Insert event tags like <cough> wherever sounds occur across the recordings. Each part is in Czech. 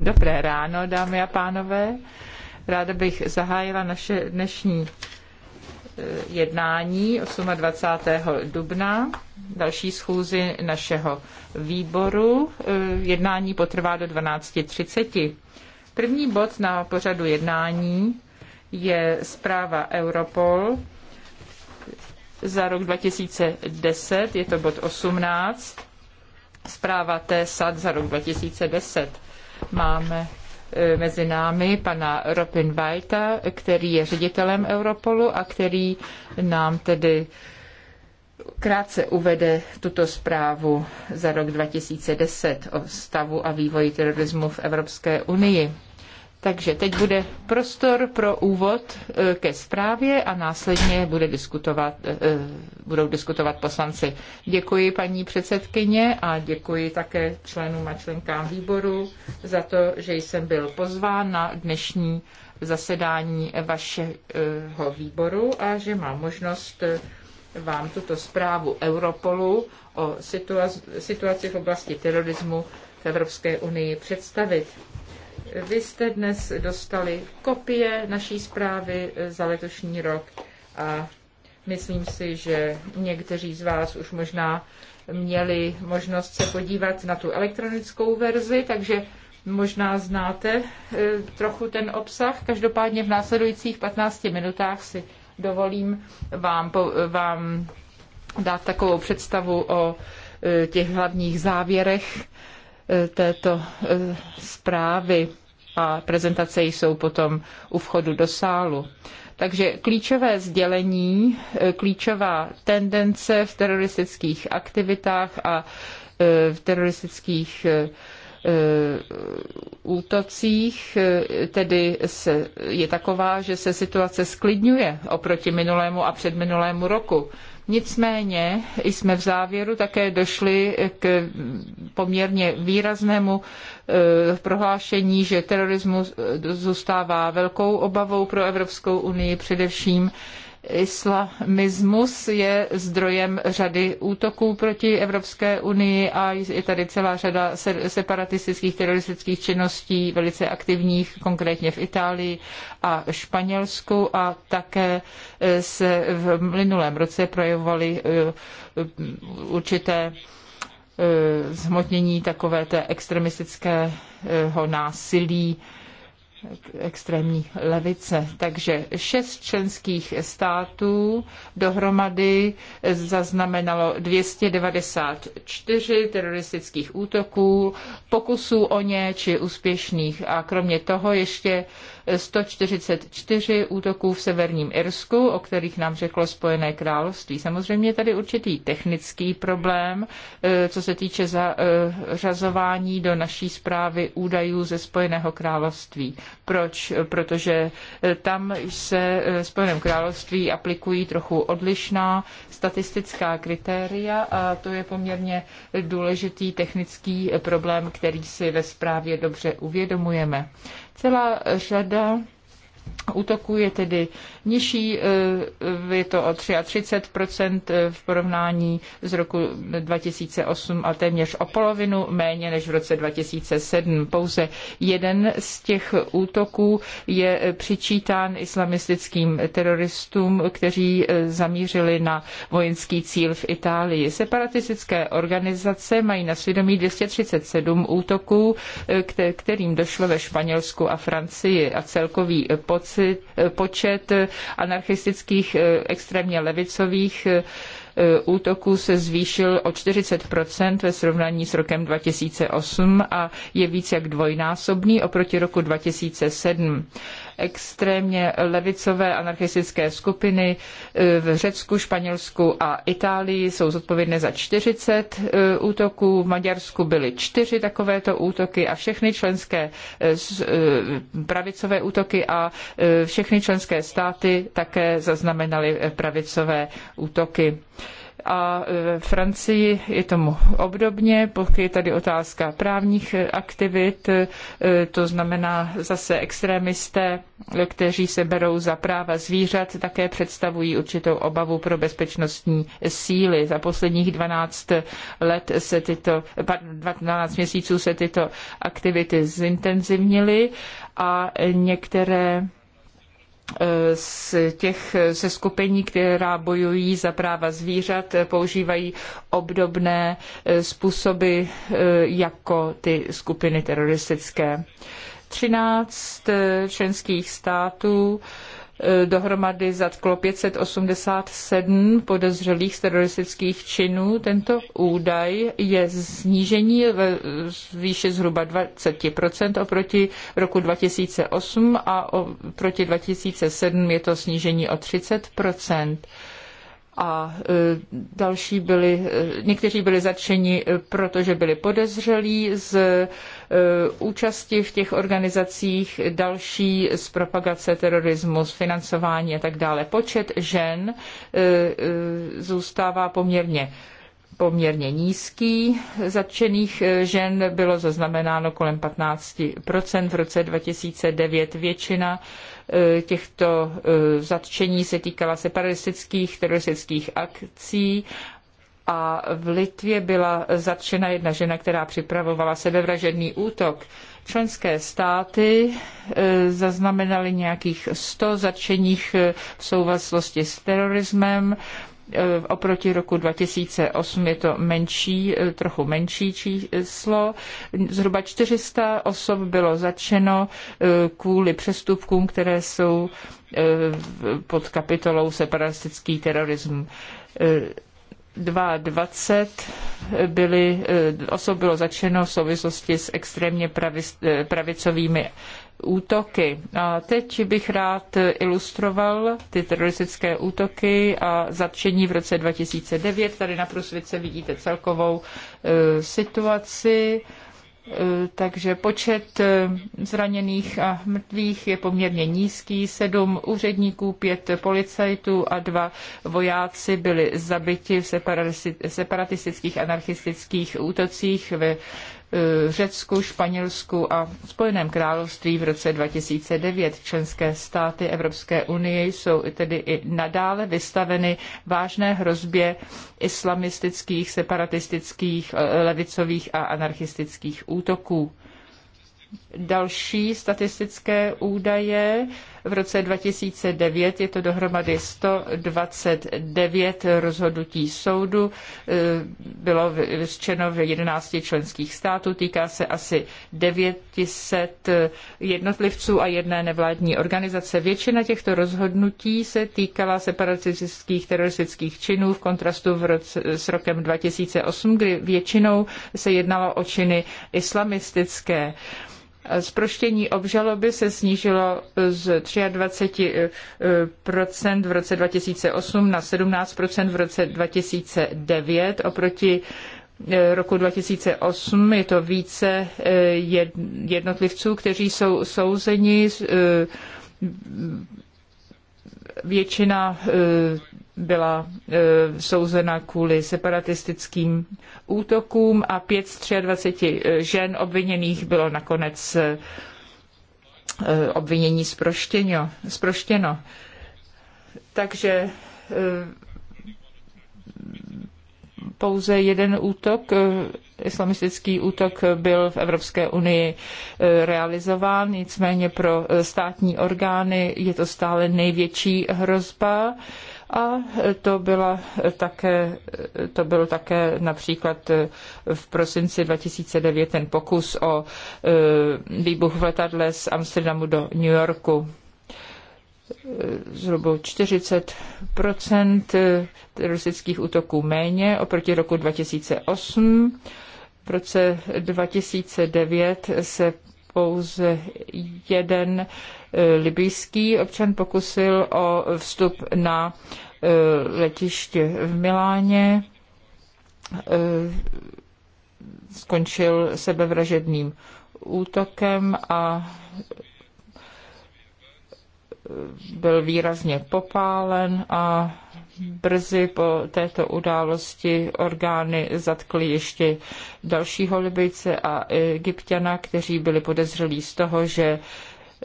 Dobré ráno, dámy a pánové. Ráda bych zahájila naše dnešní eh, jednání 28. dubna, další schůzi našeho výboru. Eh, jednání potrvá do 12.30. První bod na pořadu jednání je zpráva Europol za rok 2010, je to bod 18 zpráva TESAT za rok 2010. Máme e, mezi námi pana Robin Vajta, který je ředitelem Europolu a který nám tedy krátce uvede tuto zprávu za rok 2010 o stavu a vývoji terorismu v Evropské unii. Takže teď bude prostor pro úvod eh, ke zprávě a následně bude diskutovat, eh, eh, budou diskutovat poslanci. Děkuji paní předsedkyně a děkuji také členům a členkám výboru za to, že jsem byl pozván na dnešní zasedání vašeho výboru a že mám možnost vám tuto zprávu Europolu o situaci v oblasti terorismu v Evropské unii představit. Vy jste dnes dostali kopie naší zprávy eh, za letošní rok a myslím si, že někteří z vás už možná měli možnost se podívat na tu elektronickou verzi, takže možná znáte eh, trochu ten obsah. Každopádně v následujících 15 minutách si dovolím vám, eh, vám dát takovou představu o těch hlavních závěrech této zprávy a prezentace jsou potom u vchodu do sálu. Takže klíčové sdělení, e, klíčová tendence v teroristických aktivitách a e, v teroristických e, útocích tedy je taková, že se situace sklidňuje oproti minulému a předminulému roku. Nicméně jsme v závěru také došli k poměrně výraznému eh, prohlášení, že terorismus eh, zůstává velkou obavou pro Evropskou unii, především Islamismus je zdrojem řady útoků proti Evropské unii a je tady celá řada separatistických teroristických činností, velice aktivních, konkrétně v Itálii a Španělsku a také e, se v minulém roce projevovaly e, e, určité zhmotnění takové té extremistického násilí extrémní levice. Takže šest členských států dohromady zaznamenalo 294 teroristických útoků, pokusů o ně či úspěšných. A kromě toho ještě 144 útoků v severním Irsku, o kterých nám řeklo Spojené království. Samozřejmě je tady určitý technický problém, eh, co se týče zařazování eh, do naší zprávy údajů ze Spojeného království. Proč? Protože eh, tam se Spojeném království aplikují trochu odlišná statistická kritéria a to je poměrně důležitý technický problém, který si ve zprávě dobře uvědomujeme celá řada útoků je tedy nižší, eh, je to o 33% eh, v porovnání z roku 2008 a téměř o polovinu méně než v roce 2007. Pouze jeden z těch útoků je eh, přičítán islamistickým teroristům, kteří zamířili na vojenský cíl v Itálii. Separatistické organizace mají na svědomí 237 útoků, kterým došlo ve Španělsku a Francii a celkový pocit, počet anarchistických eh, extrémně levicových eh, útoků se zvýšil o 40 ve srovnání s rokem 2008 a je víc jak dvojnásobný oproti roku 2007 extrémně levicové anarchistické skupiny e, v Řecku, Španělsku a Itálii jsou zodpovědné za 40 e, útoků, v Maďarsku byly čtyři takovéto útoky a všechny členské e, pravicové útoky a všechny členské státy také zaznamenaly pravicové útoky a ve Francii je tomu obdobně, pokud je tady otázka právních aktivit, e, to znamená zase extremisté, kteří se berou za práva zvířat, také představují určitou obavu pro bezpečnostní síly. Za posledních 12 let se tyto, 12 měsíců se tyto aktivity zintenzivnily a některé z těch se skupení, která bojují za práva zvířat, používají obdobné eh, způsoby eh, jako ty skupiny teroristické. 13 eh, členských států Eh, dohromady zatklo 587 podezřelých z teroristických činů. Tento údaj je snížení ve výši zhruba 20% oproti roku 2008 a oproti 2007 je to snížení o 30% a eh, další byli, eh, někteří byli zatčeni, protože byli podezřelí z Eh, účasti v těch organizacích, další z propagace terorismu, z financování a tak dále. Počet žen eh, eh, zůstává poměrně poměrně nízký. Zatčených žen bylo zaznamenáno kolem 15 v roce 2009. Většina těchto zatčení se týkala separatistických teroristických akcí a v Litvě byla zatčena jedna žena, která připravovala sebevražedný útok. Členské státy e, zaznamenaly nějakých 100 zatčeních e, v souvislosti s terorismem. E, oproti roku 2008 je to menší, trochu menší číslo. Zhruba 400 osob bylo zatčeno kvůli přestupkům, které jsou pod kapitolou separatistický terorismus 22 byly, eh, osob bylo začeno v souvislosti s extrémně eh, pravicovými útoky. A teď bych rád ilustroval ty teroristické útoky a zatčení v roce 2009. Tady na průsvědce vidíte celkovou e, situaci Eh, takže počet eh, zraněných a mrtvých je poměrně nízký. Sedm úředníků, pět policajtů a dva vojáci byli zabiti v separatistických anarchistických útocích ve Eh, Řecku, Španělsku a Spojeném království v roce 2009. Členské státy Evropské unie jsou tedy i nadále vystaveny vážné hrozbě islamistických, separatistických, eh, levicových a anarchistických útoků. Další statistické údaje v roce 2009 je to dohromady 129 rozhodnutí soudu, e, bylo vyřčeno v 11 členských států, týká se asi 900 jednotlivců a jedné nevládní organizace. Většina těchto rozhodnutí se týkala separatistických teroristických činů v kontrastu v roce, s rokem 2008, kdy většinou se jednalo o činy islamistické. Zproštění obžaloby se snížilo z 23% eh, v roce 2008 na 17% v roce 2009 oproti eh, roku 2008. Je to více eh, jednotlivců, kteří jsou souzeni. Většina byla e, souzena kvůli separatistickým útokům a 5 z 23 e, žen obviněných bylo nakonec e, e obvinění zproštěno. zproštěno. Takže e, pouze jeden útok, e, islamistický útok byl v Evropské unii realizován, nicméně pro státní orgány je to stále největší hrozba. E, a to, byla také, to byl také například v prosinci 2009 ten pokus o e, výbuch v letadle z Amsterdamu do New Yorku e, zhruba 40 e, teroristických útoků méně oproti roku 2008. V roce 2009 se pouze jeden libijský občan pokusil o vstup na e, letiště v Miláně. E, skončil sebevražedným útokem a e, byl výrazně popálen a brzy po této události orgány zatkly ještě dalšího Libice a Egyptiana, kteří byli podezřelí z toho, že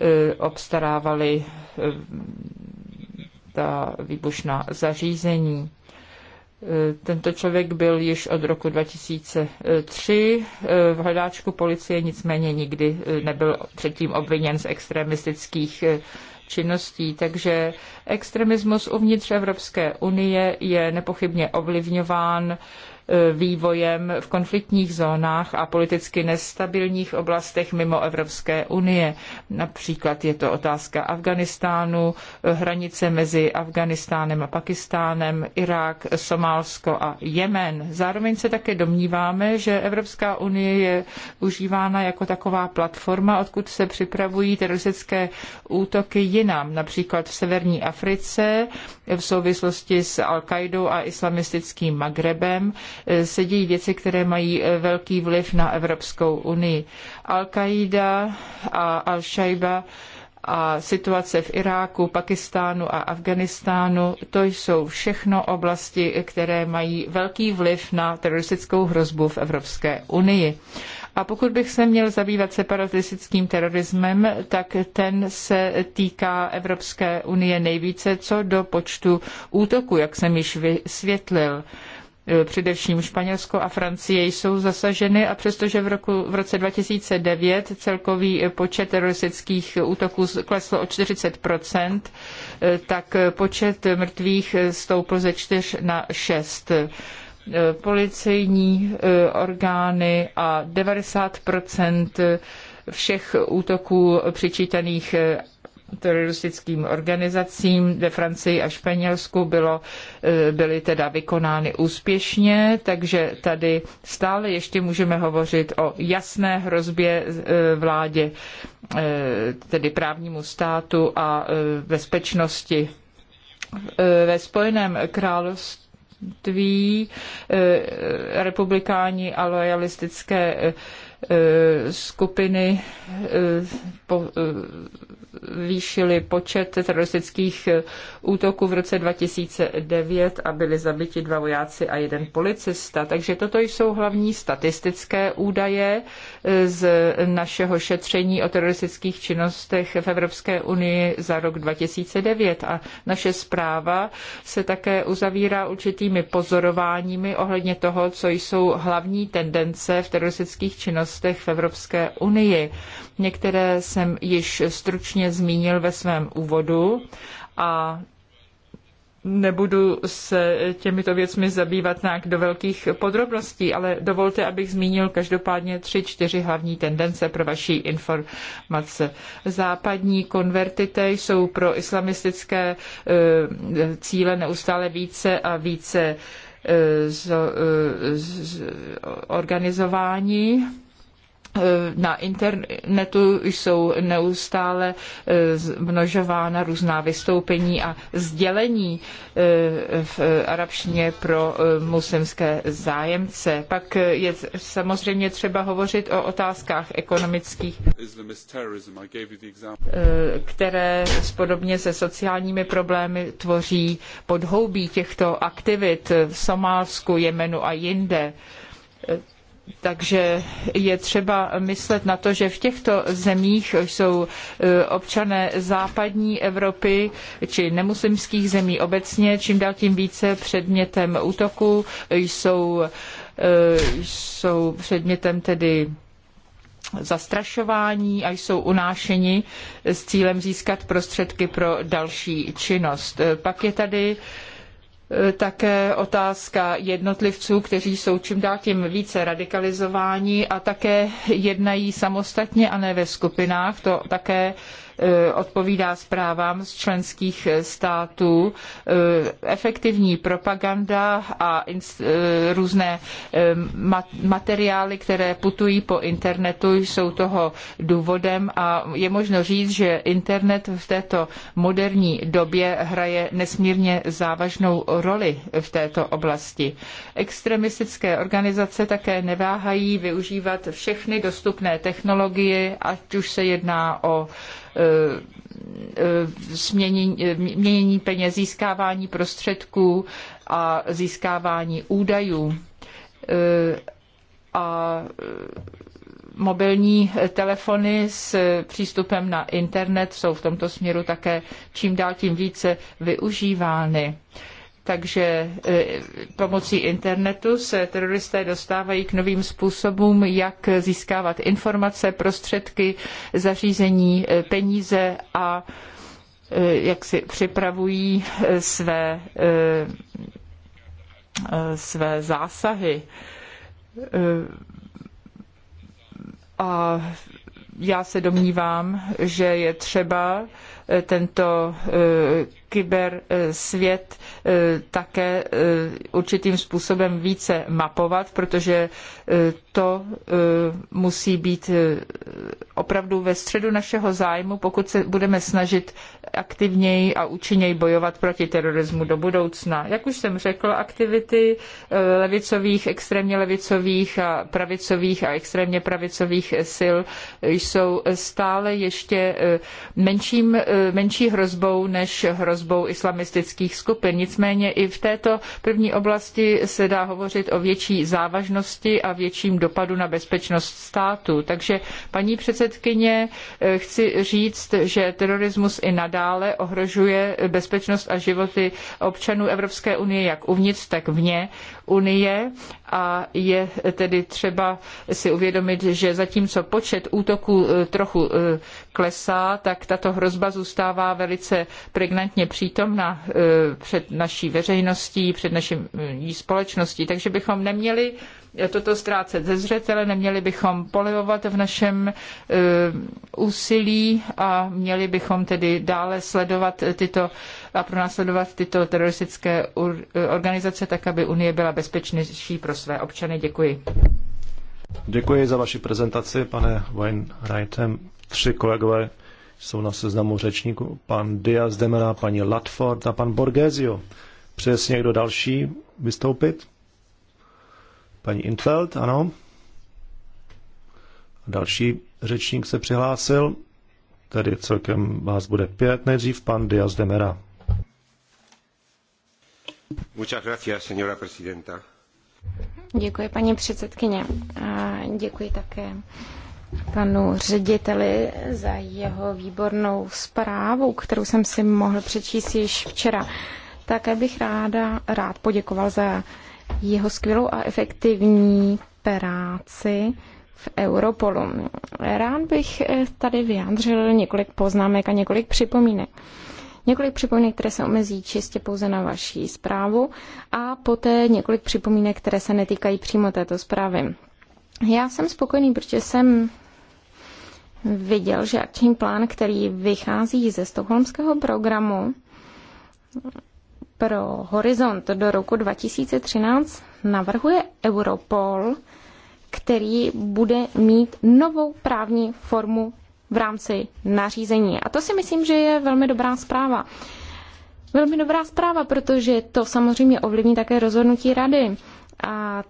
E, obstarávali e, ta výbušná zařízení. E, tento člověk byl již od roku 2003 v hledáčku policie, nicméně nikdy nebyl předtím obviněn z extremistických činností. Takže extremismus uvnitř Evropské unie je nepochybně ovlivňován Eh, vývojem v konfliktních zónách a politicky nestabilních oblastech mimo Evropské unie. Například je to otázka Afganistánu, eh, hranice mezi Afganistánem a Pakistánem, Irák, Somálsko a Jemen. Zároveň se také domníváme, že Evropská unie je užívána jako taková platforma, odkud se připravují teroristické útoky jinam, například v severní Africe v souvislosti s Al-Qaidou a islamistickým Magrebem, E, se dějí věci, které mají e, velký vliv na Evropskou unii. Al-Qaida a Al-Shaiba a situace v Iráku, Pakistánu a Afganistánu, to jsou všechno oblasti, které mají velký vliv na teroristickou hrozbu v Evropské unii. A pokud bych se měl zabývat separatistickým terorismem, tak ten se týká Evropské unie nejvíce co do počtu útoků, jak jsem již vysvětlil. Eh, především Španělsko a Francie jsou zasaženy a přestože v, roku, v roce 2009 celkový eh, počet teroristických eh, útoků klesl o 40 tak počet mrtvých stoupl ze 4 na 6 policejní orgány a 90 všech útoků přičítaných teroristickým organizacím ve Francii a Španělsku bylo, e, byly teda vykonány úspěšně, takže tady stále ještě můžeme hovořit o jasné hrozbě e, vládě, e, tedy právnímu státu a bezpečnosti. Ve Spojeném království tví republikáni a lojalistické skupiny zvýšili počet teroristických útoků v roce 2009 a byli zabiti dva vojáci a jeden policista. Takže toto jsou hlavní statistické údaje eh, z našeho šetření o teroristických činnostech v Evropské unii za rok 2009. A naše zpráva se také uzavírá určitými pozorováními ohledně toho, co jsou hlavní tendence v teroristických činnostech v Evropské unii. Některé jsem již stručně vlastně zmínil ve svém úvodu a nebudu se těmito věcmi zabývat nějak do velkých podrobností, ale dovolte, abych zmínil každopádně tři, čtyři hlavní tendence pro vaší informace. Západní konvertité jsou pro islamistické e, cíle neustále více a více e, e, z, z organizování Eh, na internetu jsou neustále eh, množována různá vystoupení a sdělení eh, v arabštině pro muslimské zájemce. Pak je samozřejmě třeba hovořit o otázkách ekonomických, které podobně se sociálními problémy tvoří podhoubí těchto aktivit v Somálsku, Jemenu a jinde takže je třeba myslet na to, že v těchto zemích jsou e, občané západní Evropy či nemuslimských zemí obecně čím dál tím více předmětem útoku, jsou, e, jsou předmětem tedy zastrašování a jsou unášeni s cílem získat prostředky pro další činnost. Pak je tady Eh, také otázka jednotlivců, kteří jsou čím dál tím více radikalizováni a také jednají samostatně a ne ve skupinách. To také Eh, odpovídá zprávám z členských států. Eh, efektivní propaganda a eh, různé materiály, které putují po internetu, jsou toho důvodem a je možno říct, že internet v této moderní době hraje nesmírně závažnou roli v této oblasti. Extremistické organizace také neváhají využívat všechny dostupné technologie, ať už se jedná o Eh, eh, směnění, eh, měnění peněz, získávání prostředků a získávání údajů. A mobilní telefony s přístupem na internet jsou v tomto směru také čím dál tím více využívány. Takže e, pomocí internetu se teroristé dostávají k novým způsobům, jak získávat informace, prostředky, zařízení, e, peníze a e, jak si připravují své, své zásahy. A já se domnívám, že je třeba tento kybersvět E, také e, určitým způsobem více mapovat, protože e, to musí být opravdu ve středu našeho zájmu, pokud se budeme snažit aktivněji a účinněji bojovat proti terorismu do budoucna. Jak už jsem řekl, aktivity levicových, extrémně levicových a pravicových a extrémně pravicových sil jsou stále ještě menším, menší hrozbou než hrozbou islamistických skupin. Nic Nicméně i v této první oblasti se dá hovořit o větší závažnosti a větším dopadu na bezpečnost státu. Takže, paní předsedkyně, eh, chci říct, že terorismus i nadále ohrožuje bezpečnost a životy občanů Evropské unie jak uvnitř, tak vně Unie a je tedy třeba si uvědomit, že zatímco počet útoků eh, trochu eh, klesá, tak tato hrozba zůstává velice pregnantně přítomna eh, před naší veřejností, před naší společností. Takže bychom neměli toto ztrácet ze zřetele, neměli bychom polivovat v našem e, úsilí a měli bychom tedy dále sledovat tyto a pronásledovat tyto teroristické e, organizace tak, aby Unie byla bezpečnější pro své občany. Děkuji. Děkuji za vaši prezentaci, pane Weinreitem. Tři kolegové jsou na seznamu řečníků. Pan Diaz Demera, paní Latford a pan Borgesio. Přeje si někdo další vystoupit? Paní Intveld, ano. Další řečník se přihlásil, Tady celkem vás bude pět, nejdřív pan Diaz de Mera. Děkuji, paní předsedkyně. A děkuji také panu řediteli za jeho výbornou zprávu, kterou jsem si mohl přečíst již včera. Také bych ráda, rád poděkoval za jeho skvělou a efektivní práci v Europolu. Rád bych eh, tady vyjádřil několik poznámek a několik připomínek. Několik připomínek, které se omezí čistě pouze na vaší zprávu a poté několik připomínek, které se netýkají přímo této zprávy. Já jsem spokojený, protože jsem viděl, že akční plán, který vychází ze stokholmského programu, pro horizont do roku 2013 navrhuje Europol, který bude mít novou právní formu v rámci nařízení. A to si myslím, že je velmi dobrá zpráva. Velmi dobrá zpráva, protože to samozřejmě ovlivní také rozhodnutí rady. A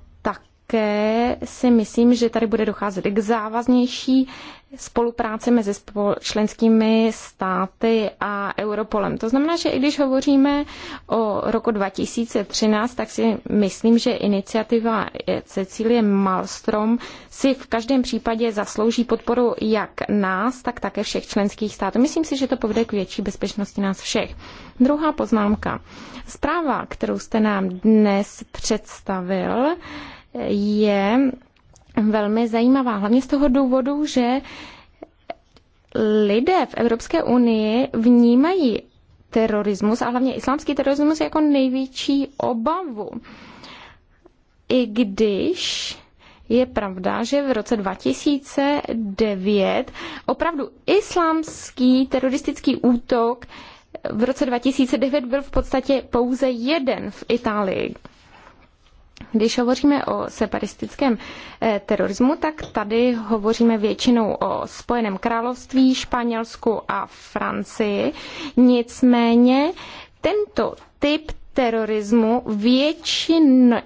také si myslím, že tady bude docházet k závaznější spolupráci mezi členskými státy a Europolem. To znamená, že i když hovoříme o roku 2013, tak si myslím, že iniciativa Cecílie Malstrom si v každém případě zaslouží podporu jak nás, tak také všech členských států. Myslím si, že to povede k větší bezpečnosti nás všech. Druhá poznámka. Zpráva, kterou jste nám dnes představil, je velmi zajímavá. Hlavně z toho důvodu, že lidé v Evropské unii vnímají terorismus a hlavně islámský terorismus jako největší obavu. I když je pravda, že v roce 2009 opravdu islámský teroristický útok v roce 2009 byl v podstatě pouze jeden v Itálii. Když hovoříme o separatistickém eh, terorismu, tak tady hovoříme většinou o Spojeném království, Španělsku a Francii. Nicméně tento typ terorismu většin,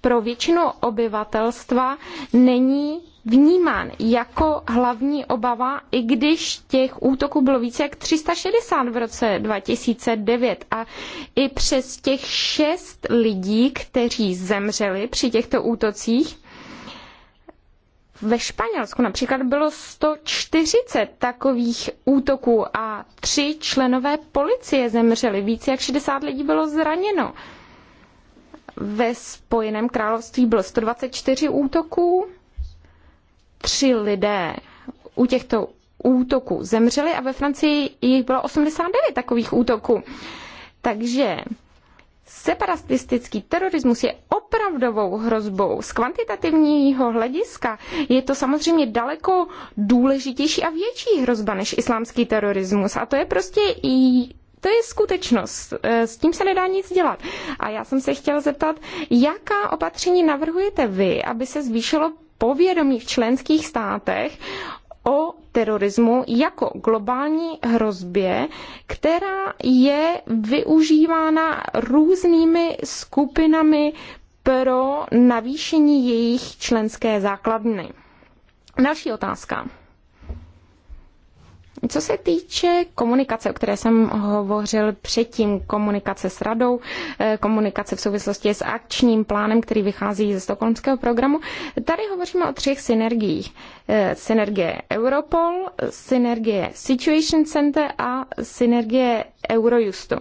pro většinu obyvatelstva není vnímán jako hlavní obava, i když těch útoků bylo více jak 360 v roce 2009 a i přes těch šest lidí, kteří zemřeli při těchto útocích, ve Španělsku například bylo 140 takových útoků a tři členové policie zemřeli, více jak 60 lidí bylo zraněno. Ve Spojeném království bylo 124 útoků, tři lidé u těchto útoků zemřeli a ve Francii jich bylo 89 takových útoků. Takže separatistický terorismus je opravdovou hrozbou. Z kvantitativního hlediska je to samozřejmě daleko důležitější a větší hrozba než islámský terorismus. A to je prostě i to je skutečnost, e, s tím se nedá nic dělat. A já jsem se chtěla zeptat, jaká opatření navrhujete vy, aby se zvýšilo povědomí v členských státech o terorismu jako globální hrozbě, která je využívána různými skupinami pro navýšení jejich členské základny. Další otázka. Co se týče komunikace, o které jsem hovořil předtím, komunikace s radou, eh, komunikace v souvislosti s akčním plánem, který vychází ze stokholmského programu, tady hovoříme o třech synergiích. Eh, synergie Europol, synergie Situation Center a synergie Eurojustu.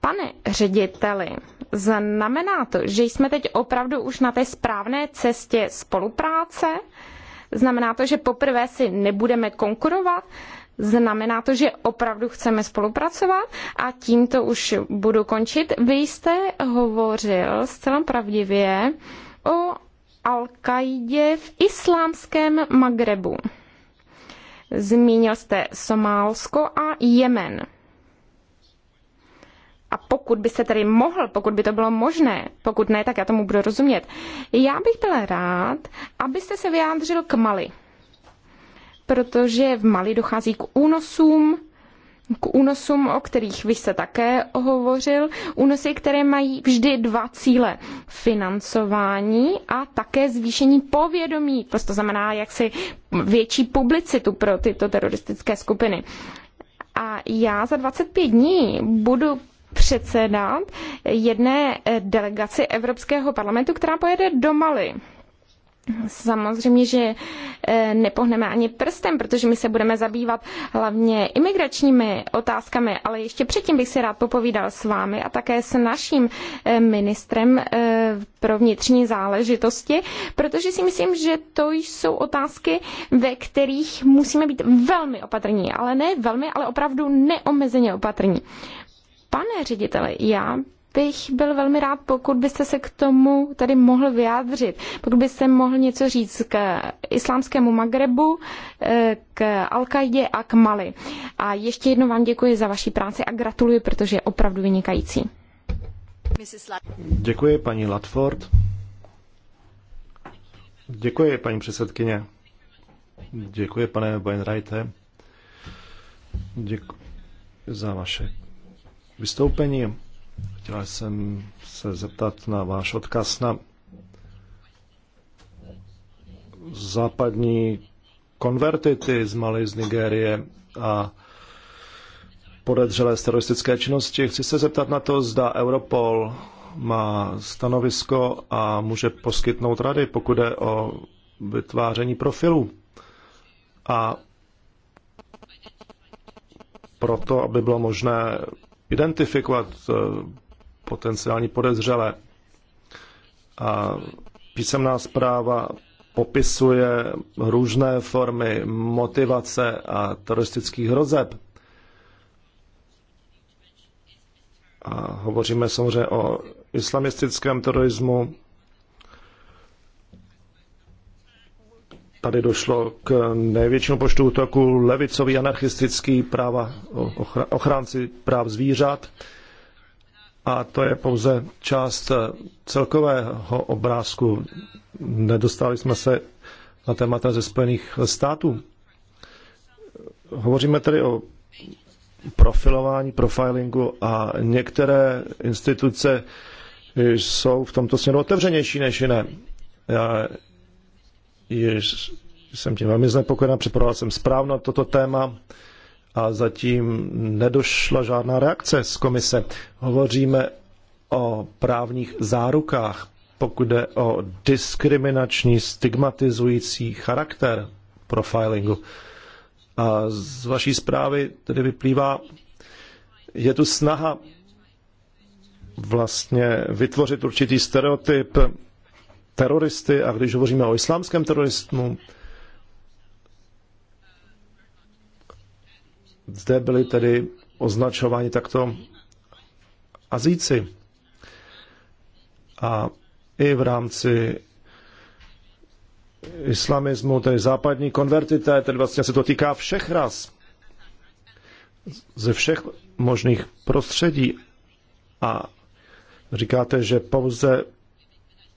Pane řediteli, znamená to, že jsme teď opravdu už na té správné cestě spolupráce? Znamená to, že poprvé si nebudeme konkurovat? Znamená to, že opravdu chceme spolupracovat a tímto už budu končit. Vy jste hovořil zcela pravdivě o Al-Kaidě v islámském Magrebu. Zmínil jste Somálsko a Jemen. A pokud byste tedy mohl, pokud by to bylo možné, pokud ne, tak já tomu budu rozumět. Já bych byl rád, abyste se vyjádřil k Mali protože v Mali dochází k únosům, k únosům, o kterých vy se také hovořil, únosy, které mají vždy dva cíle. Financování a také zvýšení povědomí, prostě to znamená jaksi větší publicitu pro tyto teroristické skupiny. A já za 25 dní budu předsedat jedné delegaci Evropského parlamentu, která pojede do Mali. Samozřejmě, že eh, nepohneme ani prstem, protože my se budeme zabývat hlavně imigračními otázkami, ale ještě předtím bych si rád popovídal s vámi a také s naším eh, ministrem eh, pro vnitřní záležitosti, protože si myslím, že to jsou otázky, ve kterých musíme být velmi opatrní, ale ne velmi, ale opravdu neomezeně opatrní. Pane řediteli, já bych byl velmi rád, pokud byste se k tomu tady mohl vyjádřit, pokud byste mohl něco říct k islámskému Magrebu, eh, k al a k Mali. A ještě jednou vám děkuji za vaši práci a gratuluji, protože je opravdu vynikající. Děkuji, paní Latford. Děkuji, paní předsedkyně. Děkuji, pane Wainwrighte. Děkuji za vaše vystoupení. Chtěl jsem se zeptat na váš odkaz na západní konvertity z Mali, z Nigérie a podezřelé z teroristické činnosti. Chci se zeptat na to, zda Europol má stanovisko a může poskytnout rady, pokud je o vytváření profilů. A proto, aby bylo možné identifikovat eh, potenciální podezřelé. A písemná zpráva popisuje různé formy motivace a teroristických hrozeb. A hovoříme samozřejmě o islamistickém terorismu, Tady došlo k největšímu počtu útoků levicový anarchistický práva ochránci práv zvířat. A to je pouze část eh, celkového obrázku. Nedostali jsme se na témata ze Spojených států. Hovoříme tedy o profilování, profilingu a některé instituce jsou v tomto směru otevřenější než jiné. Já Jež jsem tím velmi znepokojená, připravoval jsem zprávu na toto téma a zatím nedošla žádná reakce z komise. Hovoříme o právních zárukách, pokud jde o diskriminační, stigmatizující charakter profilingu. A z vaší zprávy tedy vyplývá, je tu snaha vlastně vytvořit určitý stereotyp teroristy a když hovoříme o islámském terorismu, zde byli tedy označováni takto Azíci. A i v rámci islamismu, tedy západní konvertité, tedy vlastně se to týká všech ras, ze všech možných prostředí. A říkáte, že pouze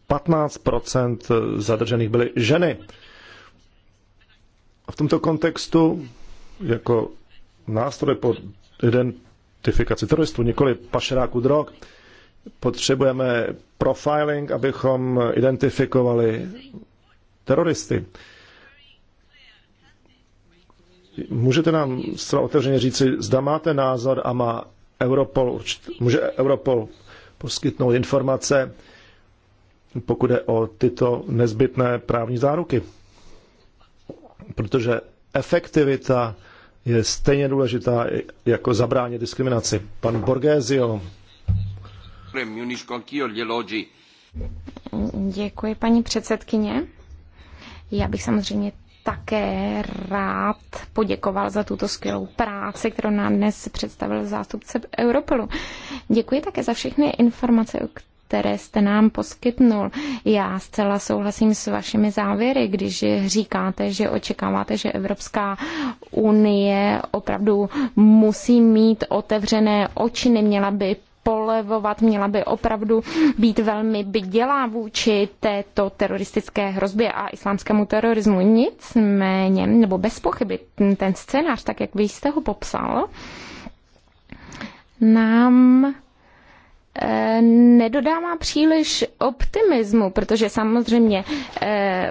15 zadržených byly ženy. A v tomto kontextu jako nástroj pod identifikaci teroristů, nikoli pašeráků drog, potřebujeme profiling, abychom identifikovali teroristy. Můžete nám zcela otevřeně říci, zda máte názor a má Europol, může Europol poskytnout informace, pokud je o tyto nezbytné právní záruky. Protože efektivita je stejně důležitá jako zabránit diskriminaci. Pan Borgesio. Děkuji, paní předsedkyně. Já bych samozřejmě také rád poděkoval za tuto skvělou práci, kterou nám dnes představil zástupce Europolu. Děkuji také za všechny informace, které jste nám poskytnul. Já zcela souhlasím s vašimi závěry, když říkáte, že očekáváte, že Evropská unie opravdu musí mít otevřené oči, neměla by polevovat, měla by opravdu být velmi bydělá vůči této teroristické hrozbě a islámskému terorismu. Nicméně, nebo bez pochyby, ten scénář, tak jak vy jste ho popsal, nám Eh, nedodává příliš optimismu, protože samozřejmě eh,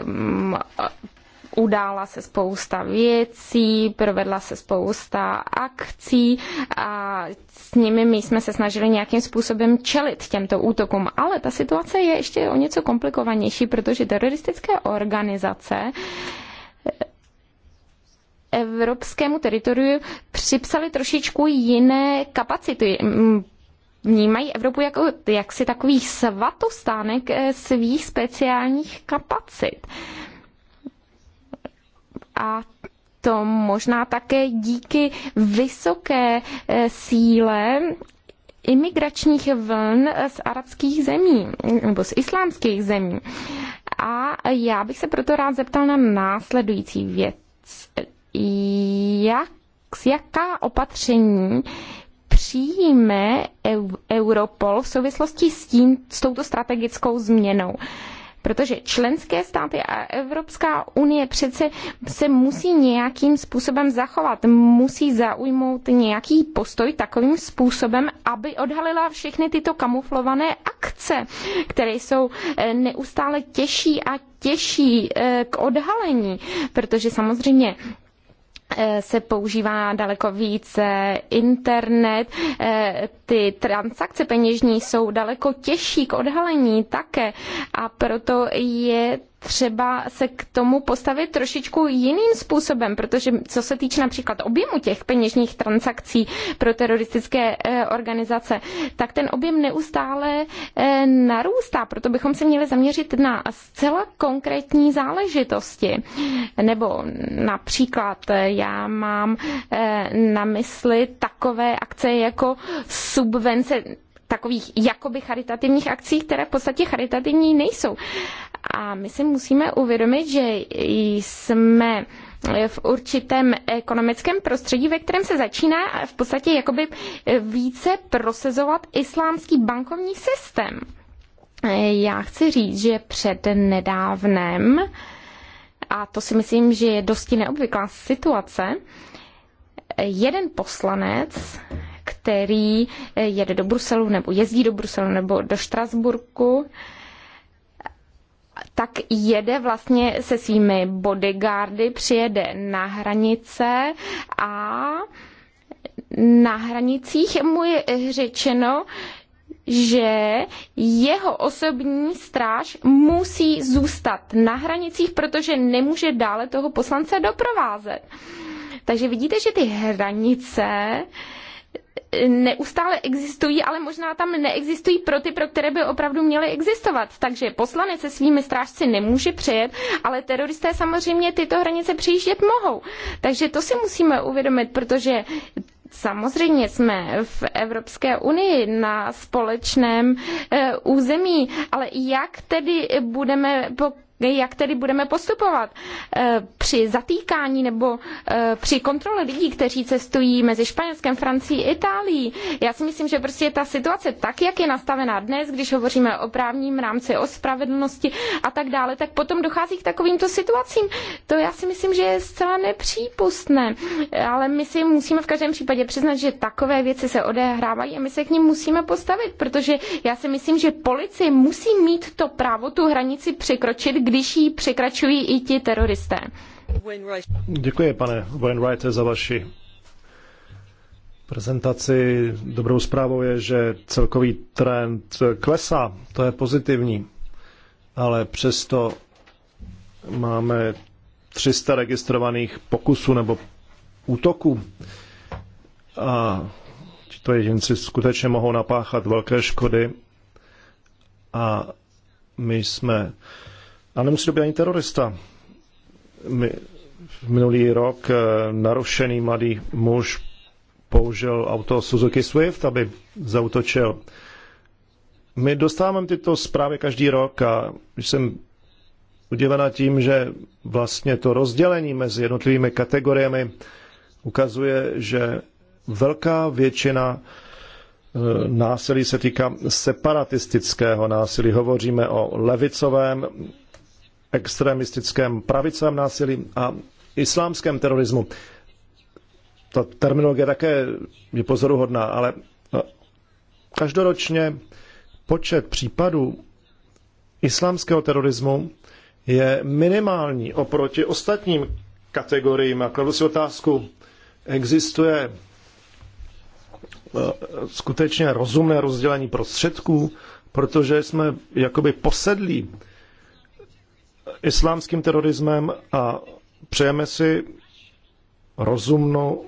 udála se spousta věcí, provedla se spousta akcí a s nimi my jsme se snažili nějakým způsobem čelit těmto útokům. Ale ta situace je ještě o něco komplikovanější, protože teroristické organizace eh, evropskému teritoriu připsali trošičku jiné kapacity vnímají Evropu jako jaksi takový svatostánek eh, svých speciálních kapacit. A to možná také díky vysoké eh, síle imigračních vln z arabských zemí nebo z islámských zemí. A já bych se proto rád zeptal na následující věc. Jak, jaká opatření přijme Europol v souvislosti s, tím, s touto strategickou změnou protože členské státy a Evropská unie přece se musí nějakým způsobem zachovat, musí zaujmout nějaký postoj takovým způsobem, aby odhalila všechny tyto kamuflované akce, které jsou eh, neustále těžší a těžší eh, k odhalení, protože samozřejmě Eh, se používá daleko více internet, eh, ty transakce peněžní jsou daleko těžší k odhalení také a proto je třeba se k tomu postavit trošičku jiným způsobem, protože co se týče například objemu těch peněžních transakcí pro teroristické eh, organizace, tak ten objem neustále eh, narůstá. Proto bychom se měli zaměřit na zcela konkrétní záležitosti. Nebo například eh, já mám na mysli takové akce jako subvence takových jakoby charitativních akcí, které v podstatě charitativní nejsou. A my si musíme uvědomit, že jsme v určitém ekonomickém prostředí, ve kterém se začíná v podstatě jakoby více prosezovat islámský bankovní systém. Já chci říct, že před nedávnem, a to si myslím, že je dosti neobvyklá situace, jeden poslanec, který jede do Bruselu nebo jezdí do Bruselu nebo do Štrasburku, tak jede vlastně se svými bodyguardy, přijede na hranice a na hranicích mu je řečeno, že jeho osobní stráž musí zůstat na hranicích, protože nemůže dále toho poslance doprovázet. Takže vidíte, že ty hranice uh, neustále existují, ale možná tam neexistují pro ty, pro které by opravdu měly existovat. Takže poslanec se svými strážci nemůže přejet, ale teroristé samozřejmě tyto hranice přejíždět mohou. Takže to si musíme uvědomit, protože Samozřejmě jsme v Evropské unii na společném eh, území, ale jak tedy budeme jak tedy budeme postupovat eh, při zatýkání nebo eh, při kontrole lidí, kteří cestují mezi Španělskem, Francií, Itálií. Já si myslím, že prostě ta situace tak, jak je nastavená dnes, když hovoříme o právním rámci, o spravedlnosti a tak dále, tak potom dochází k takovýmto situacím. To já si myslím, že je zcela nepřípustné. Ale my si musíme v každém případě přiznat, že takové věci se odehrávají a my se k ním musíme postavit, protože já si myslím, že policie musí mít to právo tu hranici překročit, když ji překračují i ti teroristé. Děkuji, pane Wainwright, za vaši prezentaci. Dobrou zprávou je, že celkový trend klesá, to je pozitivní, ale přesto máme 300 registrovaných pokusů nebo útoků. A tito jedinci skutečně mohou napáchat velké škody. A my jsme a nemusí to být ani terorista. My, minulý rok eh, narušený mladý muž použil auto Suzuki Swift, aby zautočil. My dostáváme tyto zprávy každý rok a jsem udělena tím, že vlastně to rozdělení mezi jednotlivými kategoriemi ukazuje, že velká většina eh, násilí se týká separatistického násilí. Hovoříme o levicovém extremistickém pravicovém násilí a islámském terorismu. Ta terminologie také je pozoruhodná, ale e, každoročně počet případů islámského terorismu je minimální oproti ostatním kategoriím. A kladu si otázku, existuje e, skutečně rozumné rozdělení prostředků, protože jsme jakoby posedlí islámským terorismem a přejeme si rozumnou,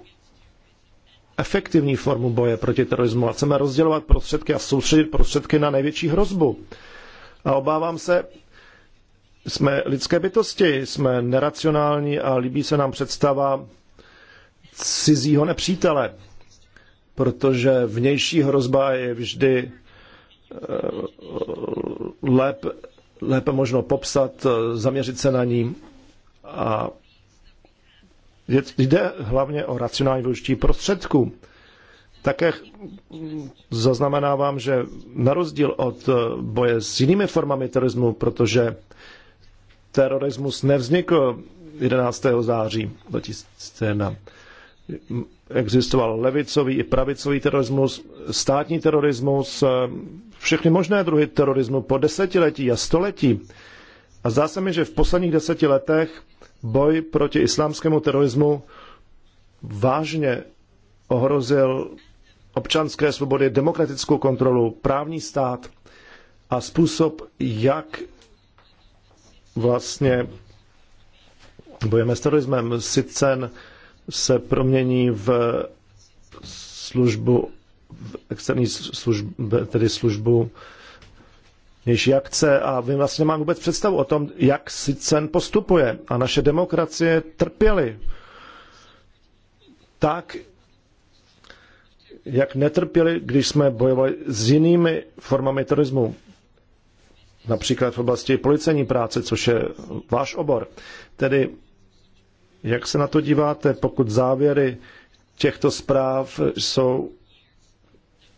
efektivní formu boje proti terorismu a chceme rozdělovat prostředky a soustředit prostředky na největší hrozbu. A obávám se, jsme lidské bytosti, jsme neracionální a líbí se nám představa cizího nepřítele, protože vnější hrozba je vždy eh, lépe lépe možno popsat, e, zaměřit se na ní. A jde hlavně o racionální využití prostředků. Také zaznamenávám, že na rozdíl od e, boje s jinými formami terorismu, protože terorismus nevznikl 11. září 2001, existoval levicový i pravicový terorismus, státní terorismus, všechny možné druhy terorismu po desetiletí a století. A zdá se mi, že v posledních deseti letech boj proti islámskému terorismu vážně ohrozil občanské svobody, demokratickou kontrolu, právní stát a způsob, jak vlastně bojeme s terorismem. Sicen se promění v službu externí služb, tedy službu nější akce a my vlastně nemáme vůbec představu o tom, jak si cen postupuje. A naše demokracie trpěly tak, jak netrpěli, když jsme bojovali s jinými formami terorismu. Například v oblasti policejní práce, což je váš obor. Tedy, jak se na to díváte, pokud závěry těchto zpráv jsou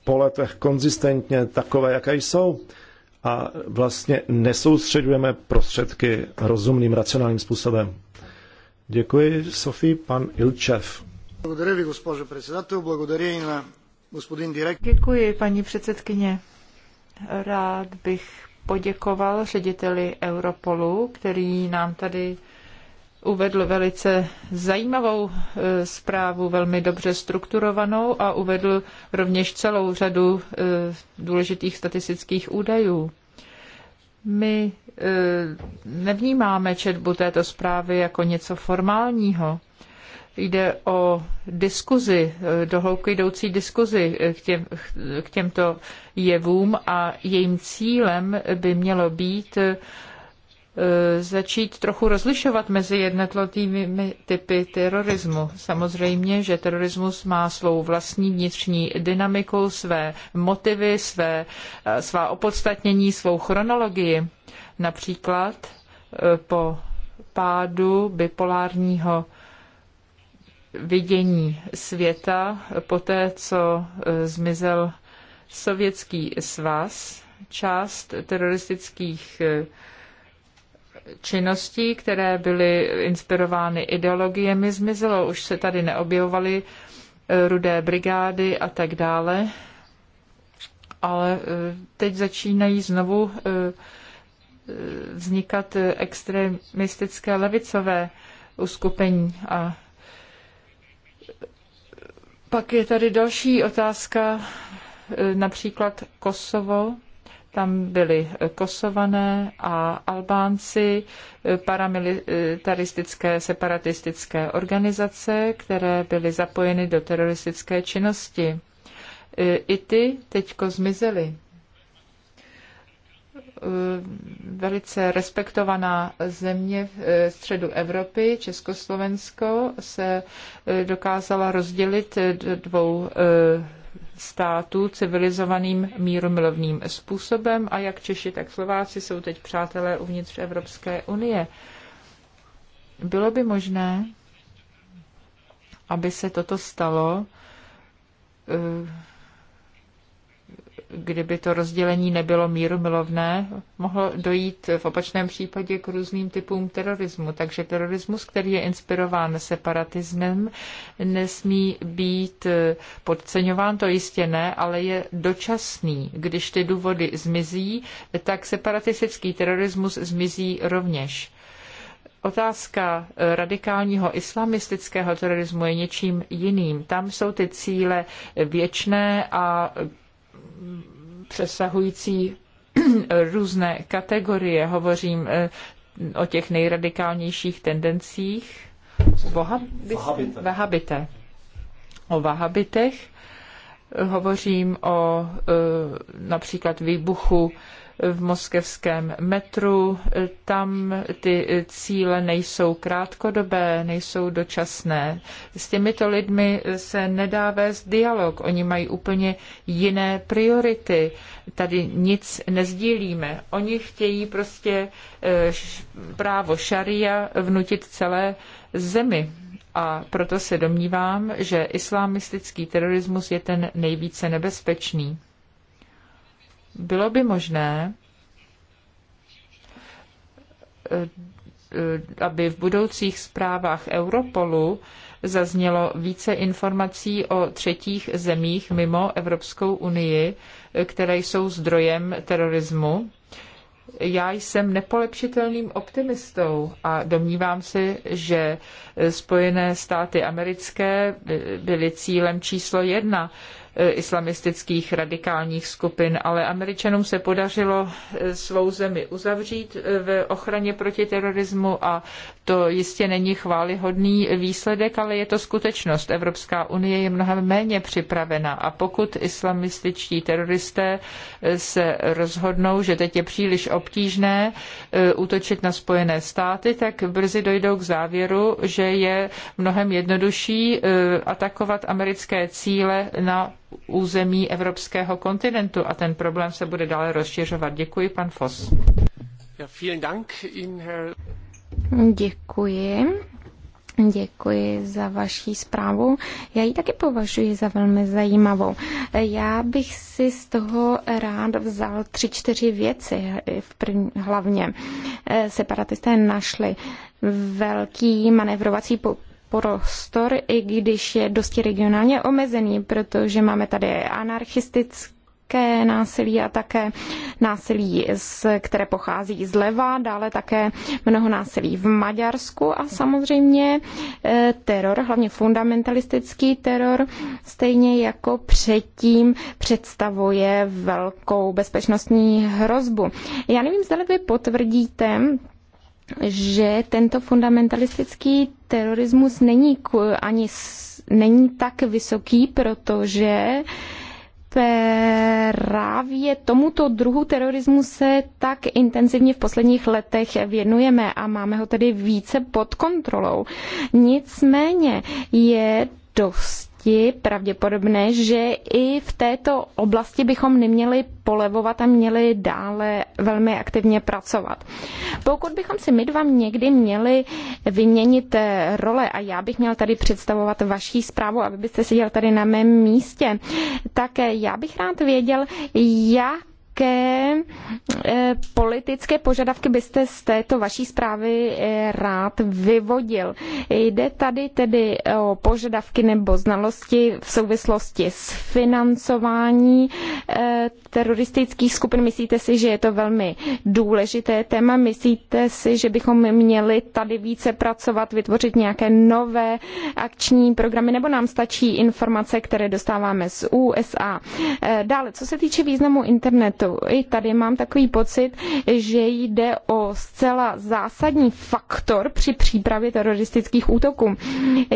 po letech konzistentně takové, jaké jsou a vlastně nesoustředujeme prostředky rozumným, racionálním způsobem. Děkuji, Sofie, pan Ilčev. Děkuji, paní předsedkyně. Rád bych poděkoval řediteli Europolu, který nám tady uvedl velice zajímavou e, zprávu, velmi dobře strukturovanou a uvedl rovněž celou řadu e, důležitých statistických údajů. My e, nevnímáme četbu této zprávy jako něco formálního. Jde o diskuzi, dohloubky jdoucí diskuzi k, těm, k těmto jevům a jejím cílem by mělo být Eh, začít trochu rozlišovat mezi jednotlivými typy terorismu. Samozřejmě, že terorismus má svou vlastní vnitřní dynamiku, své motivy, své, eh, svá opodstatnění, svou chronologii. Například eh, po pádu bipolárního vidění světa, poté co zmizel Sovětský svaz, část teroristických činností, které byly inspirovány ideologiemi, zmizelo. Už se tady neobjevovaly eh, rudé brigády a tak dále. Ale eh, teď začínají znovu eh, vznikat extremistické levicové uskupení. A pak je tady další otázka, například Kosovo, tam byli Kosované a Albánci, eh, paramilitaristické separatistické organizace, které byly zapojeny do teroristické činnosti. Eh, I ty teďko zmizely. Eh, velice respektovaná země v středu Evropy, Československo, se dokázala rozdělit do dvou států civilizovaným mírumilovným způsobem a jak Češi, tak Slováci jsou teď přátelé uvnitř Evropské unie. Bylo by možné, aby se toto stalo eh, kdyby to rozdělení nebylo míru milovné, mohlo dojít v opačném případě k různým typům terorismu. Takže terorismus, který je inspirován separatismem, nesmí být eh, podceňován, to jistě ne, ale je dočasný. Když ty důvody zmizí, tak separatistický terorismus zmizí rovněž otázka eh, radikálního islamistického terorismu je něčím jiným. Tam jsou ty cíle věčné a přesahující <clears throat> různé kategorie. Hovořím eh, o těch nejradikálnějších tendencích. Vahabite. Vahabite. O vahabitech. Hovořím o eh, například výbuchu v moskevském metru. Tam ty cíle nejsou krátkodobé, nejsou dočasné. S těmito lidmi se nedá vést dialog. Oni mají úplně jiné priority. Tady nic nezdílíme. Oni chtějí prostě eh, právo šaria vnutit celé zemi a proto se domnívám, že islamistický terorismus je ten nejvíce nebezpečný. Bylo by možné, eh, eh, aby v budoucích zprávách Europolu zaznělo více informací o třetích zemích mimo Evropskou unii, které jsou zdrojem terorismu. Já jsem nepolepšitelným optimistou a domnívám se, že Spojené státy americké byly cílem číslo jedna islamistických radikálních skupin, ale Američanům se podařilo eh, svou zemi uzavřít eh, v ochraně proti terorismu a to jistě není chválihodný výsledek, ale je to skutečnost. Evropská unie je mnohem méně připravena a pokud islamističtí teroristé eh, se rozhodnou, že teď je příliš obtížné útočit na Spojené státy, tak brzy dojdou k závěru, že je mnohem jednodušší atakovat americké cíle na území evropského kontinentu a ten problém se bude dále rozšiřovat. Děkuji, pan Foss. Děkuji. Děkuji za vaši zprávu. Já ji taky považuji za velmi zajímavou. Já bych si z toho rád vzal tři, čtyři věci v první, hlavně. Eh, separatisté našli velký manevrovací prostor, i když je dosti regionálně omezený, protože máme tady anarchistické násilí a také násilí, které pochází zleva, dále také mnoho násilí v Maďarsku a samozřejmě eh, teror, hlavně fundamentalistický teror, stejně jako předtím představuje velkou bezpečnostní hrozbu. Já nevím, zda vy potvrdíte, že tento fundamentalistický terorismus není ani není tak vysoký, protože právě tomuto druhu terorismu se tak intenzivně v posledních letech věnujeme a máme ho tedy více pod kontrolou. Nicméně je dost oblasti pravděpodobné, že i v této oblasti bychom neměli polevovat a měli dále velmi aktivně pracovat. Pokud bychom si my dva někdy měli vyměnit eh, role a já bych měl tady představovat vaší zprávu abyste byste seděl tady na mém místě, tak eh, já bych rád věděl, jak jaké eh, politické požadavky byste z této vaší zprávy eh, rád vyvodil? Jde tady tedy o požadavky nebo znalosti v souvislosti s financování eh, teroristických skupin. Myslíte si, že je to velmi důležité téma? Myslíte si, že bychom měli tady více pracovat, vytvořit nějaké nové akční programy, nebo nám stačí informace, které dostáváme z USA? Dále, co se týče významu internetu, jsou. I tady mám takový pocit, že jde o zcela zásadní faktor při přípravě teroristických útoků.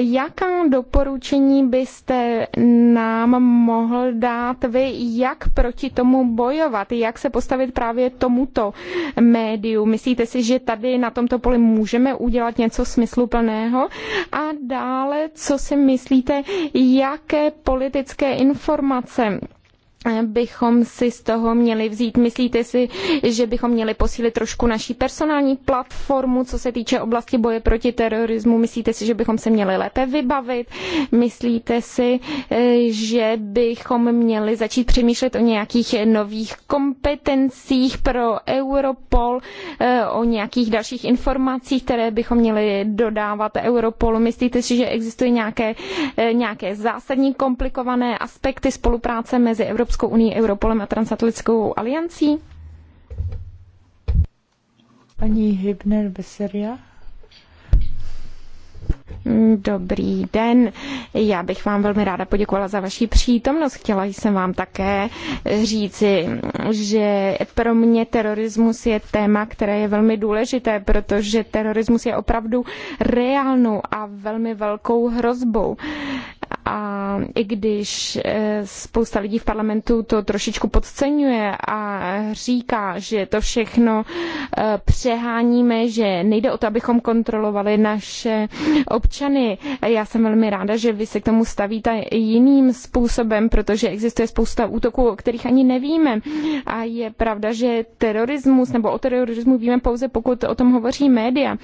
Jaká doporučení byste nám mohl dát vy, jak proti tomu bojovat, jak se postavit právě tomuto médiu? Myslíte si, že tady na tomto poli můžeme udělat něco smysluplného? A dále, co si myslíte, jaké politické informace bychom si z toho měli vzít? Myslíte si, že bychom měli posílit trošku naší personální platformu, co se týče oblasti boje proti terorismu? Myslíte si, že bychom se měli lépe vybavit? Myslíte si, eh, že bychom měli začít přemýšlet o nějakých nových kompetencích pro Europol, eh, o nějakých dalších informacích, které bychom měli dodávat Europolu? Myslíte si, že existují nějaké, eh, nějaké zásadní komplikované aspekty spolupráce mezi Evropskou Evropskou unii, Europolem a Transatlantickou aliancí? Paní Hybner Beseria. Dobrý den. Já bych vám velmi ráda poděkovala za vaši přítomnost. Chtěla jsem vám také říci, že pro mě terorismus je téma, které je velmi důležité, protože terorismus je opravdu reálnou a velmi velkou hrozbou a i když eh, spousta lidí v parlamentu to trošičku podceňuje a říká, že to všechno eh, přeháníme, že nejde o to, abychom kontrolovali naše občany. Já jsem velmi ráda, že vy se k tomu stavíte jiným způsobem, protože existuje spousta útoků, o kterých ani nevíme. A je pravda, že terorismus nebo o terorismu víme pouze, pokud o tom hovoří média.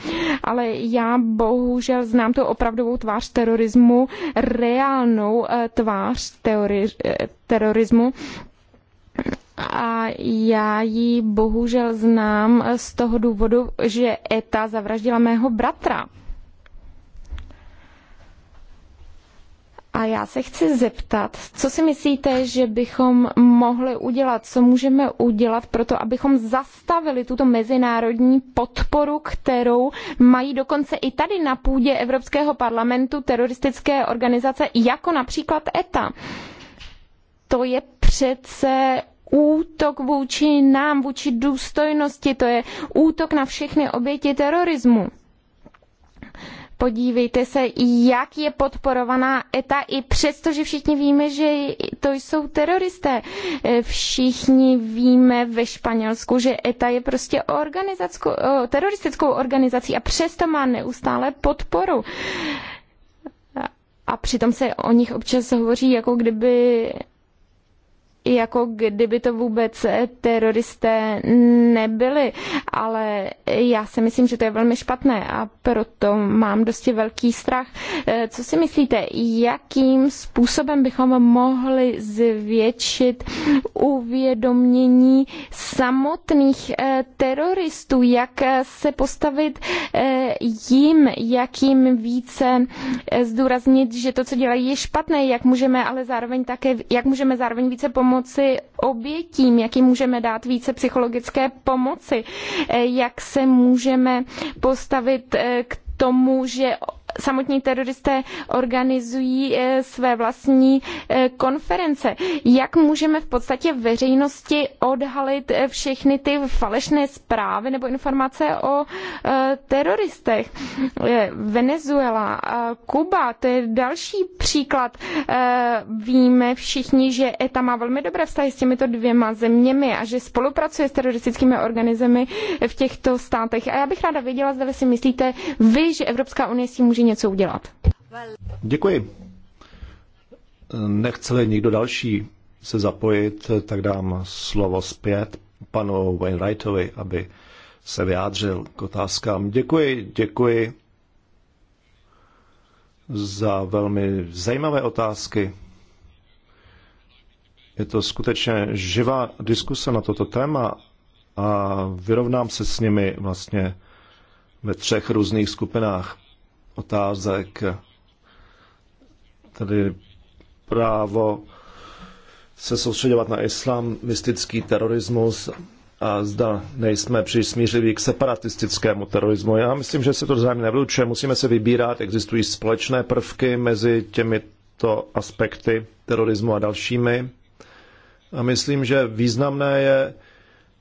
Ale já bohužel znám tu opravdovou tvář terorismu reálně reálnou eh, tvář teori, eh, terorismu, a já ji bohužel znám eh, z toho důvodu, že ETA zavraždila mého bratra. A já se chci zeptat, co si myslíte, že bychom mohli udělat, co můžeme udělat pro to, abychom zastavili tuto mezinárodní podporu, kterou mají dokonce i tady na půdě Evropského parlamentu teroristické organizace, jako například ETA. To je přece útok vůči nám, vůči důstojnosti, to je útok na všechny oběti terorismu. Podívejte se, jak je podporovaná ETA, i přesto, že všichni víme, že to jsou teroristé. Eh, všichni víme ve Španělsku, že ETA je prostě teroristickou organizací a přesto má neustále podporu. A přitom se o nich občas hovoří, jako kdyby jako kdyby to vůbec teroristé nebyli. Ale já si myslím, že to je velmi špatné a proto mám dosti velký strach. Eh, co si myslíte, jakým způsobem bychom mohli zvětšit uvědomění samotných eh, teroristů, jak eh, se postavit jim, jakým více zdůraznit, že to, co dělají, je špatné, jak můžeme ale zároveň také, jak můžeme zároveň více pomoct pomoci obětím, jak jim můžeme dát více psychologické pomoci, eh, jak se můžeme postavit eh, k tomu, že samotní teroristé organizují eh, své vlastní eh, konference. Jak můžeme v podstatě veřejnosti odhalit eh, všechny ty falešné zprávy nebo informace o teroristech? Venezuela, Kuba, to je další příklad. Víme všichni, že ETA má velmi dobré vztahy s těmito dvěma zeměmi a že spolupracuje s teroristickými organizemi v těchto státech. A já bych ráda věděla, zda si myslíte vy, že Evropská unie s tím může něco udělat. Děkuji. Nechce nikdo další se zapojit, tak dám slovo zpět panu Wainwrightovi, aby se vyjádřil k otázkám. Děkuji, děkuji za velmi zajímavé otázky. Je to skutečně živá diskuse na toto téma a vyrovnám se s nimi vlastně ve třech různých skupinách otázek, tedy právo se soustředovat na mystický terorismus a zda nejsme příliš smířiví k separatistickému terorismu. Já myslím, že se to zájem nevlučuje, musíme se vybírat, existují společné prvky mezi těmito aspekty terorismu a dalšími. A myslím, že významné je,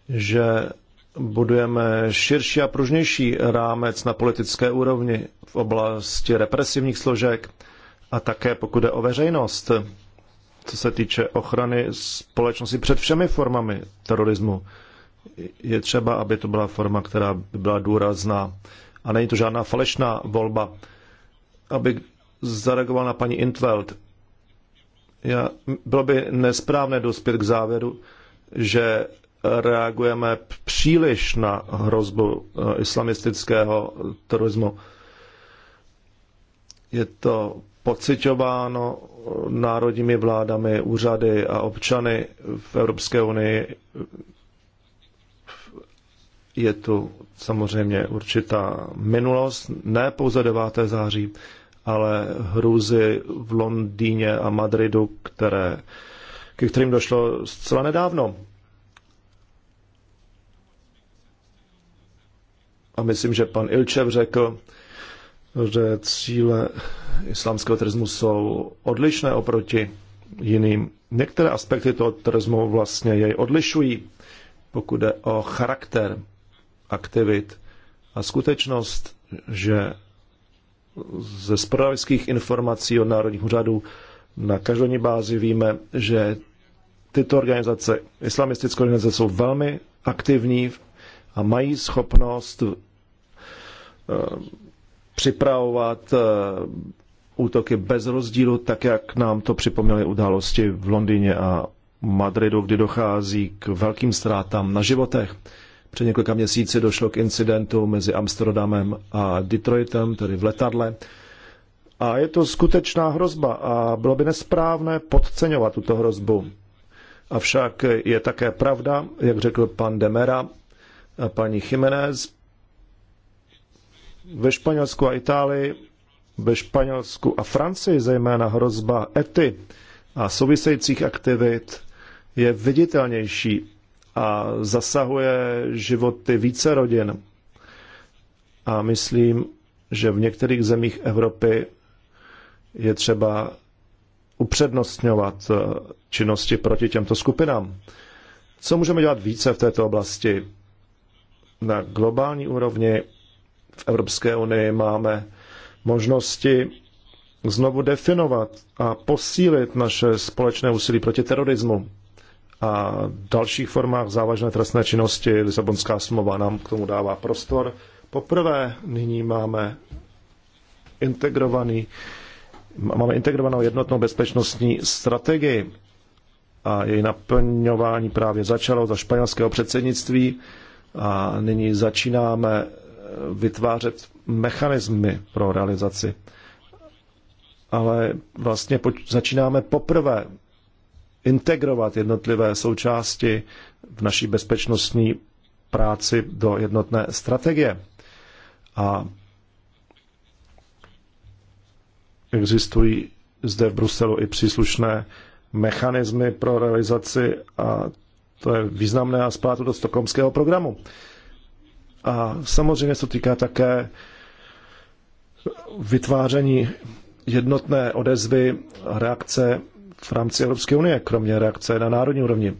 že budujeme širší a pružnější rámec na politické úrovni v oblasti represivních složek a také pokud jde o veřejnost, co se týče ochrany společnosti před všemi formami terorismu. Je třeba, aby to byla forma, která by byla důrazná. A není to žádná falešná volba. Aby zareagoval na paní Intveld. Já, bylo by nesprávné dospět k závěru, že reagujeme příliš na hrozbu eh, islamistického terorismu. Je to pocitováno národními vládami, úřady a občany v Evropské unii. Je tu samozřejmě určitá minulost, ne pouze 9. září, ale hrůzy v Londýně a Madridu, které, ke kterým došlo zcela nedávno. a myslím, že pan Ilčev řekl, že cíle islámského terorismu jsou odlišné oproti jiným. Některé aspekty toho terorismu vlastně jej odlišují, pokud jde o charakter aktivit a skutečnost, že ze spravodajských informací od národních úřadů na každodenní bázi víme, že tyto organizace, islamistické organizace, jsou velmi aktivní a mají schopnost Eh, připravovat eh, útoky bez rozdílu, tak jak nám to připomněly události v Londýně a Madridu, kdy dochází k velkým ztrátám na životech. Před několika měsíci došlo k incidentu mezi Amsterdamem a Detroitem, tedy v letadle. A je to skutečná hrozba a bylo by nesprávné podceňovat tuto hrozbu. Avšak je také pravda, jak řekl pan Demera a paní Jiménez, ve Španělsku a Itálii, ve Španělsku a Francii zejména hrozba ety a souvisejících aktivit je viditelnější a zasahuje životy více rodin. A myslím, že v některých zemích Evropy je třeba upřednostňovat eh, činnosti proti těmto skupinám. Co můžeme dělat více v této oblasti? Na globální úrovni v Evropské unii máme možnosti znovu definovat a posílit naše společné úsilí proti terorismu a dalších formách závažné trestné činnosti. Lisabonská smlouva nám k tomu dává prostor. Poprvé nyní máme integrovaný, máme integrovanou jednotnou bezpečnostní strategii a její naplňování právě začalo za španělského předsednictví a nyní začínáme vytvářet mechanismy pro realizaci. Ale vlastně začínáme poprvé integrovat jednotlivé součásti v naší bezpečnostní práci do jednotné strategie. A existují zde v Bruselu i příslušné mechanismy pro realizaci a to je významné a zpátky do stokomského programu. A samozřejmě se to týká také vytváření jednotné odezvy reakce v rámci Evropské unie, kromě reakce na národní úrovni.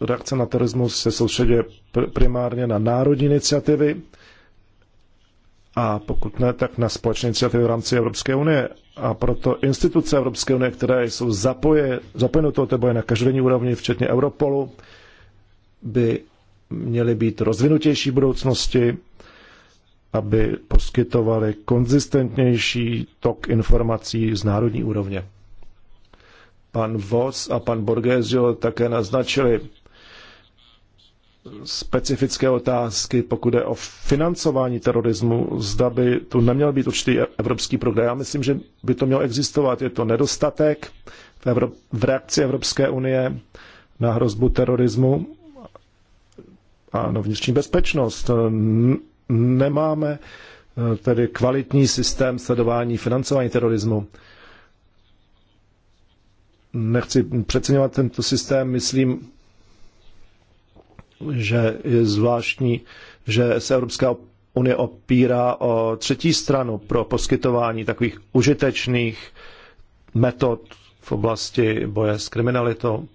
Reakce na terorismus se soustředuje primárně na národní iniciativy a pokud ne, tak na společné iniciativy v rámci Evropské unie. A proto instituce Evropské unie, které jsou zapoje, zapojeny do tohoto na každodenní úrovni, včetně Europolu, by měly být rozvinutější v budoucnosti, aby poskytovaly konzistentnější tok informací z národní úrovně. Pan Vos a pan Borgesio také naznačili specifické otázky, pokud je o financování terorismu, zda by tu neměl být určitý evropský program. Já myslím, že by to mělo existovat. Je to nedostatek v, Evrop- v reakci Evropské unie na hrozbu terorismu ano, vnitřní bezpečnost. Nemáme eh, tedy kvalitní systém sledování financování terorismu. Nechci přeceňovat tento systém, myslím, že je zvláštní, že se Evropská unie opírá o třetí stranu pro poskytování takových užitečných metod v oblasti boje s kriminalitou.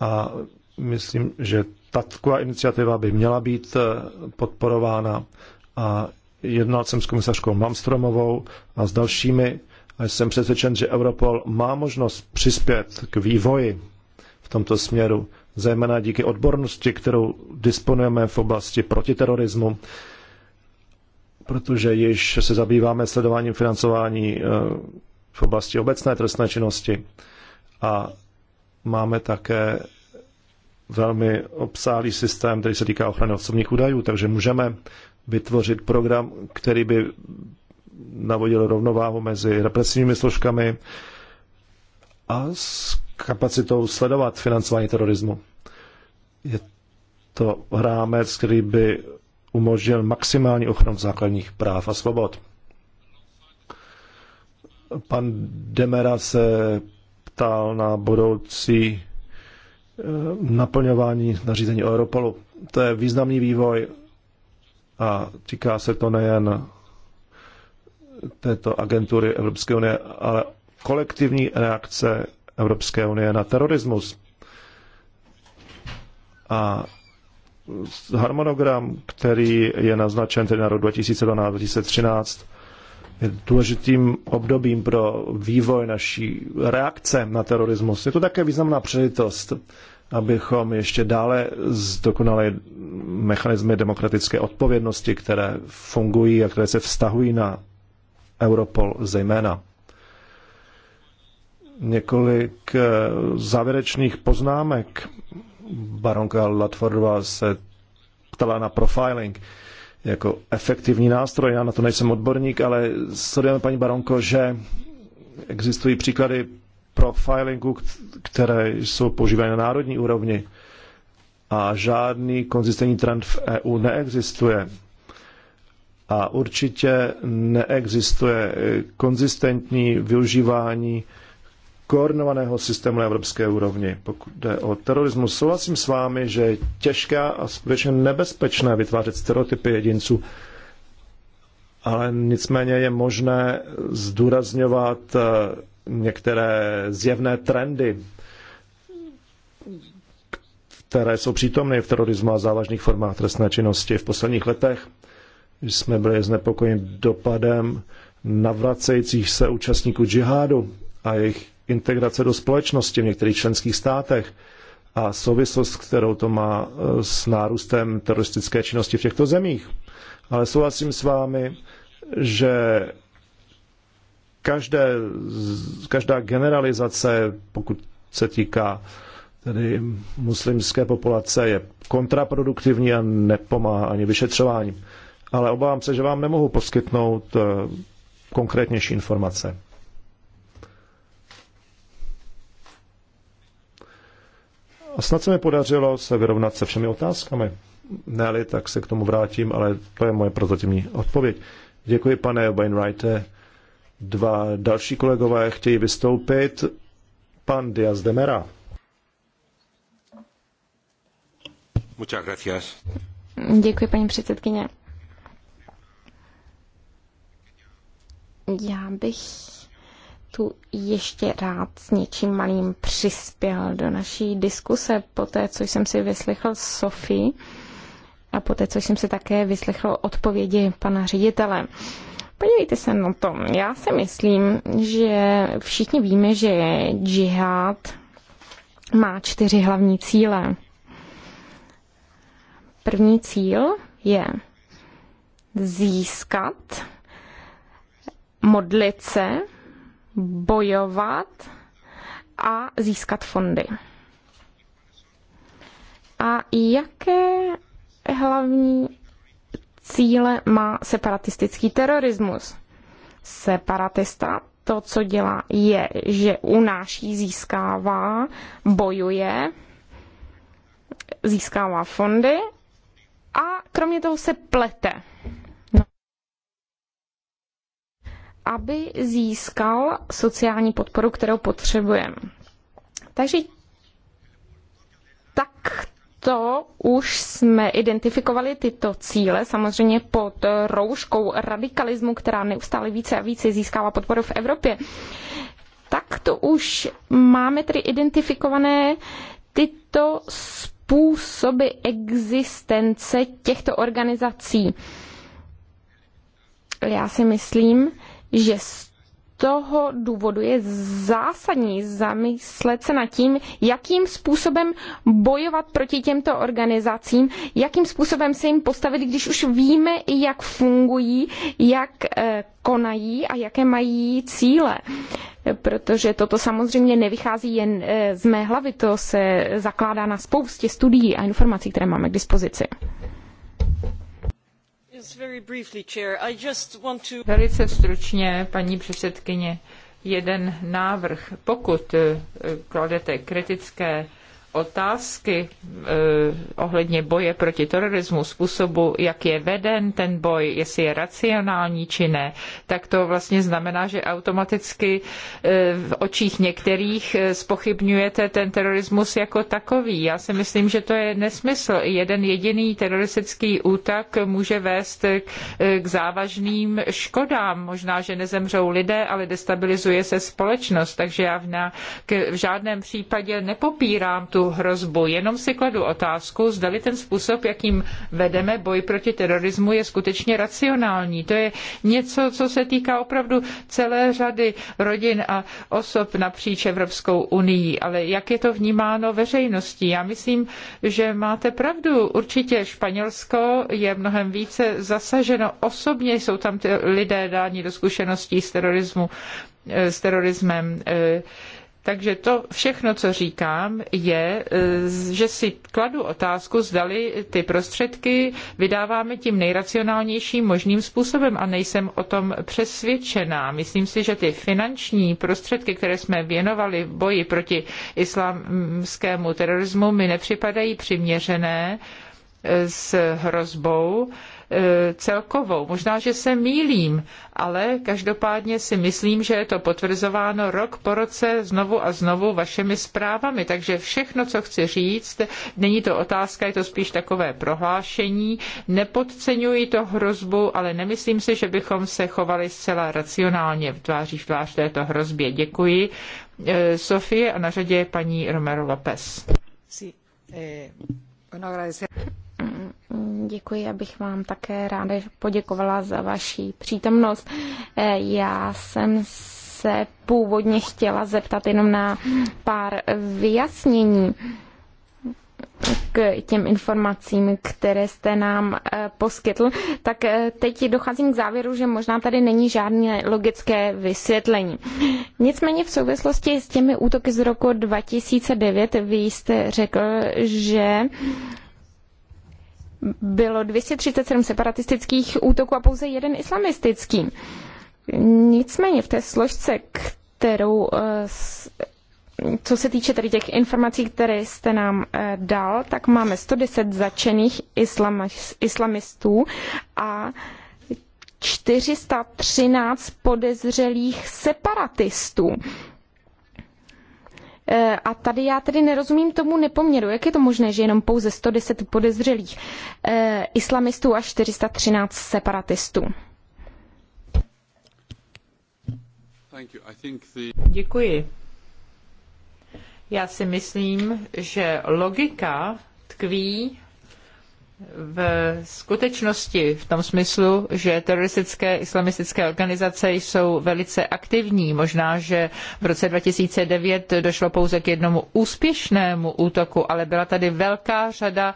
A myslím, že taková iniciativa by měla být eh, podporována a jednal jsem s komisařkou Mamstromovou a s dalšími a jsem přesvědčen, že Europol má možnost přispět k vývoji v tomto směru, zejména díky odbornosti, kterou disponujeme v oblasti protiterorismu, protože již se zabýváme sledováním financování eh, v oblasti obecné trestné činnosti a máme také velmi obsáhlý systém, který se týká ochrany osobních údajů, takže můžeme vytvořit program, který by navodil rovnováhu mezi represivními složkami a s kapacitou sledovat financování terorismu. Je to rámec, který by umožnil maximální ochranu základních práv a svobod. Pan Demera se ptal na budoucí Eh, naplňování nařízení Europolu. To je významný vývoj a týká se to nejen této agentury Evropské unie, ale kolektivní reakce Evropské unie na terorismus. A harmonogram, který je naznačen tedy na rok 2012-2013, je důležitým obdobím pro vývoj naší reakce na terorismus. Je to také významná příležitost abychom ještě dále zdokonali mechanismy demokratické odpovědnosti, které fungují a které se vztahují na Europol zejména. Několik eh, závěrečných poznámek. Baronka Latfordová se ptala na profiling jako efektivní nástroj. Já na to nejsem odborník, ale sledujeme, paní Baronko, že existují příklady profilingu, které jsou používány na národní úrovni. A žádný konzistentní trend v EU neexistuje. A určitě neexistuje konzistentní využívání koordinovaného systému na evropské úrovni. Pokud jde o terorismus, souhlasím s vámi, že je těžké a skutečně nebezpečné vytvářet stereotypy jedinců, ale nicméně je možné zdůrazňovat eh, některé zjevné trendy, které jsou přítomny v terorismu a závažných formách trestné činnosti. V posledních letech jsme byli znepokojeni dopadem navracejících se účastníků džihádu a jejich integrace do společnosti v některých členských státech a souvislost, kterou to má e, s nárůstem teroristické činnosti v těchto zemích. Ale souhlasím s vámi, že každé, každá generalizace, pokud se týká tedy muslimské populace, je kontraproduktivní a nepomáhá ani vyšetřování. Ale obávám se, že vám nemohu poskytnout eh, konkrétnější informace. A snad se mi podařilo se vyrovnat se všemi otázkami. ne tak se k tomu vrátím, ale to je moje prozatímní odpověď. Děkuji, pane Wainwrighte Dva další kolegové chtějí vystoupit. Pan Diaz de Mera. Děkuji, paní předsedkyně. Já bych tu ještě rád s něčím malým přispěl do naší diskuse po té, co jsem si vyslechl Sofii a po té, co jsem si také vyslechl odpovědi pana ředitele. Uh, Podívejte se na to. Já si myslím, že všichni víme, že džihad má čtyři hlavní cíle. První cíl je získat, modlit se, bojovat a získat fondy. A jaké hlavní cíle má separatistický terorismus. Separatista to, co dělá, je, že unáší, získává, bojuje, získává fondy a kromě toho se plete. No. Aby získal sociální podporu, kterou potřebujeme. Takže to už jsme identifikovali tyto cíle, samozřejmě pod rouškou radikalismu, která neustále více a více získává podporu v Evropě, tak to už máme tedy identifikované tyto způsoby existence těchto organizací. Já si myslím, že z toho důvodu je zásadní zamyslet se nad tím, jakým způsobem bojovat proti těmto organizacím, jakým způsobem se jim postavit, když už víme, jak fungují, jak eh, konají a jaké mají cíle. Protože toto samozřejmě nevychází jen eh, z mé hlavy, to se zakládá na spoustě studií a informací, které máme k dispozici. Velice stručně, paní předsedkyně, jeden návrh. Pokud eh, kladete kritické otázky eh, ohledně boje proti terorismu, způsobu, jak je veden ten boj, jestli je racionální či ne, tak to vlastně znamená, že automaticky eh, v očích některých eh, spochybňujete ten terorismus jako takový. Já si myslím, že to je nesmysl. Jeden jediný teroristický útak může vést k závažným škodám. Možná, že nezemřou lidé, ale destabilizuje se společnost. Takže já v, na, k, v žádném případě nepopírám tu tu hrozbu. Jenom si kladu otázku, zdali ten způsob, jakým vedeme boj proti terorismu, je skutečně racionální. To je něco, co se týká opravdu celé řady rodin a osob napříč Evropskou unii. Ale jak je to vnímáno veřejností? Já myslím, že máte pravdu. Určitě Španělsko je mnohem více zasaženo. Osobně jsou tam ty lidé dáni do zkušeností s, terorismu, s terorismem. Takže to všechno, co říkám, je, e, že si kladu otázku, zdali ty prostředky vydáváme tím nejracionálnějším možným způsobem a nejsem o tom přesvědčená. Myslím si, že ty finanční prostředky, které jsme věnovali v boji proti islámskému terorismu, mi nepřipadají přiměřené e, s hrozbou, Eh, celkovou. Možná, že se mýlím, ale každopádně si myslím, že je to potvrzováno rok po roce znovu a znovu vašimi zprávami. Takže všechno, co chci říct, není to otázka, je to spíš takové prohlášení. Nepodceňuji to hrozbu, ale nemyslím si, že bychom se chovali zcela racionálně v tváří v tvář této hrozbě. Děkuji. Eh, Sofie a na řadě je paní Romero López. Sí. Eh, bueno, Děkuji, abych vám také ráda poděkovala za vaši přítomnost. Eh, já jsem se původně chtěla zeptat jenom na pár vyjasnění k těm informacím, které jste nám eh, poskytl, tak eh, teď docházím k závěru, že možná tady není žádné logické vysvětlení. Nicméně v souvislosti s těmi útoky z roku 2009 vy jste řekl, že bylo 237 separatistických útoků a pouze jeden islamistický. Nicméně v té složce, kterou eh, co se týče tady těch informací, které jste nám eh, dal, tak máme 110 začených islamistů a 413 podezřelých separatistů. Eh, a tady já tedy nerozumím tomu nepoměru. Jak je to možné, že jenom pouze 110 podezřelých eh, islamistů a 413 separatistů? Děkuji. Já si myslím, že logika tkví v skutečnosti v tom smyslu, že teroristické islamistické organizace jsou velice aktivní. Možná, že v roce 2009 došlo pouze k jednomu úspěšnému útoku, ale byla tady velká řada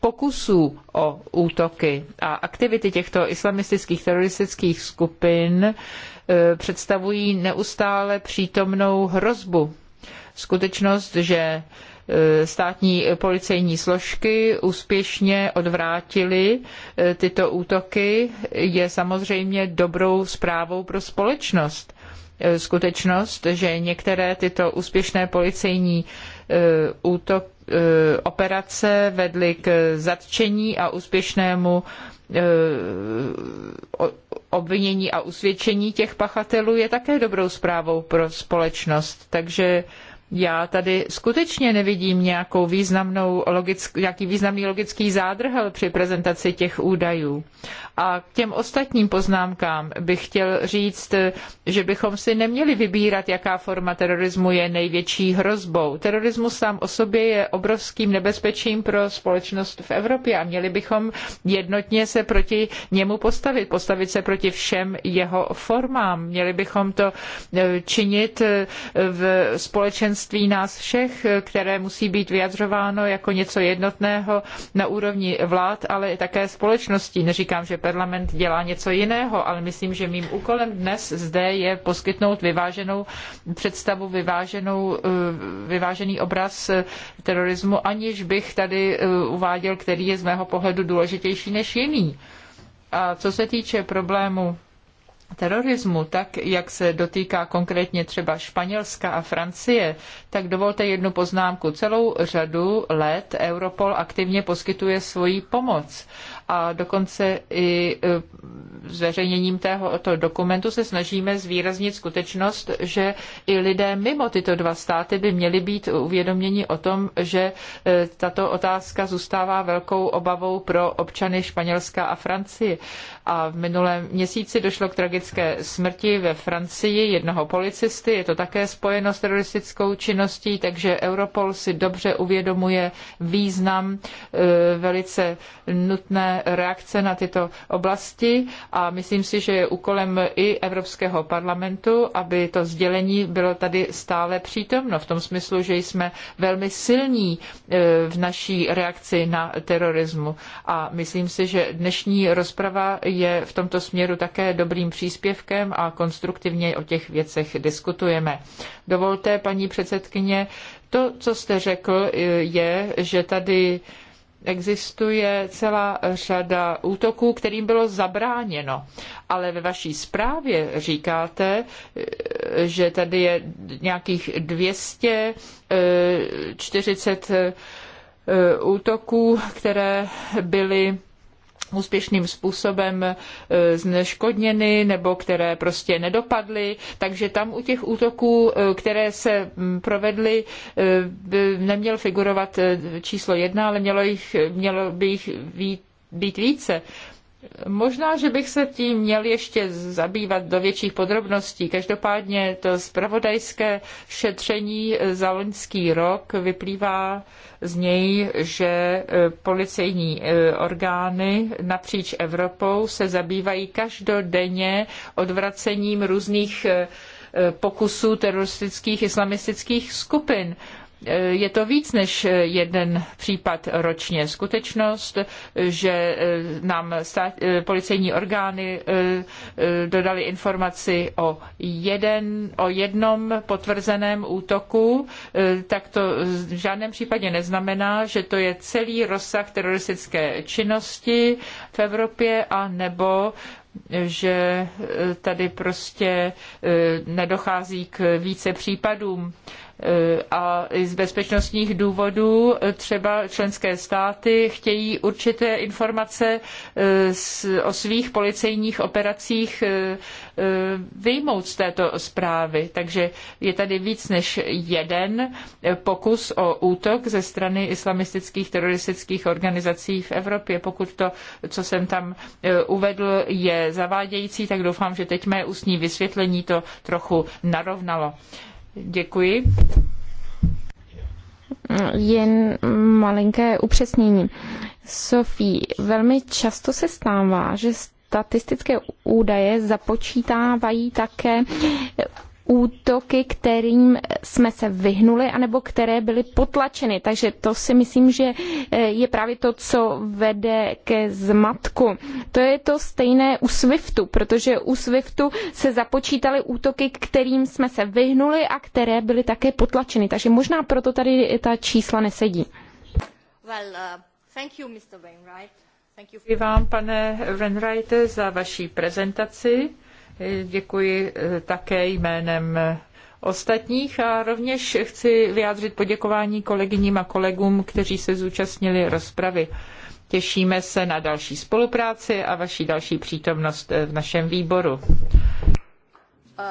pokusů o útoky a aktivity těchto islamistických teroristických skupin e, představují neustále přítomnou hrozbu. Skutečnost, že E, státní policejní složky úspěšně odvrátily e, tyto útoky, je samozřejmě dobrou zprávou pro společnost. E, skutečnost, že některé tyto úspěšné policejní útok, operace vedly k zatčení a úspěšnému obvinění a usvědčení těch pachatelů je také dobrou zprávou pro společnost. Takže já tady skutečně nevidím nějakou významnou logick, nějaký významný logický zádrhel při prezentaci těch údajů. A k těm ostatním poznámkám bych chtěl říct, že bychom si neměli vybírat, jaká forma terorismu je největší hrozbou. Terorismus sám o sobě je obrovským nebezpečím pro společnost v Evropě a měli bychom jednotně se proti němu postavit, postavit se proti všem jeho formám. Měli bychom to eh, činit eh, v společenství společenství nás všech, které musí být vyjadřováno jako něco jednotného na úrovni vlád, ale také společností. Neříkám, že parlament dělá něco jiného, ale myslím, že mým úkolem dnes zde je poskytnout vyváženou představu, vyváženou, eh, vyvážený obraz eh, terorismu, aniž bych tady eh, uváděl, který je z mého pohledu důležitější než jiný. A co se týče problému terorismu, tak jak se dotýká konkrétně třeba Španělska a Francie, tak dovolte jednu poznámku. Celou řadu let Europol aktivně poskytuje svoji pomoc a dokonce i e, zveřejněním tohoto dokumentu se snažíme zvýraznit skutečnost, že i lidé mimo tyto dva státy by měli být uvědoměni o tom, že e, tato otázka zůstává velkou obavou pro občany Španělska a Francie. A v minulém měsíci došlo k tragické smrti ve Francii jednoho policisty. Je to také spojeno s teroristickou činností, takže Europol si dobře uvědomuje význam e, velice nutné reakce na tyto oblasti a myslím si, že je úkolem i Evropského parlamentu, aby to sdělení bylo tady stále přítomno v tom smyslu, že jsme velmi silní e, v naší reakci na terorismu. A myslím si, že dnešní rozprava je v tomto směru také dobrým příspěvkem a konstruktivně o těch věcech diskutujeme. Dovolte, paní předsedkyně, to, co jste řekl, e, je, že tady existuje celá řada útoků, kterým bylo zabráněno. Ale ve vaší zprávě říkáte, eh, že tady je nějakých 240 eh, eh, útoků, které byly úspěšným způsobem e, zneškodněny nebo které prostě nedopadly. Takže tam u těch útoků, e, které se provedly, e, by neměl figurovat číslo jedna, ale mělo, jich, mělo by jich být, být více. Možná, že bych se tím měl ještě zabývat do větších podrobností. Každopádně to zpravodajské šetření za loňský rok vyplývá z něj, že e, policejní e, orgány napříč Evropou se zabývají každodenně odvracením různých e, pokusů teroristických islamistických skupin. Eh, je to víc než eh, jeden případ ročně. Skutečnost, že eh, nám stát, policejní orgány dodali informaci o, jeden, o jednom potvrzeném útoku, tak to v žádném případě neznamená, že to je celý rozsah teroristické činnosti v Evropě a nebo že tady prostě nedochází k více případům a z bezpečnostních důvodů třeba členské státy chtějí určité informace e, o svých policejních operacích e, e, vyjmout z této zprávy. Takže je tady víc než jeden pokus o útok ze strany islamistických teroristických organizací v Evropě. Pokud to, co jsem tam uvedl, je zavádějící, tak doufám, že teď mé ústní vysvětlení to trochu narovnalo. Děkuji. Jen malinké upřesnění. Sofie velmi často se stává, že statistické údaje započítávají také útoky, kterým jsme se vyhnuli, anebo které byly potlačeny. Takže to si myslím, že eh, je právě to, co vede ke zmatku. To je to stejné u SWIFTu, protože u SWIFTu se započítaly útoky, kterým jsme se vyhnuli a které byly také potlačeny. Takže možná proto tady ta čísla nesedí. Well, uh, thank you, Mr. Děkuji vám, pane Wainwrighte, za vaší prezentaci. Děkuji eh, také jménem eh, ostatních a rovněž chci vyjádřit poděkování kolegyním a kolegům, kteří se zúčastnili rozpravy. Těšíme se na další spolupráci a vaši další přítomnost eh, v našem výboru. Uh,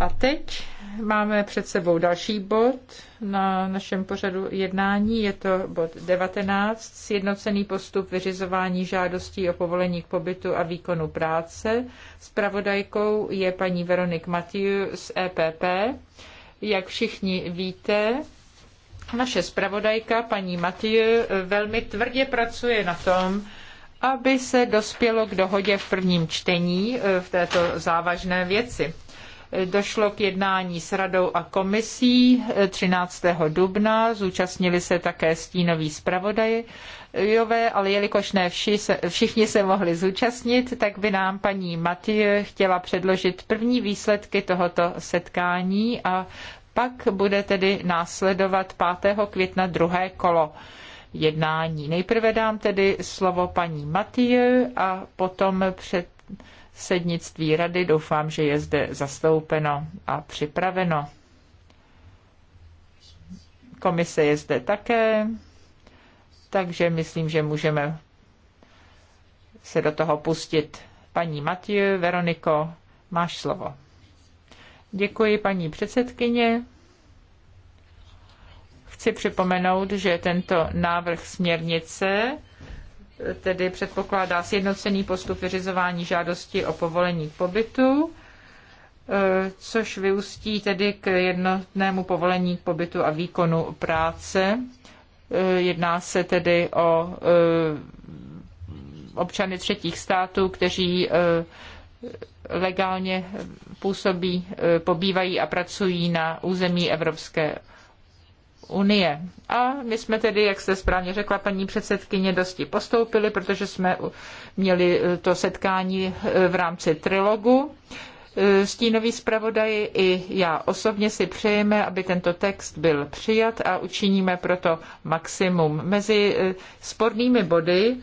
a teď máme před sebou další bod na našem pořadu jednání. Je to bod 19, sjednocený postup vyřizování žádostí o povolení k pobytu a výkonu práce. Spravodajkou je paní Veronik Matiu z EPP. Jak všichni víte, naše spravodajka paní Matiu velmi tvrdě pracuje na tom, aby se dospělo k dohodě v prvním čtení e, v této závažné věci. E, došlo k jednání s radou a komisí 13. E, dubna, zúčastnili se také stínoví zpravodajové, ale jelikož ne vši se, všichni se mohli zúčastnit, tak by nám paní Matie chtěla předložit první výsledky tohoto setkání a pak bude tedy následovat 5. května druhé kolo jednání. Nejprve dám tedy slovo paní Matěj a potom před sednictví rady. Doufám, že je zde zastoupeno a připraveno. Komise je zde také, takže myslím, že můžeme se do toho pustit. Paní Matěj, Veroniko, máš slovo. Děkuji, paní předsedkyně. Chci připomenout, že tento návrh směrnice eh, tedy předpokládá sjednocený postup vyřizování žádosti o povolení pobytu, eh, což vyústí tedy k jednotnému povolení k pobytu a výkonu práce. Eh, jedná se tedy o občany třetích států, kteří legálně působí, pobývají a pracují na území Evropské unie. A my jsme tedy, jak jste správně řekla, paní předsedkyně, dosti postoupili, protože jsme měli eh, to setkání eh, v rámci trilogu. Eh, stínoví zpravodaji i já osobně si přejeme, aby tento text byl přijat a učiníme proto maximum. Mezi spornými body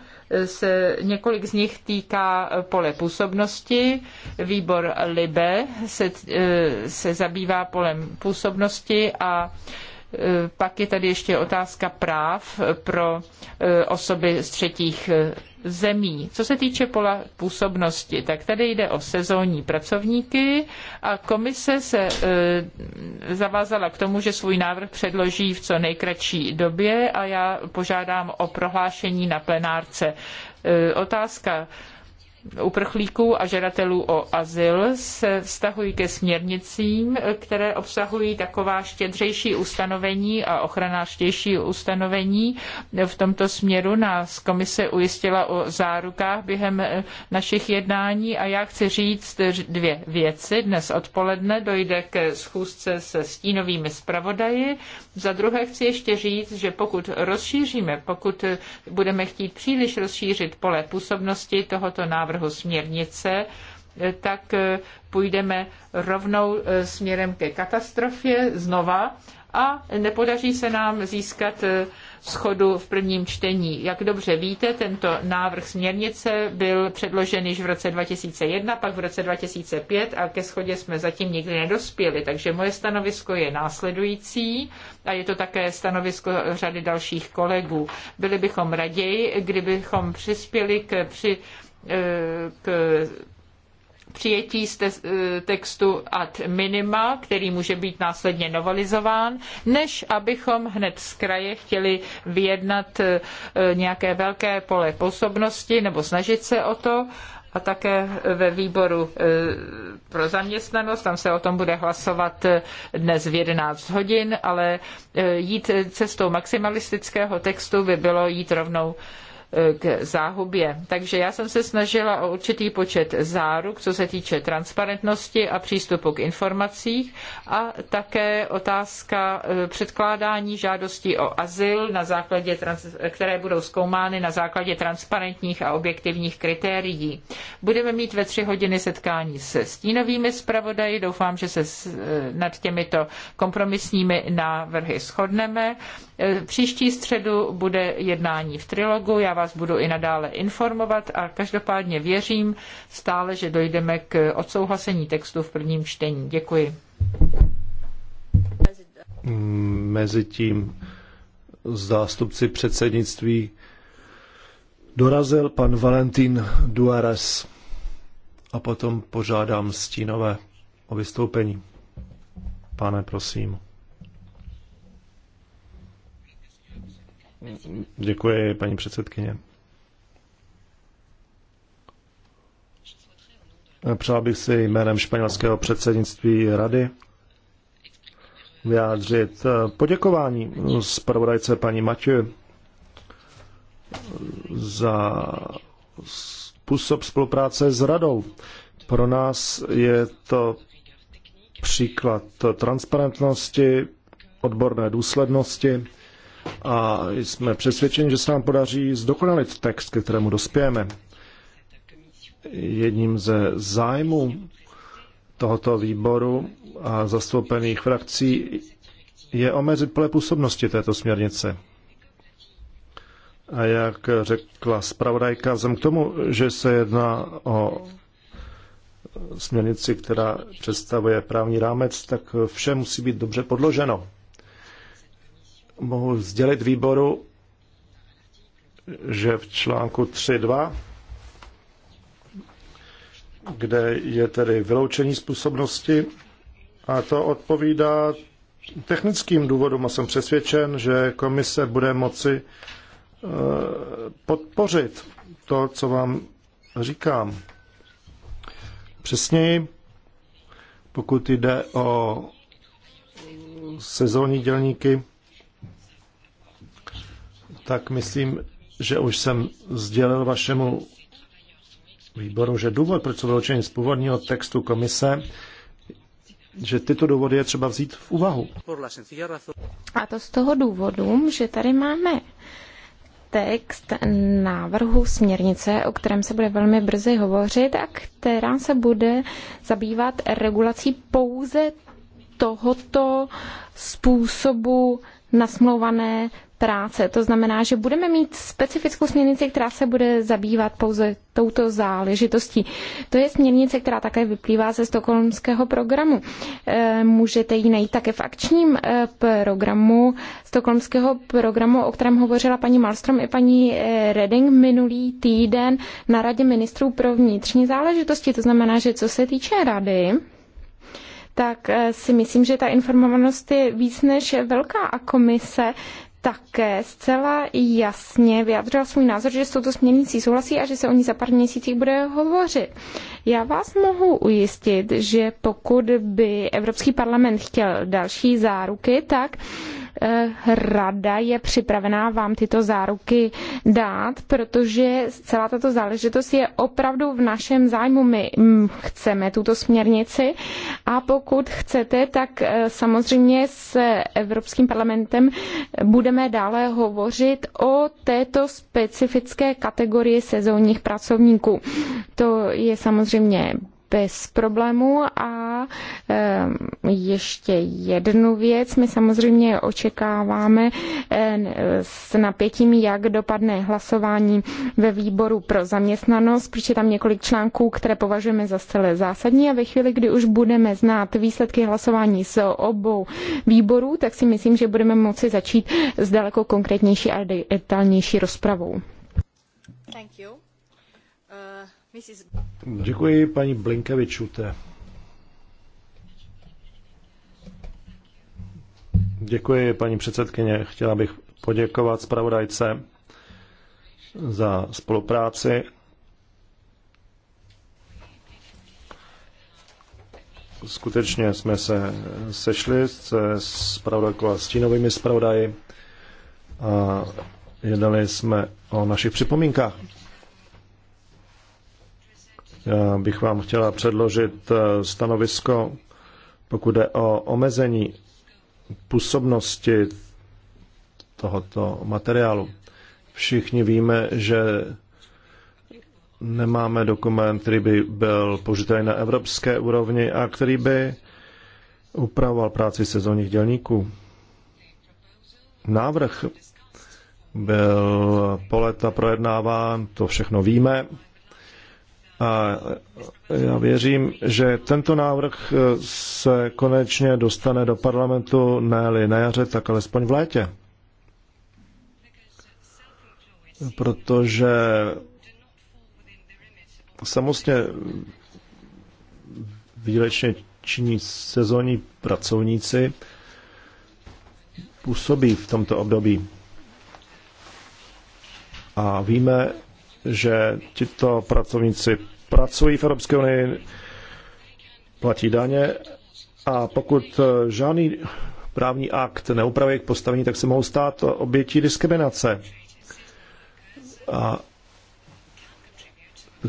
se několik z nich týká pole působnosti. Výbor LIBE se, se zabývá polem působnosti a Eh, pak je tady ještě otázka práv pro eh, osoby z třetích eh, zemí. Co se týče pola působnosti, tak tady jde o sezónní pracovníky a komise se e, zavázala k tomu, že svůj návrh předloží v co nejkratší době a já požádám o prohlášení na plenárce. E, otázka uprchlíků a žadatelů o azyl se vztahují ke směrnicím, které obsahují taková štědřejší ustanovení a ochranářtější ustanovení. V tomto směru nás komise ujistila o zárukách během eh, našich jednání a já chci říct dvě věci. Dnes odpoledne dojde ke schůzce se stínovými zpravodaji. Za druhé chci ještě říct, že pokud rozšíříme, pokud eh, budeme chtít příliš rozšířit pole působnosti tohoto návrhu, návrhu směrnice, eh, tak eh, půjdeme rovnou eh, směrem ke katastrofě znova a nepodaří se nám získat schodu v prvním čtení. Jak dobře víte, tento návrh směrnice byl předložen již v roce 2001, pak v roce 2005 a ke schodě jsme zatím nikdy nedospěli. Takže moje stanovisko je následující a je to také stanovisko řady dalších kolegů. Byli bychom raději, kdybychom přispěli k při k přijetí z textu ad minima, který může být následně novelizován, než abychom hned z kraje chtěli vyjednat e, nějaké velké pole působnosti nebo snažit se o to. A také ve výboru e, pro zaměstnanost, tam se o tom bude hlasovat e, dnes v 11 hodin, ale jít cestou maximalistického textu by bylo jít rovnou k záhubě. Takže já jsem se snažila o určitý počet záruk, co se týče transparentnosti a přístupu k informacím a také otázka eh, předkládání žádostí o azyl, na základě které budou zkoumány na základě transparentních a objektivních kritérií. Budeme mít ve tři hodiny setkání se stínovými zpravodaji. Doufám, že se eh, nad těmito kompromisními návrhy shodneme Příští středu bude jednání v trilogu, já vás budu i nadále informovat a každopádně věřím stále, že dojdeme k odsouhlasení textu v prvním čtení. Děkuji. Mezitím zástupci předsednictví dorazil pan Valentín Duares a potom požádám stínové o vystoupení. Pane, prosím. Děkuji, paní předsedkyně. Přál bych si jménem španělského předsednictví rady vyjádřit poděkování zpravodajce paní Matěj za způsob spolupráce s radou. Pro nás je to příklad transparentnosti, odborné důslednosti a jsme přesvědčeni, že se nám podaří zdokonalit text, ke kterému dospějeme. Jedním ze zájmů tohoto výboru a zastoupených frakcí je omezit pole působnosti této směrnice. A jak řekla zpravodajka, vzhledem k tomu, že se jedná o směrnici, která představuje právní rámec, tak vše musí být dobře podloženo mohu sdělit výboru, že v článku 3.2, kde je tedy vyloučení způsobnosti, a to odpovídá technickým důvodům a jsem přesvědčen, že komise bude moci eh, podpořit to, co vám říkám. Přesněji, pokud jde o sezónní dělníky, tak myslím, že už jsem sdělil vašemu výboru, že důvod, proč jsou vyloučeny z původního textu komise, že tyto důvody je třeba vzít v úvahu. A to z toho důvodu, že tady máme text návrhu směrnice, o kterém se bude velmi brzy hovořit a která se bude zabývat regulací pouze tohoto způsobu nasmlouvané práce. To znamená, že budeme mít specifickou směrnici, která se bude zabývat pouze touto záležitostí. To je směrnice, která také vyplývá ze stokholmského programu. E, můžete ji najít také v akčním e, programu stokholmského programu, o kterém hovořila paní Malstrom i paní e, Reding minulý týden na Radě ministrů pro vnitřní záležitosti. To znamená, že co se týče rady, tak si myslím, že ta informovanost je víc než velká a komise také zcela jasně vyjádřila svůj názor, že s touto směrnicí souhlasí a že se o ní za pár měsících bude hovořit. Já vás mohu ujistit, že pokud by Evropský parlament chtěl další záruky, tak uh, Eh, rada je připravená vám tyto záruky dát, protože celá tato záležitost je opravdu v našem zájmu. My mm, chceme tuto směrnici a pokud chcete, tak eh, samozřejmě s Evropským parlamentem budeme dále hovořit o této specifické kategorii sezónních pracovníků. To je samozřejmě bez problému a ještě jednu věc. My samozřejmě očekáváme s napětím, jak dopadne hlasování ve výboru pro zaměstnanost, protože tam několik článků, které považujeme za celé zásadní a ve chvíli, kdy už budeme znát výsledky hlasování z obou výborů, tak si myslím, že budeme moci začít s daleko konkrétnější a detailnější rozpravou. Thank you. Děkuji paní Blinkevičute. Děkuji, paní předsedkyně. Chtěla bych poděkovat zpravodajce za spolupráci. Skutečně jsme se sešli se zpravodajkou a stínovými zpravodaji a jednali jsme o našich připomínkách. Já bych vám chtěla předložit eh, stanovisko, pokud jde o omezení působnosti tohoto materiálu. Všichni víme, že nemáme dokument, který by byl použitelný na evropské úrovni a který by upravoval práci sezónních dělníků. Návrh byl po leta projednáván, to všechno víme. A já věřím, že tento návrh eh, se konečně dostane do parlamentu ne na jaře, tak alespoň v létě. Protože samozřejmě výlečně činí sezónní pracovníci působí v tomto období. A víme, že tito pracovníci pracují v Evropské unii, platí daně a pokud eh, žádný právní akt neupraví jejich postavení, tak se mohou stát obětí diskriminace. A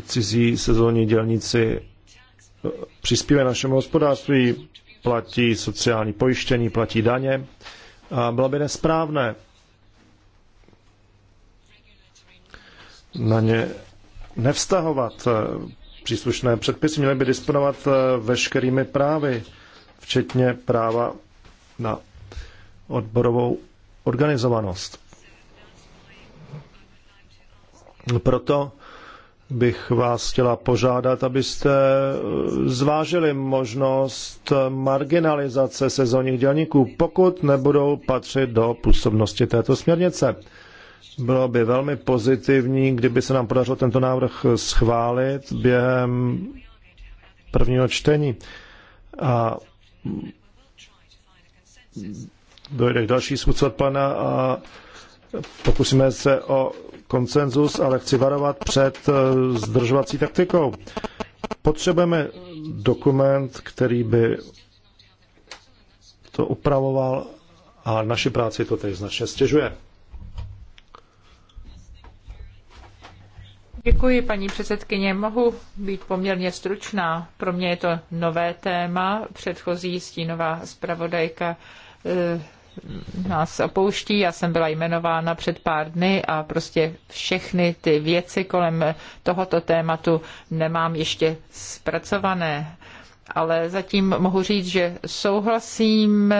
cizí sezónní dělníci eh, přispívají našemu hospodářství, platí sociální pojištění, platí daně. A bylo by nesprávné na ně nevztahovat eh, příslušné předpisy, měly by disponovat eh, veškerými právy, včetně práva na odborovou organizovanost. Proto bych vás chtěla požádat, abyste eh, zvážili možnost marginalizace sezónních dělníků, pokud nebudou patřit do působnosti této směrnice. Bylo by velmi pozitivní, kdyby se nám podařilo tento návrh schválit během prvního čtení. A dojde k další schůdce od pana a pokusíme se o konsenzus, ale chci varovat před eh, zdržovací taktikou. Potřebujeme dokument, který by to upravoval a naši práci to tedy značně stěžuje. Děkuji, paní předsedkyně. Mohu být poměrně stručná. Pro mě je to nové téma. Předchozí stínová zpravodajka eh, nás opouští. Já jsem byla jmenována před pár dny a prostě všechny ty věci kolem tohoto tématu nemám ještě zpracované. Ale zatím mohu říct, že souhlasím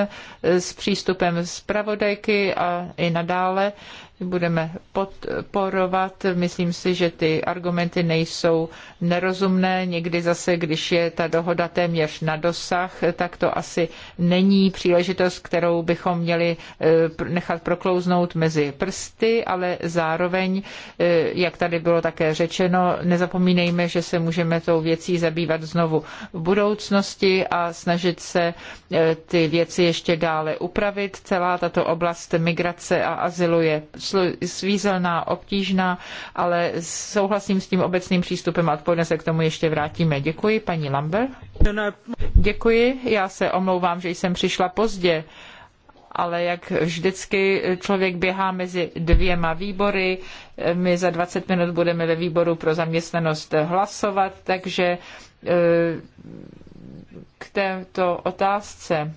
s přístupem zpravodajky a i nadále budeme podporovat. Myslím si, že ty argumenty nejsou nerozumné. Někdy zase, když je ta dohoda téměř na dosah, tak to asi není příležitost, kterou bychom měli eh, nechat proklouznout mezi prsty, ale zároveň, eh, jak tady bylo také řečeno, nezapomínejme, že se můžeme tou věcí zabývat znovu v budoucnosti a snažit se eh, ty věci ještě dále upravit. Celá tato oblast migrace a azylu je svízelná, obtížná, ale souhlasím s tím obecným přístupem a odpovědně se k tomu ještě vrátíme. Děkuji, paní Lambert. Děkuji, já se omlouvám, že jsem přišla pozdě ale jak vždycky člověk běhá mezi dvěma výbory. My za 20 minut budeme ve výboru pro zaměstnanost hlasovat, takže eh, k této otázce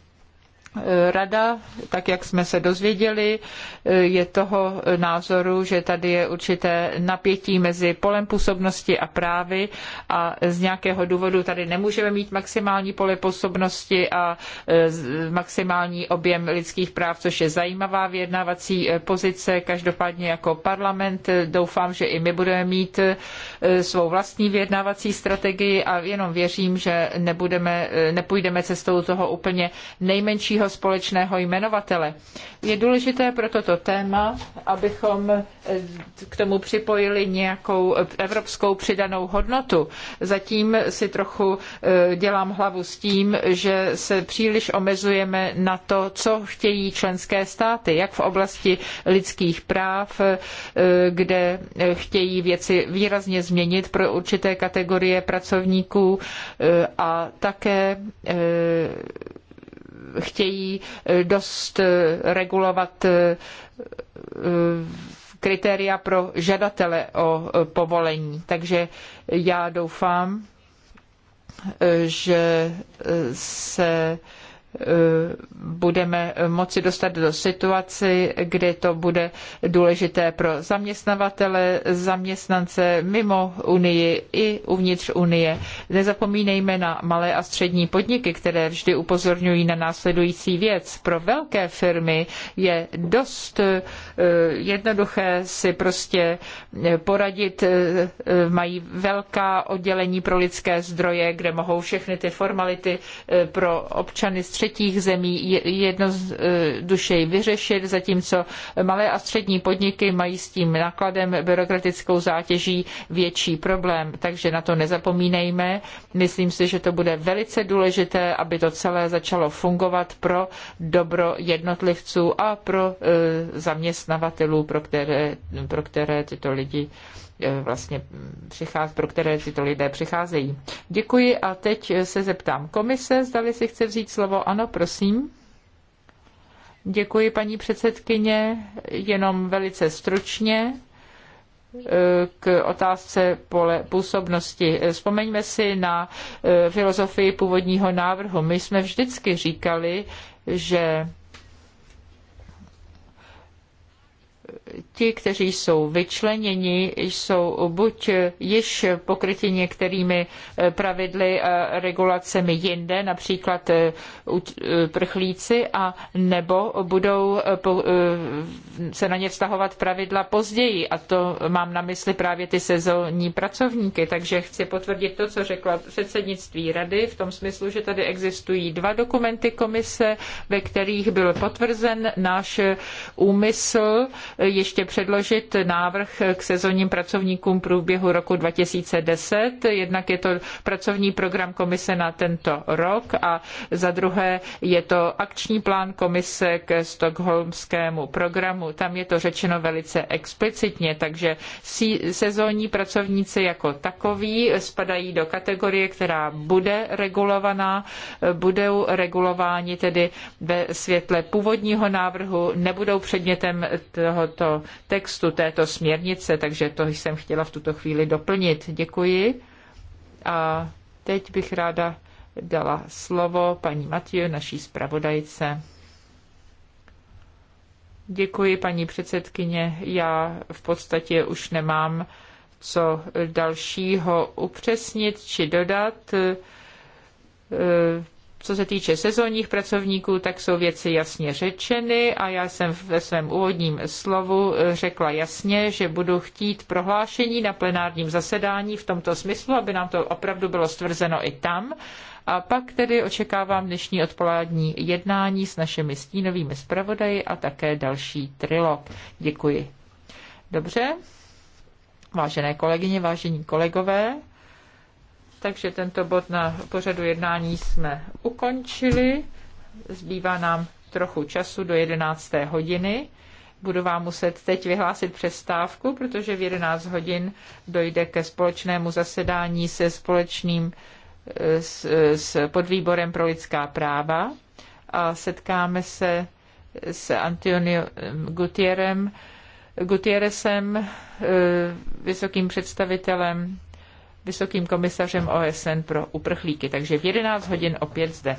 Rada, tak jak jsme se dozvěděli, je toho názoru, že tady je určité napětí mezi polem působnosti a právy a z nějakého důvodu tady nemůžeme mít maximální pole působnosti a e, maximální objem lidských práv, což je zajímavá vyjednávací e, pozice. Každopádně jako parlament e, doufám, že i my budeme mít svou vlastní vyjednávací strategii a jenom věřím, že nebudeme, nepůjdeme cestou toho úplně nejmenšího nejmenšího společného jmenovatele. Je důležité pro toto téma, abychom eh, k tomu připojili nějakou evropskou přidanou hodnotu. Zatím si trochu eh, dělám hlavu s tím, že se příliš omezujeme na to, co chtějí členské státy, jak v oblasti lidských práv, eh, kde chtějí věci výrazně změnit pro určité kategorie pracovníků a také chtějí eh, dost eh, regulovat eh, kritéria pro žadatele o povolení. Takže já doufám, že se Eh, budeme moci dostat do situaci, kdy to bude důležité pro zaměstnavatele, zaměstnance mimo Unii i uvnitř Unie. Nezapomínejme na malé a střední podniky, které vždy upozorňují na následující věc. Pro velké firmy je dost eh, jednoduché si prostě eh, poradit. Mají velká oddělení pro lidské zdroje, kde mohou všechny ty formality pro občany střední třetích zemí jednodušeji e, vyřešit, zatímco malé a střední podniky mají s tím nákladem byrokratickou zátěží větší problém. Takže na to nezapomínejme. Myslím si, že to bude velice důležité, aby to celé začalo fungovat pro dobro jednotlivců a pro e, zaměstnavatelů, pro které, pro které tyto lidi Eh, vlastně přicház, pro které tyto lidé přicházejí. Děkuji a teď se zeptám komise, zdali si chce vzít slovo. Ano, prosím. Děkuji, paní předsedkyně, jenom velice stručně eh, k otázce pole působnosti. Vzpomeňme si na eh, filozofii původního návrhu. My jsme vždycky říkali, že ti, kteří jsou vyčleněni, jsou buď již pokryti některými eh, pravidly a regulacemi jinde, například eh, eh, prchlíci, a nebo budou se na ně vztahovat pravidla později. A to mám na mysli právě ty sezónní pracovníky. Takže chci potvrdit to, co řekla předsednictví rady, v tom smyslu, že tady existují dva dokumenty komise, ve kterých byl potvrzen náš úmysl ještě předložit návrh k sezónním pracovníkům v průběhu roku 2010. Jednak je to pracovní program komise na tento rok a za druhé je to akční plán komise k Stockholmskému programu. Tam je to řečeno velice explicitně, takže sezónní pracovníci jako takoví spadají do kategorie, která bude regulovaná, budou regulováni tedy ve světle původního návrhu, nebudou předmětem tohoto textu této směrnice, takže to jsem chtěla v tuto chvíli doplnit. Děkuji. A teď bych ráda dala slovo paní Matiu, naší zpravodajce. Děkuji, paní předsedkyně. Já v podstatě už nemám co dalšího upřesnit či dodat co se týče sezónních pracovníků, tak jsou věci jasně řečeny a já jsem ve svém úvodním slovu eh, řekla jasně, že budu chtít prohlášení na plenárním zasedání v tomto smyslu, aby nám to opravdu bylo stvrzeno i tam. A pak tedy očekávám dnešní odpolední jednání s našimi stínovými zpravodaji a také další trilog. Děkuji. Dobře. Vážené kolegyně, vážení kolegové, takže tento bod na pořadu jednání jsme ukončili. Zbývá nám trochu času do 11. hodiny. Budu vám muset teď vyhlásit přestávku, protože v 11 hodin dojde ke společnému zasedání se společným s, s podvýborem pro lidská práva a setkáme se s Antonio Gutierrem, Gutierrezem, eh, vysokým představitelem vysokým komisařem OSN pro uprchlíky. Takže v 11 hodin opět zde.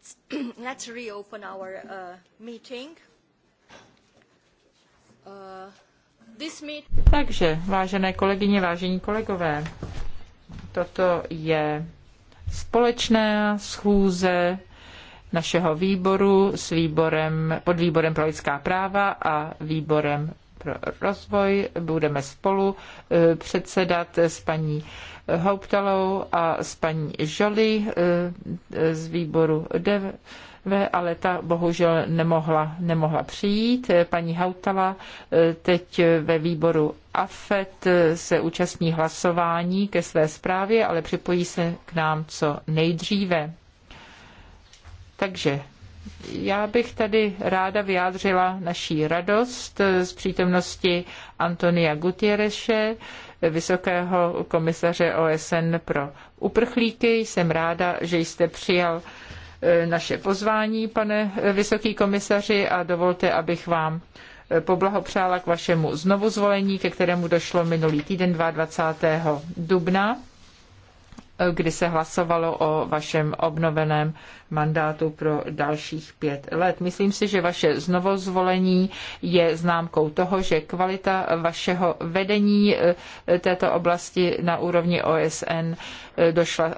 let's, <clears throat> let's reopen our uh, meeting. Uh, this meet... Takže, vážené kolegyně, vážení kolegové, toto je společná schůze našeho výboru s výborem, pod výborem pro lidská práva a výborem pro rozvoj. Budeme spolu eh, předsedat s paní Hauptalou a s paní Žoli eh, z výboru DV ale ta bohužel nemohla, nemohla přijít. Paní Hautala eh, teď ve výboru AFET se účastní hlasování ke své zprávě, ale připojí se k nám co nejdříve. Takže já bych tady ráda vyjádřila naší radost z přítomnosti Antonia Gutiereše, vysokého komisaře OSN pro uprchlíky. Jsem ráda, že jste přijal eh, naše pozvání, pane eh, vysoký komisaři, a dovolte, abych vám eh, poblahopřála k vašemu znovuzvolení, ke kterému došlo minulý týden 22. dubna kdy se hlasovalo o vašem obnoveném mandátu pro dalších pět let. Myslím si, že vaše znovozvolení je známkou toho, že kvalita vašeho vedení e, této oblasti na úrovni OSN e, došla e,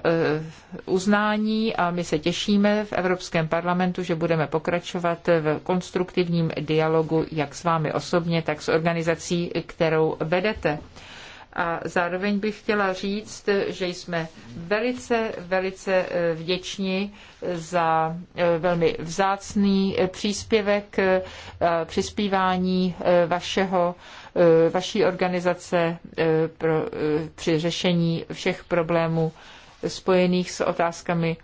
uznání a my se těšíme v Evropském parlamentu, že budeme pokračovat v konstruktivním dialogu jak s vámi osobně, tak s organizací, kterou vedete. A zároveň bych chtěla říct, že jsme velice, velice eh, vděční eh, za eh, velmi vzácný příspěvek přispívání vašeho, vaší organizace pro, při řešení všech problémů spojených s otázkami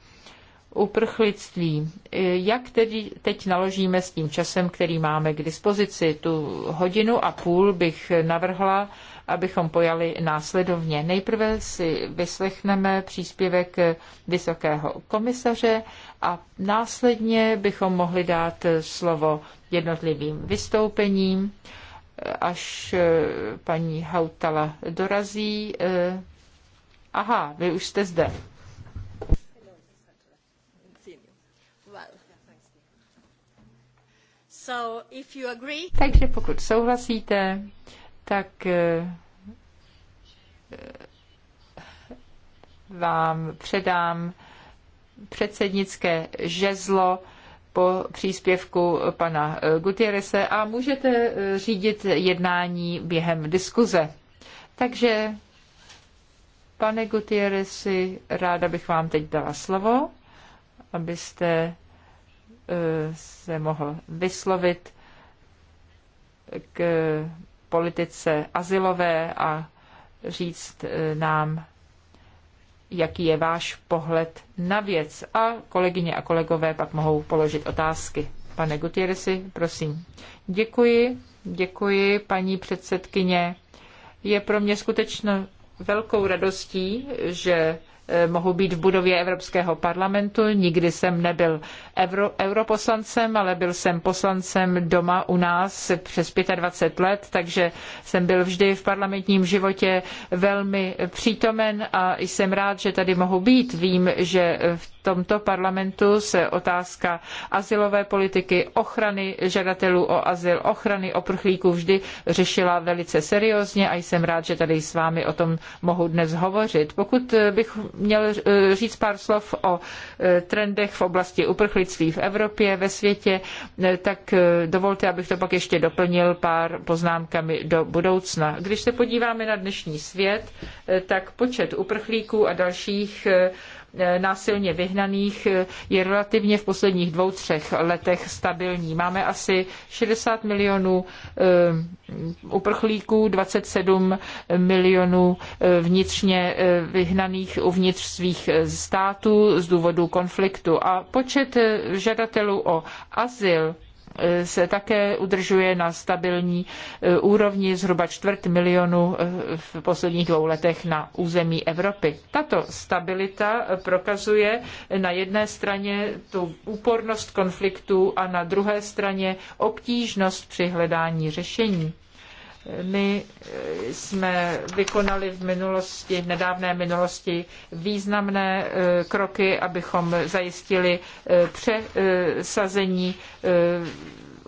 uprchlictví. Jak tedy teď naložíme s tím časem, který máme k dispozici? Tu hodinu a půl bych navrhla, abychom pojali následovně. Nejprve si vyslechneme příspěvek vysokého komisaře a následně bychom mohli dát slovo jednotlivým vystoupením, až paní Hautala dorazí. Aha, vy už jste zde. So if you agree... Takže pokud souhlasíte, tak eh, eh, vám předám předsednické žezlo po příspěvku pana eh, Gutierrese a můžete řídit jednání během diskuze. Takže, pane Gutierese ráda bych vám teď dala slovo, abyste se mohl vyslovit k politice asilové a říct eh, nám, jaký je váš pohled na věc. A kolegyně a kolegové pak mohou položit otázky. Pane Gutierrezi, prosím. Děkuji, děkuji, paní předsedkyně. Je pro mě skutečně velkou radostí, že Eh, mohu být v budově Evropského parlamentu. Nikdy jsem nebyl euro, europoslancem, ale byl jsem poslancem doma u nás přes 25 let, takže jsem byl vždy v parlamentním životě velmi přítomen a jsem rád, že tady mohu být. Vím, že v tomto parlamentu se otázka azylové politiky, ochrany žadatelů o azyl, ochrany oprchlíků vždy řešila velice seriózně a jsem rád, že tady s vámi o tom mohu dnes hovořit. Pokud bych měl eh, říct pár slov o eh, trendech v oblasti uprchlictví v Evropě, ve světě, eh, tak dovolte, abych to pak ještě doplnil pár poznámkami do budoucna. Když se podíváme na dnešní svět, tak počet uprchlíků a dalších Eh, násilně vyhnaných eh, je relativně v posledních dvou, třech letech stabilní. Máme asi 60 milionů eh, uprchlíků, 27 milionů vnitřně vyhnaných uvnitř svých států z důvodu konfliktu. A počet žadatelů o azyl se také udržuje na stabilní e, úrovni zhruba čtvrt milionu e, v posledních dvou letech na území Evropy. Tato stabilita prokazuje na jedné straně tu úpornost konfliktů a na druhé straně obtížnost při hledání řešení. My eh, jsme vykonali v minulosti, v nedávné minulosti významné eh, kroky, abychom zajistili eh, přesazení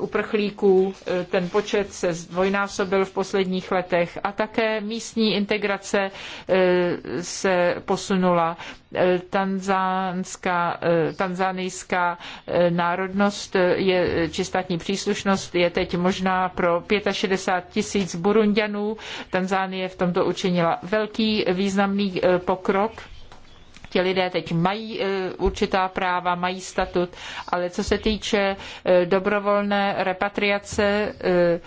uprchlíků, e, ten počet se zdvojnásobil v posledních letech a také místní integrace e, se posunula. E, Tanzánská, tanzánijská národnost je, či státní příslušnost je teď možná pro 65 tisíc Burundianů. Tanzánie v tomto učinila velký významný pokrok Ti lidé teď mají e, určitá práva, mají statut, ale co se týče e, dobrovolné repatriace, e,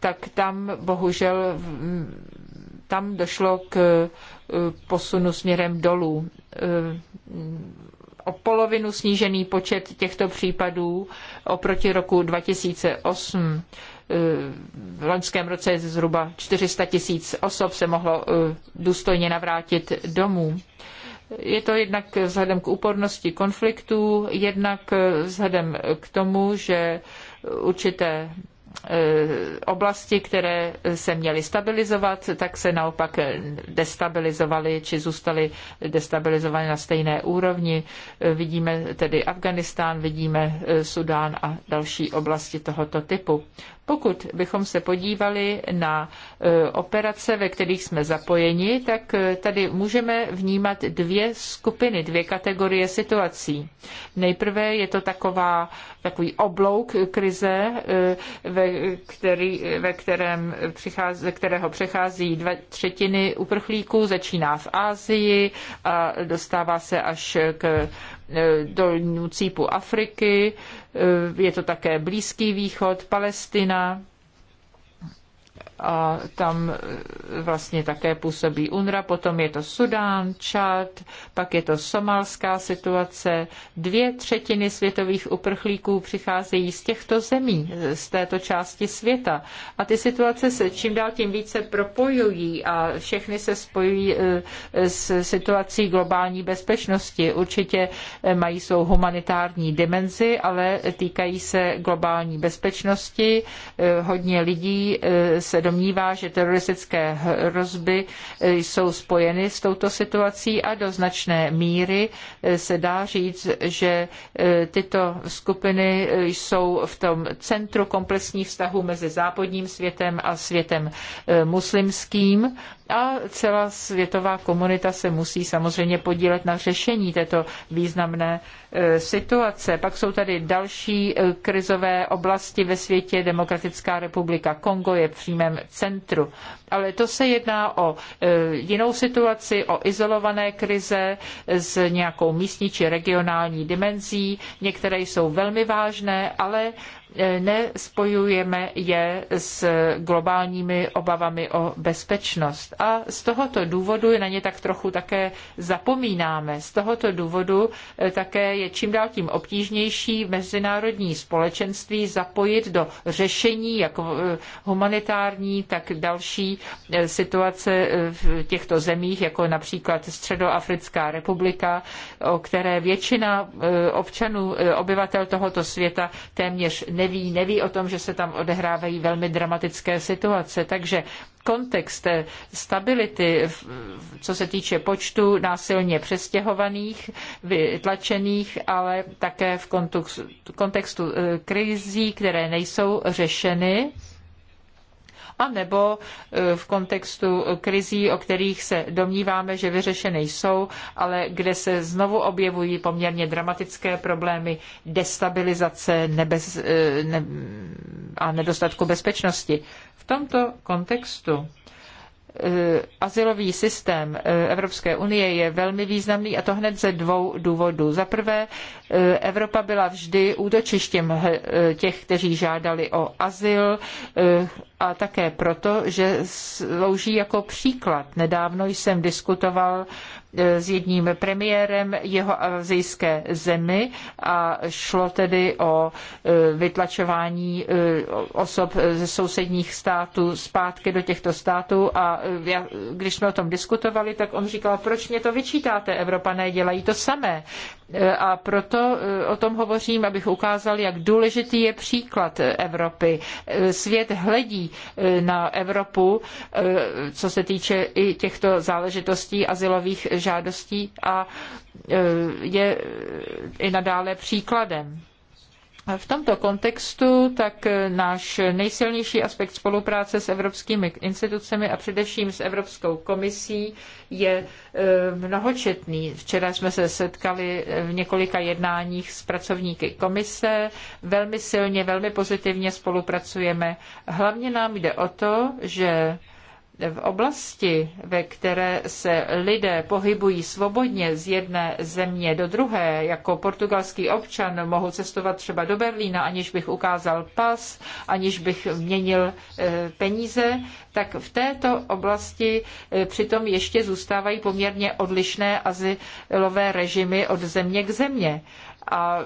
tak tam bohužel tam došlo k posunu směrem dolů. O polovinu snížený počet těchto případů oproti roku 2008 v loňském roce zhruba 400 tisíc osob se mohlo eh, důstojně navrátit domů. Je to jednak vzhledem k úpornosti konfliktů, jednak eh, vzhledem k tomu, že eh, určité oblasti, které se měly stabilizovat, tak se naopak destabilizovaly či zůstaly destabilizovány na stejné úrovni. Vidíme tedy Afghánistán, vidíme Sudán a další oblasti tohoto typu. Pokud bychom se podívali na e, operace, ve kterých jsme zapojeni, tak e, tady můžeme vnímat dvě skupiny, dvě kategorie situací. Nejprve je to taková, takový oblouk krize, e, ve, který, ve kterém přichází, kterého přechází dva třetiny uprchlíků, začíná v Asii a dostává se až k dolnímu cípu Afriky, Eh, je to také Blízký východ, Palestina, a tam e, vlastně také působí UNRA, potom je to Sudán, Čad, pak je to somalská situace. Dvě třetiny světových uprchlíků přicházejí z těchto zemí, e, z této části světa. A ty situace se čím dál tím více propojují a všechny se spojují e, s situací globální bezpečnosti. Určitě mají svou humanitární dimenzi, ale týkají se globální bezpečnosti. Hodně lidí se do domnívá, že teroristické hrozby e, jsou spojeny s touto situací a do značné míry e, se dá říct, že e, tyto skupiny jsou v tom centru komplexních vztahů mezi západním světem a světem muslimským a celá světová komunita se musí samozřejmě podílet na řešení této významné situace. Pak jsou tady další krizové oblasti ve světě. Demokratická republika Kongo je v přímém centru ale to se jedná o e, jinou situaci, o izolované krize s nějakou místní či regionální dimenzí. Některé jsou velmi vážné, ale e, nespojujeme je s globálními obavami o bezpečnost. A z tohoto důvodu na ně tak trochu také zapomínáme. Z tohoto důvodu e, také je čím dál tím obtížnější mezinárodní společenství zapojit do řešení jak humanitární, tak další situace v těchto zemích, jako například Středoafrická republika, o které většina e, občanů, e, obyvatel tohoto světa téměř neví, neví o tom, že se tam odehrávají velmi dramatické situace. Takže kontext e, stability, co se týče počtu násilně přestěhovaných, vytlačených, ale také v kontextu, kontextu krizí, které nejsou řešeny, anebo e, v kontextu krizí, o kterých se domníváme, že vyřešeny jsou, ale kde se znovu objevují poměrně dramatické problémy destabilizace nebez, e, ne, a nedostatku bezpečnosti. V tomto kontextu Eh, azylový systém eh, Evropské unie je velmi významný a to hned ze dvou důvodů. Za prvé, eh, Evropa byla vždy útočištěm těch, kteří žádali o azyl a také proto, že slouží jako příklad. Nedávno jsem diskutoval s jedním premiérem jeho azijské zemi a šlo tedy o e, vytlačování e, osob ze sousedních států zpátky do těchto států a e, já, když jsme o tom diskutovali, tak on říkal, proč mě to vyčítáte, Evropané dělají to samé. A proto o tom hovořím, abych ukázal, jak důležitý je příklad Evropy. Svět hledí na Evropu, co se týče i těchto záležitostí asilových žádostí a e, je e, i nadále příkladem. V tomto kontextu tak e, náš nejsilnější aspekt spolupráce s evropskými institucemi a především s Evropskou komisí je mnohočetný. Včera jsme se setkali v několika jednáních s pracovníky komise. Velmi silně, velmi pozitivně spolupracujeme. Hlavně nám jde o to, že v oblasti, ve které se lidé pohybují svobodně z jedné země do druhé, jako portugalský občan mohu cestovat třeba do Berlína, aniž bych ukázal pas, aniž bych měnil e, peníze, tak v této oblasti e, přitom ještě zůstávají poměrně odlišné azylové režimy od země k země a e,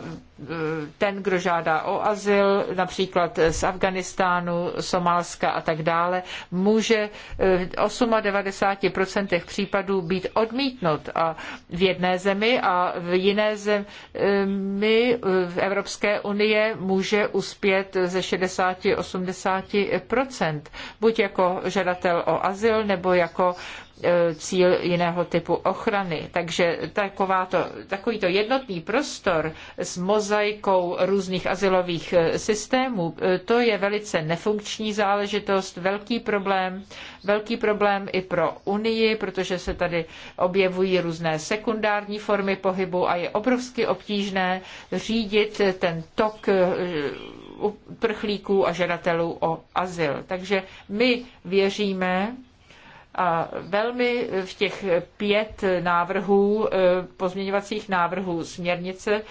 ten, kdo žádá o azyl, například z Afganistánu, Somálska a tak dále, může e, v 98% případů být odmítnut a v jedné zemi a v jiné zemi e, v Evropské unie může uspět ze 60-80%, buď jako žadatel o azyl nebo jako E, cíl jiného typu ochrany. Takže takováto, takovýto jednotný prostor s mozaikou různých asilových e, systémů, e, to je velice nefunkční záležitost, velký problém, velký problém i pro Unii, protože se tady objevují různé sekundární formy pohybu a je obrovsky obtížné řídit ten tok uprchlíků a žadatelů o azyl. Takže my věříme, a velmi v těch pět návrhů, eh, pozměňovacích návrhů směrnice,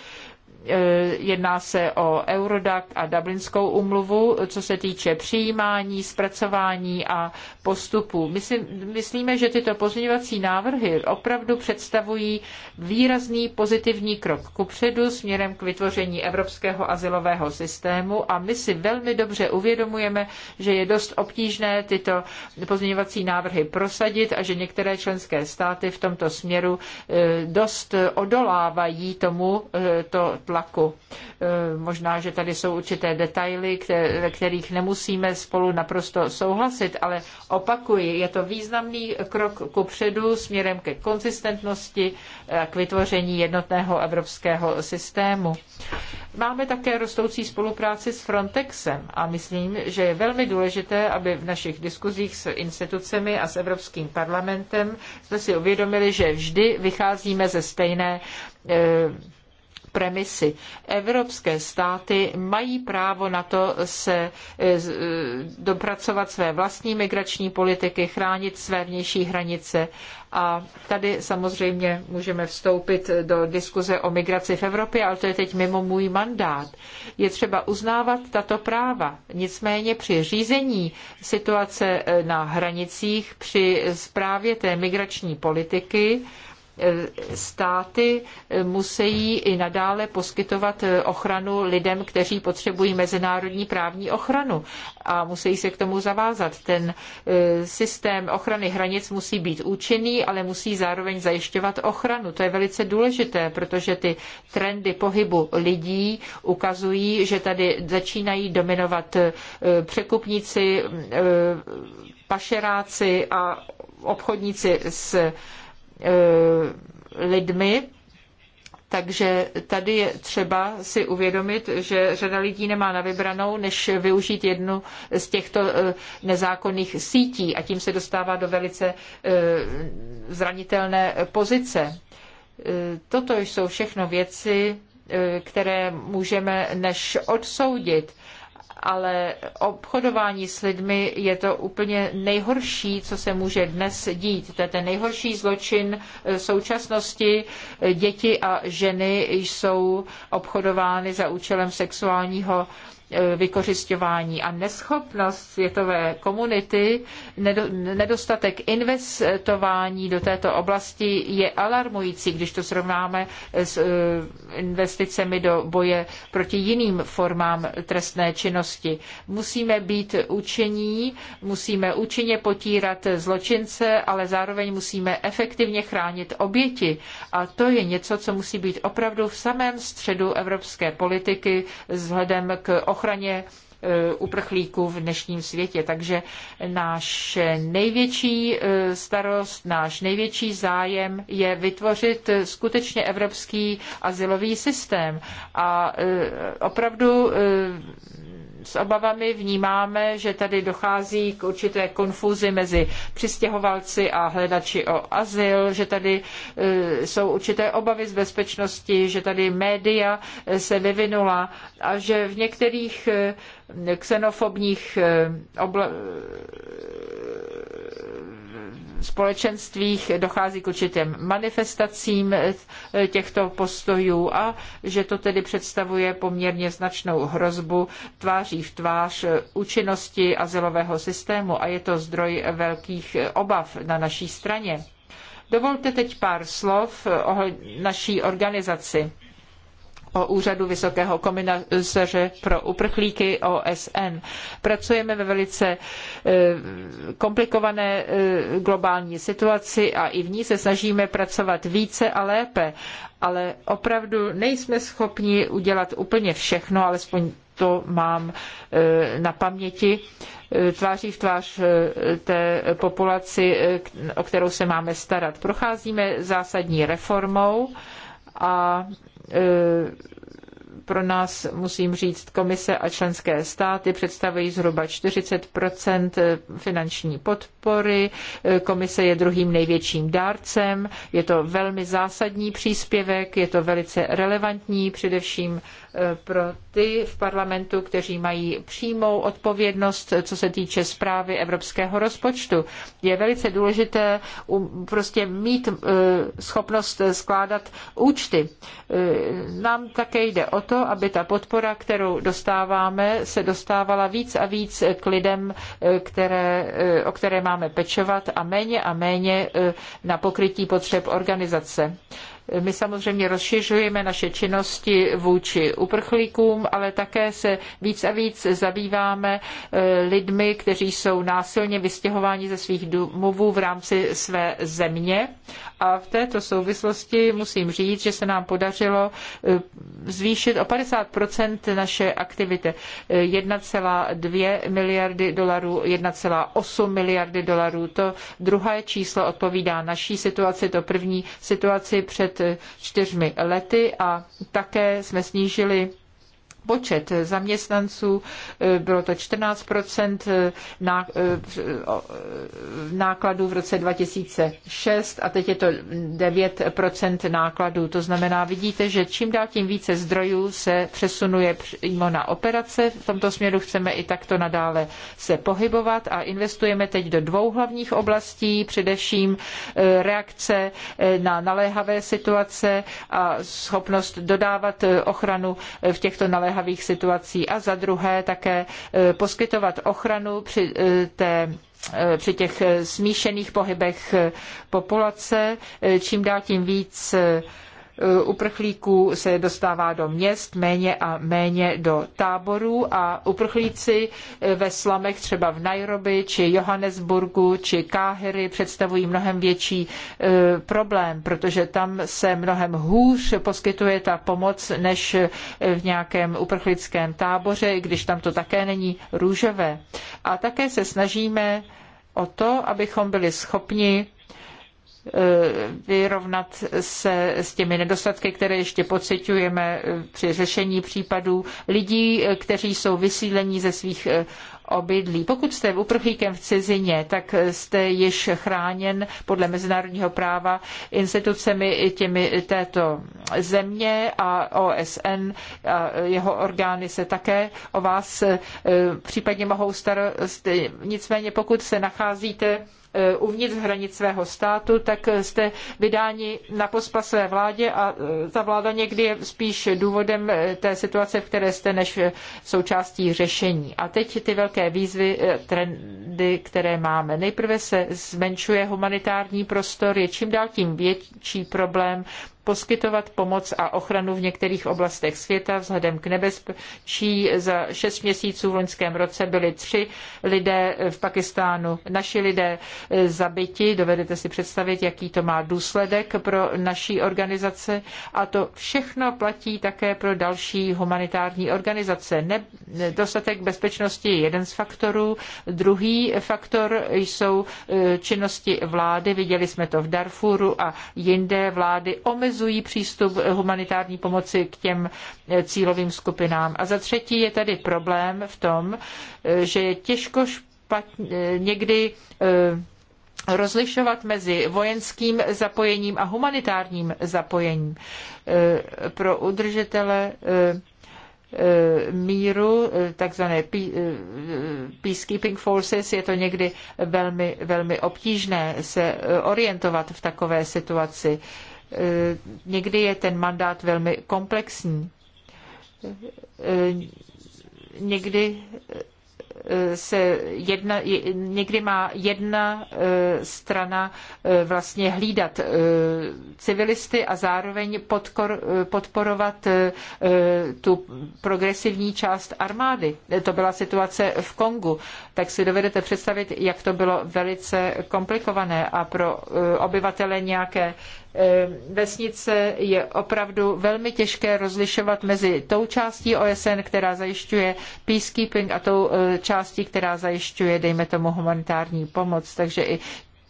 E, jedná se o Eurodac a Dublinskou umluvu, co se týče přijímání, zpracování a postupu. myslíme, že tyto pozměňovací návrhy opravdu představují výrazný pozitivní krok kupředu směrem k vytvoření evropského asilového systému a my si velmi dobře uvědomujeme, že je dost obtížné tyto pozměňovací návrhy prosadit a že některé členské státy v tomto směru e, dost odolávají tomu e, to tlaku. Eh, možná, že tady jsou určité detaily, ve kterých nemusíme spolu naprosto souhlasit, ale opakuji, je to významný krok ku předu směrem ke konzistentnosti a k vytvoření jednotného evropského systému. Máme také rostoucí spolupráci s Frontexem a myslím, že je velmi důležité, aby v našich diskuzích s institucemi a s Evropským parlamentem jsme si uvědomili, že vždy vycházíme ze stejné eh, premisy. Evropské státy mají právo na to se eh, eh, dopracovat své vlastní migrační politiky, chránit své vnější hranice a tady samozřejmě můžeme vstoupit do diskuze o migraci v Evropě, ale to je teď mimo můj mandát. Je třeba uznávat tato práva. Nicméně při řízení situace eh, na hranicích, při zprávě té migrační politiky, státy musí i nadále poskytovat ochranu lidem, kteří potřebují mezinárodní právní ochranu a musí se k tomu zavázat. Ten e, systém ochrany hranic musí být účinný, ale musí zároveň zajišťovat ochranu. To je velice důležité, protože ty trendy pohybu lidí ukazují, že tady začínají dominovat e, překupníci, e, pašeráci a obchodníci s E, lidmi, takže tady je třeba si uvědomit, že řada lidí nemá na vybranou, než využít jednu z těchto e, nezákonných sítí a tím se dostává do velice e, zranitelné pozice. Toto jsou všechno věci, které můžeme než odsoudit ale obchodování s lidmi je to úplně nejhorší, co se může dnes dít. To je ten nejhorší zločin eh, současnosti. Děti a ženy jsou obchodovány za účelem sexuálního eh, vykořišťování a neschopnost světové komunity, nedostatek investování do této oblasti je alarmující, když to srovnáme s eh, investicemi do boje proti jiným formám trestné činnosti oblasti. Musíme být učení, musíme účinně potírat zločince, ale zároveň musíme efektivně chránit oběti. A to je něco, co musí být opravdu v samém středu evropské politiky vzhledem k ochraně e, uprchlíků v dnešním světě. Takže náš největší e, starost, náš největší zájem je vytvořit skutečně evropský asilový systém. A e, opravdu s obavami vnímáme, že tady dochází k určité konfuzi mezi přistěhovalci a hledači o azyl, že tady e, jsou určité obavy z bezpečnosti, že tady média e, se vyvinula a že v některých e, xenofobních obla- společenstvích dochází k určitým manifestacím těchto postojů a že to tedy představuje poměrně značnou hrozbu tváří v tvář účinnosti azylového systému a je to zdroj velkých obav na naší straně. Dovolte teď pár slov o naší organizaci o úřadu Vysokého komisaře pro uprchlíky OSN. Pracujeme ve velice eh, komplikované eh, globální situaci a i v ní se snažíme pracovat více a lépe, ale opravdu nejsme schopni udělat úplně všechno, alespoň to mám eh, na paměti, tváří v tvář té populaci, o kterou se máme starat. Procházíme zásadní reformou a Euh, pro nás, musím říct, komise a členské státy představují zhruba 40 eh, finanční podpory. Eh, komise je druhým největším dárcem. Je to velmi zásadní příspěvek, je to velice relevantní, především eh, pro ty v parlamentu, kteří mají přímou odpovědnost, co se týče zprávy evropského rozpočtu. Je velice důležité um, prostě mít schopnost skládat účty. Nám také jde o to, aby ta podpora, kterou dostáváme, se dostávala víc a víc k lidem, e, které, e, o které máme pečovat a méně a méně e, na pokrytí potřeb organizace. My samozřejmě rozšiřujeme naše činnosti vůči uprchlíkům, ale také se víc a víc zabýváme eh, lidmi, kteří jsou násilně vystěhováni ze svých domovů v rámci své země. A v této souvislosti musím říct, že se nám podařilo eh, zvýšit o 50 naše aktivity. 1,2 eh, miliardy dolarů, 1,8 miliardy dolarů. To druhé číslo odpovídá naší situaci, to první situaci před před čtyřmi lety a také jsme snížili počet zaměstnanců, eh, bylo to 14 eh, eh, nákladů v roce 2006 a teď je to 9 nákladů. To znamená, vidíte, že čím dál tím více zdrojů se přesunuje přímo na operace. V tomto směru chceme i takto nadále se pohybovat a investujeme teď do dvou hlavních oblastí, především reakce na naléhavé situace a schopnost dodávat ochranu v těchto naléhavých naléhavých situací a za druhé také e, poskytovat ochranu při e, té e, při těch smíšených pohybech populace. Čím dál tím víc Eh, uprchlíků se dostává do měst, méně a méně do táborů a uprchlíci eh, ve slamech třeba v Nairobi či Johannesburgu či Káhery představují mnohem větší eh, problém, protože tam se mnohem hůř poskytuje ta pomoc než v nějakém uprchlickém táboře, i když tam to také není růžové. A také se snažíme o to, abychom byli schopni Eh, vyrovnat se s těmi nedostatky, které ještě pociťujeme eh, při řešení případů lidí, eh, kteří jsou vysílení ze svých obydlí. Pokud jste uprchlíkem v cizině, tak jste již chráněn podle mezinárodního práva institucemi těmi této země a OSN a jeho orgány se také o vás případně mohou starat. Nicméně pokud se nacházíte Eh, uvnitř hranic svého státu, tak jste vydáni na pospa své vládě a eh, ta vláda někdy je spíš důvodem eh, té situace, v které jste, než součástí řešení. A teď ty velké výzvy, trendy, které máme. Nejprve se zmenšuje humanitární prostor, je čím dál tím větší problém poskytovat pomoc a ochranu v některých oblastech světa vzhledem k nebezpečí. Za šest měsíců v loňském roce byli tři lidé v Pakistánu, naši lidé zabiti. Dovedete si představit, jaký to má důsledek pro naší organizace. A to všechno platí také pro další humanitární organizace. Nedostatek bezpečnosti je jeden z faktorů. Druhý faktor jsou eh, činnosti vlády. Viděli jsme to v Darfuru a jinde vlády omezují omezují přístup humanitární pomoci k těm cílovým skupinám. A za třetí je tady problém v tom, že je těžko špatně, někdy eh, rozlišovat mezi vojenským zapojením a humanitárním zapojením. Eh, pro udržitele eh, míru, takzvané peacekeeping forces, je to někdy velmi, velmi obtížné se orientovat v takové situaci. Eh, někdy je ten mandát velmi komplexní. Eh, někdy eh, se jedna, někdy má jedna strana vlastně hlídat civilisty a zároveň podkor, podporovat tu progresivní část armády. To byla situace v Kongu. Tak si dovedete představit, jak to bylo velice komplikované a pro obyvatele nějaké Eh, vesnice je opravdu velmi těžké rozlišovat mezi tou částí OSN, která zajišťuje peacekeeping a tou eh, částí, která zajišťuje, dejme tomu, humanitární pomoc. Takže i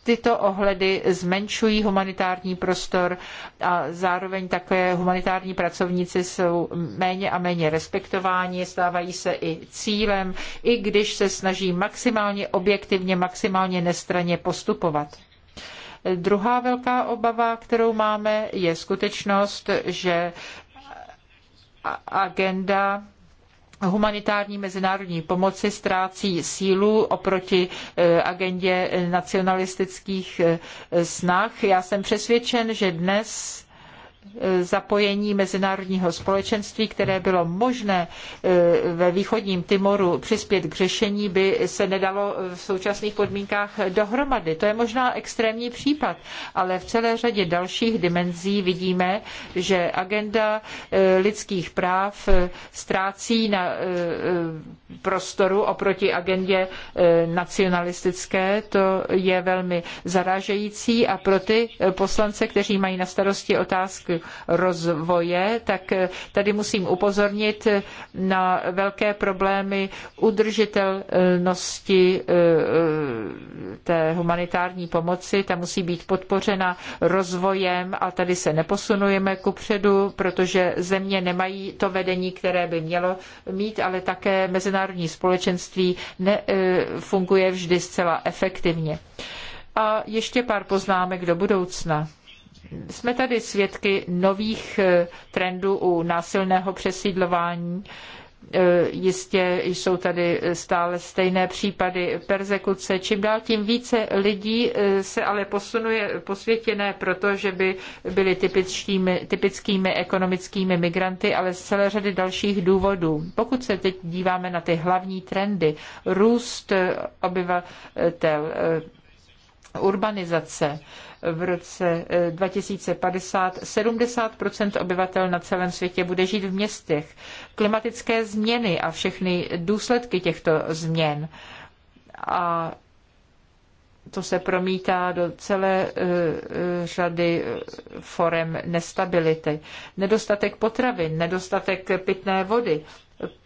tyto ohledy zmenšují humanitární prostor a zároveň také humanitární pracovníci jsou méně a méně respektováni, stávají se i cílem, i když se snaží maximálně objektivně, maximálně nestraně postupovat. Druhá velká obava, kterou máme, je skutečnost, že agenda humanitární mezinárodní pomoci ztrácí sílu oproti e, agendě nacionalistických e, snah. Já jsem přesvědčen, že dnes zapojení mezinárodního společenství, které bylo možné e, ve východním Timoru přispět k řešení, by se nedalo v současných podmínkách dohromady. To je možná extrémní případ, ale v celé řadě dalších dimenzí vidíme, že agenda e, lidských práv e, ztrácí na prostoru oproti agendě nacionalistické. To je velmi zarážející a pro ty poslance, kteří mají na starosti otázky rozvoje, tak eh, tady musím upozornit eh, na velké problémy udržitelnosti eh, té humanitární pomoci. Ta musí být podpořena rozvojem a tady se neposunujeme kupředu, protože země nemají to vedení, které by mělo mít, ale také mezinárodní společenství nefunguje vždy zcela efektivně. A ještě pár poznámek do budoucna. Jsme tady svědky nových eh, trendů u násilného přesídlování. Eh, jistě jsou tady stále stejné případy persekuce. Čím dál tím více lidí eh, se ale posunuje po světě ne proto, že by byli typickými, typickými ekonomickými migranty, ale z celé řady dalších důvodů. Pokud se teď díváme na ty hlavní trendy, růst obyvatel, urbanizace, v roce 2050 eh, 70 obyvatel na celém světě bude žít v městech. Klimatické změny a všechny důsledky těchto změn. A to se promítá do celé eh, řady eh, forem nestability. Nedostatek potravin, nedostatek pitné vody,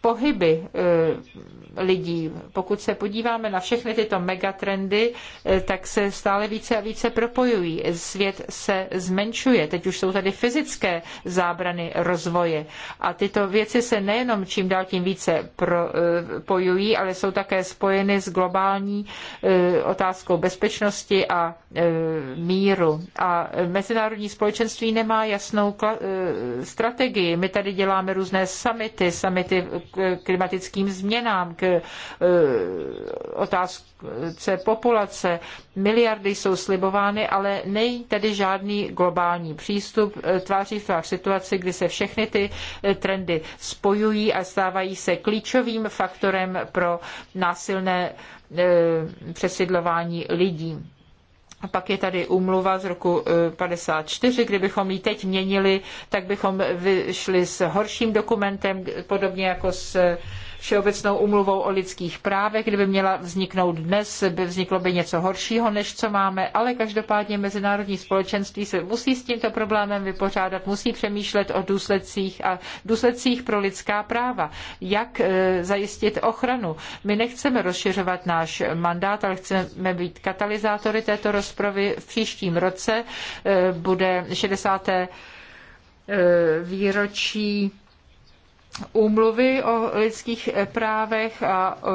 pohyby eh, lidí. Pokud se podíváme na všechny tyto megatrendy, eh, tak se stále více a více propojují. Svět se zmenšuje. Teď už jsou tady fyzické zábrany rozvoje. A tyto věci se nejenom čím dál tím více propojují, eh, ale jsou také spojeny s globální otázkou bezpečnosti a míru. A mezinárodní společenství nemá jasnou strategii. My tady děláme různé summity, summity k klimatickým změnám, k eh, otázce populace. Miliardy jsou slibovány, ale není tedy žádný globální přístup eh, tváří v tvář situaci, kdy se všechny ty eh, trendy spojují a stávají se klíčovým faktorem pro násilné přesidlování lidí. A pak je tady úmluva z roku 54, eh, kdybychom ji teď měnili, tak bychom vyšli s horším dokumentem, podobně jako s Všeobecnou umluvou o lidských právech. Kdyby měla vzniknout dnes, by vzniklo by něco horšího, než co máme, ale každopádně mezinárodní společenství se musí s tímto problémem vypořádat, musí přemýšlet o důsledcích a důsledcích pro lidská práva. Jak e, zajistit ochranu? My nechceme rozšiřovat náš mandát, ale chceme být katalyzátory této rozpravy. V příštím roce e, bude 60. E, výročí úmluvy o lidských právech a e,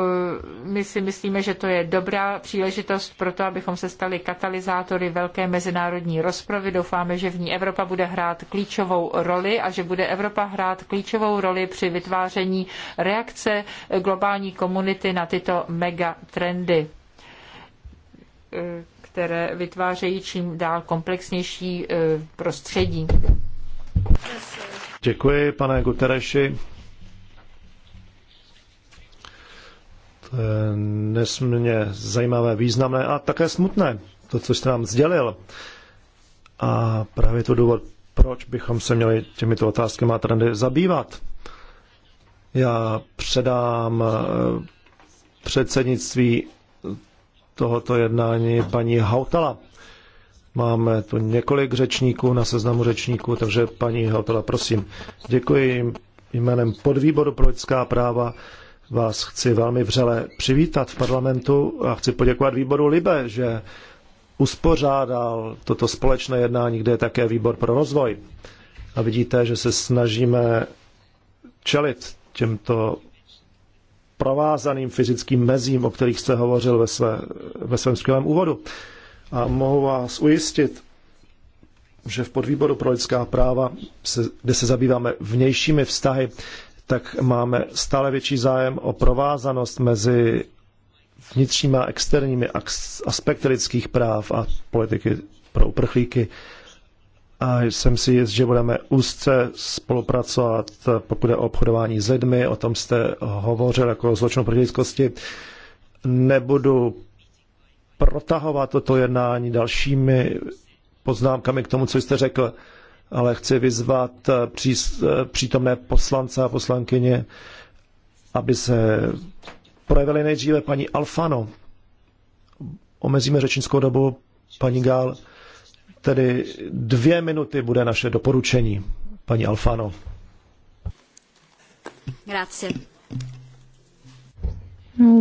my si myslíme, že to je dobrá příležitost pro to, abychom se stali katalyzátory velké mezinárodní rozpravy. Doufáme, že v ní Evropa bude hrát klíčovou roli a že bude Evropa hrát klíčovou roli při vytváření reakce globální komunity na tyto megatrendy e, které vytvářejí čím dál komplexnější e, prostředí. Yes, Děkuji, pane Gutereši. To je nesmírně zajímavé, významné a také smutné, to, co jste nám sdělil. A právě to důvod, proč bychom se měli těmito otázkami a trendy zabývat. Já předám eh, předsednictví tohoto jednání paní Hautala. Máme tu několik řečníků na seznamu řečníků, takže paní hotela, prosím. Děkuji jménem podvýboru pro lidská práva. Vás chci velmi vřele přivítat v parlamentu a chci poděkovat výboru Libe, že uspořádal toto společné jednání, kde je také výbor pro rozvoj. A vidíte, že se snažíme čelit těmto provázaným fyzickým mezím, o kterých jste hovořil ve, své, ve svém skvělém úvodu. A mohu vás ujistit, že v podvýboru pro lidská práva, kde se zabýváme vnějšími vztahy, tak máme stále větší zájem o provázanost mezi vnitřními a externími aspekty lidských práv a politiky pro uprchlíky. A jsem si jist, že budeme úzce spolupracovat, pokud je o obchodování s lidmi, o tom jste hovořil jako o zločinu proti lidskosti. Nebudu protahovat toto jednání dalšími poznámkami k tomu, co jste řekl, ale chci vyzvat eh, pří, eh, přítomné poslance a poslankyně, aby se projevili nejdříve paní Alfano. Omezíme řečnickou dobu, paní Gál. Tedy dvě minuty bude naše doporučení, paní Alfano. Grazie.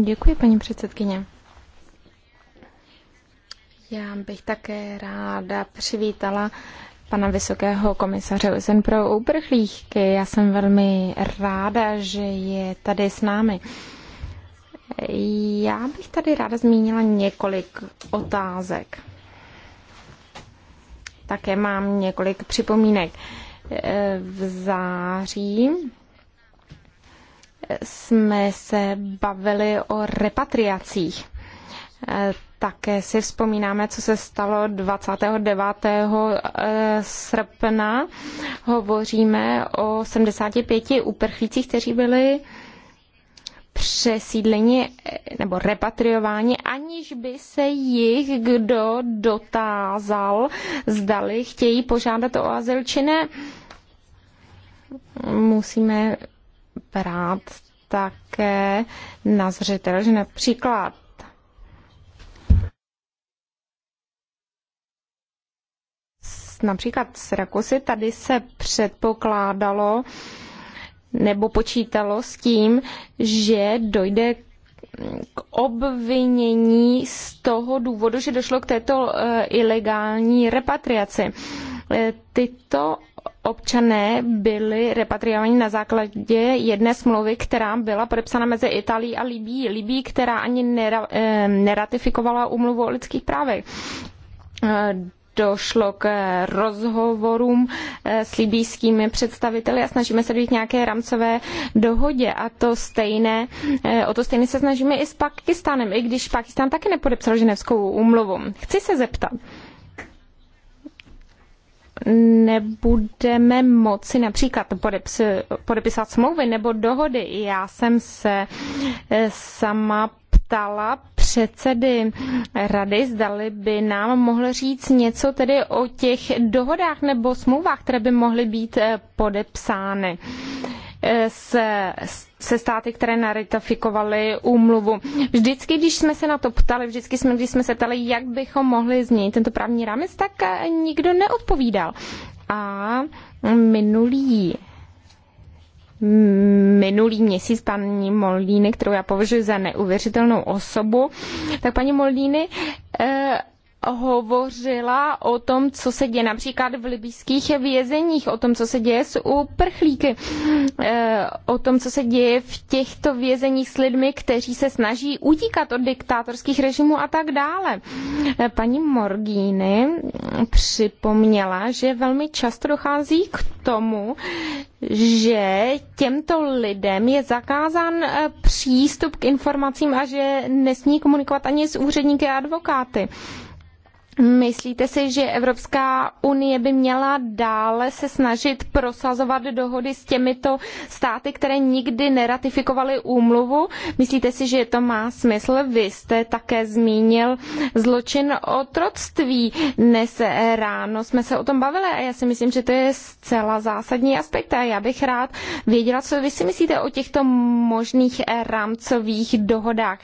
Děkuji, paní předsedkyně. Já bych také ráda přivítala pana vysokého komisaře OSN pro uprchlíky. Já jsem velmi ráda, že je tady s námi. Já bych tady ráda zmínila několik otázek. Také mám několik připomínek. V září jsme se bavili o repatriacích také si vzpomínáme, co se stalo 29. Eh, srpna. Hovoříme o 75 uprchlících, kteří byli přesídleni eh, nebo repatriováni, aniž by se jich kdo dotázal, zdali chtějí požádat o azyl či ne. Musíme brát také na zřetel, že například například s Rakusy, tady se předpokládalo nebo počítalo s tím, že dojde k obvinění z toho důvodu, že došlo k této eh, ilegální repatriaci. Eh, tyto občané byli repatriovaní na základě jedné smlouvy, která byla podepsána mezi Itálií a Libí. Libí, která ani nera, eh, neratifikovala umluvu o lidských právech došlo k rozhovorům eh, s libýskými představiteli a snažíme se dojít nějaké rámcové dohodě a to stejné, eh, o to stejné se snažíme i s Pakistánem, i když Pakistán také nepodepsal ženevskou úmluvu. Chci se zeptat, nebudeme moci například podepisovat smlouvy nebo dohody. Já jsem se eh, sama ptala předsedy rady, zdali by nám mohl říct něco tedy o těch dohodách nebo smlouvách, které by mohly být eh, podepsány eh, se, se státy, které naratifikovaly úmluvu. Vždycky, když jsme se na to ptali, vždycky, jsme, když jsme se ptali, jak bychom mohli změnit tento právní rámec, tak eh, nikdo neodpovídal. A minulý minulý měsíc paní Moldíny, kterou já považuji za neuvěřitelnou osobu, tak paní Moldíny eh, hovořila o tom, co se děje například v libyských vězeních, o tom, co se děje s uprchlíky, eh, o tom, co se děje v těchto vězeních s lidmi, kteří se snaží utíkat od diktátorských režimů a tak dále. Eh, paní Morgini připomněla, že velmi často dochází k tomu, že těmto lidem je zakázán eh, přístup k informacím a že nesmí komunikovat ani s úředníky a advokáty. Myslíte si, že Evropská unie by měla dále se snažit prosazovat dohody s těmito státy, které nikdy neratifikovaly úmluvu? Myslíte si, že to má smysl? Vy jste také zmínil zločin otroctví. Dnes ráno jsme se o tom bavili a já si myslím, že to je zcela zásadní aspekt a já bych rád věděla, co vy si myslíte o těchto možných rámcových dohodách,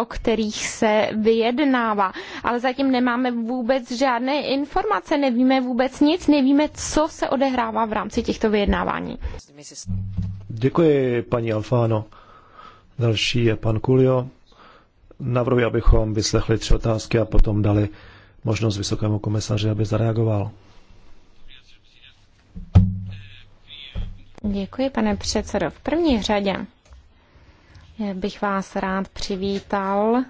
o kterých se vyjednává. Ale zatím nemáme vůbec vůbec žádné informace, nevíme vůbec nic, nevíme, co se odehrává v rámci těchto vyjednávání. Děkuji, paní Alfano. Další je pan Kulio. Navrhuji, abychom vyslechli tři otázky a potom dali možnost vysokému komisaři, aby zareagoval. Děkuji, pane předsedo. V první řadě bych vás rád přivítal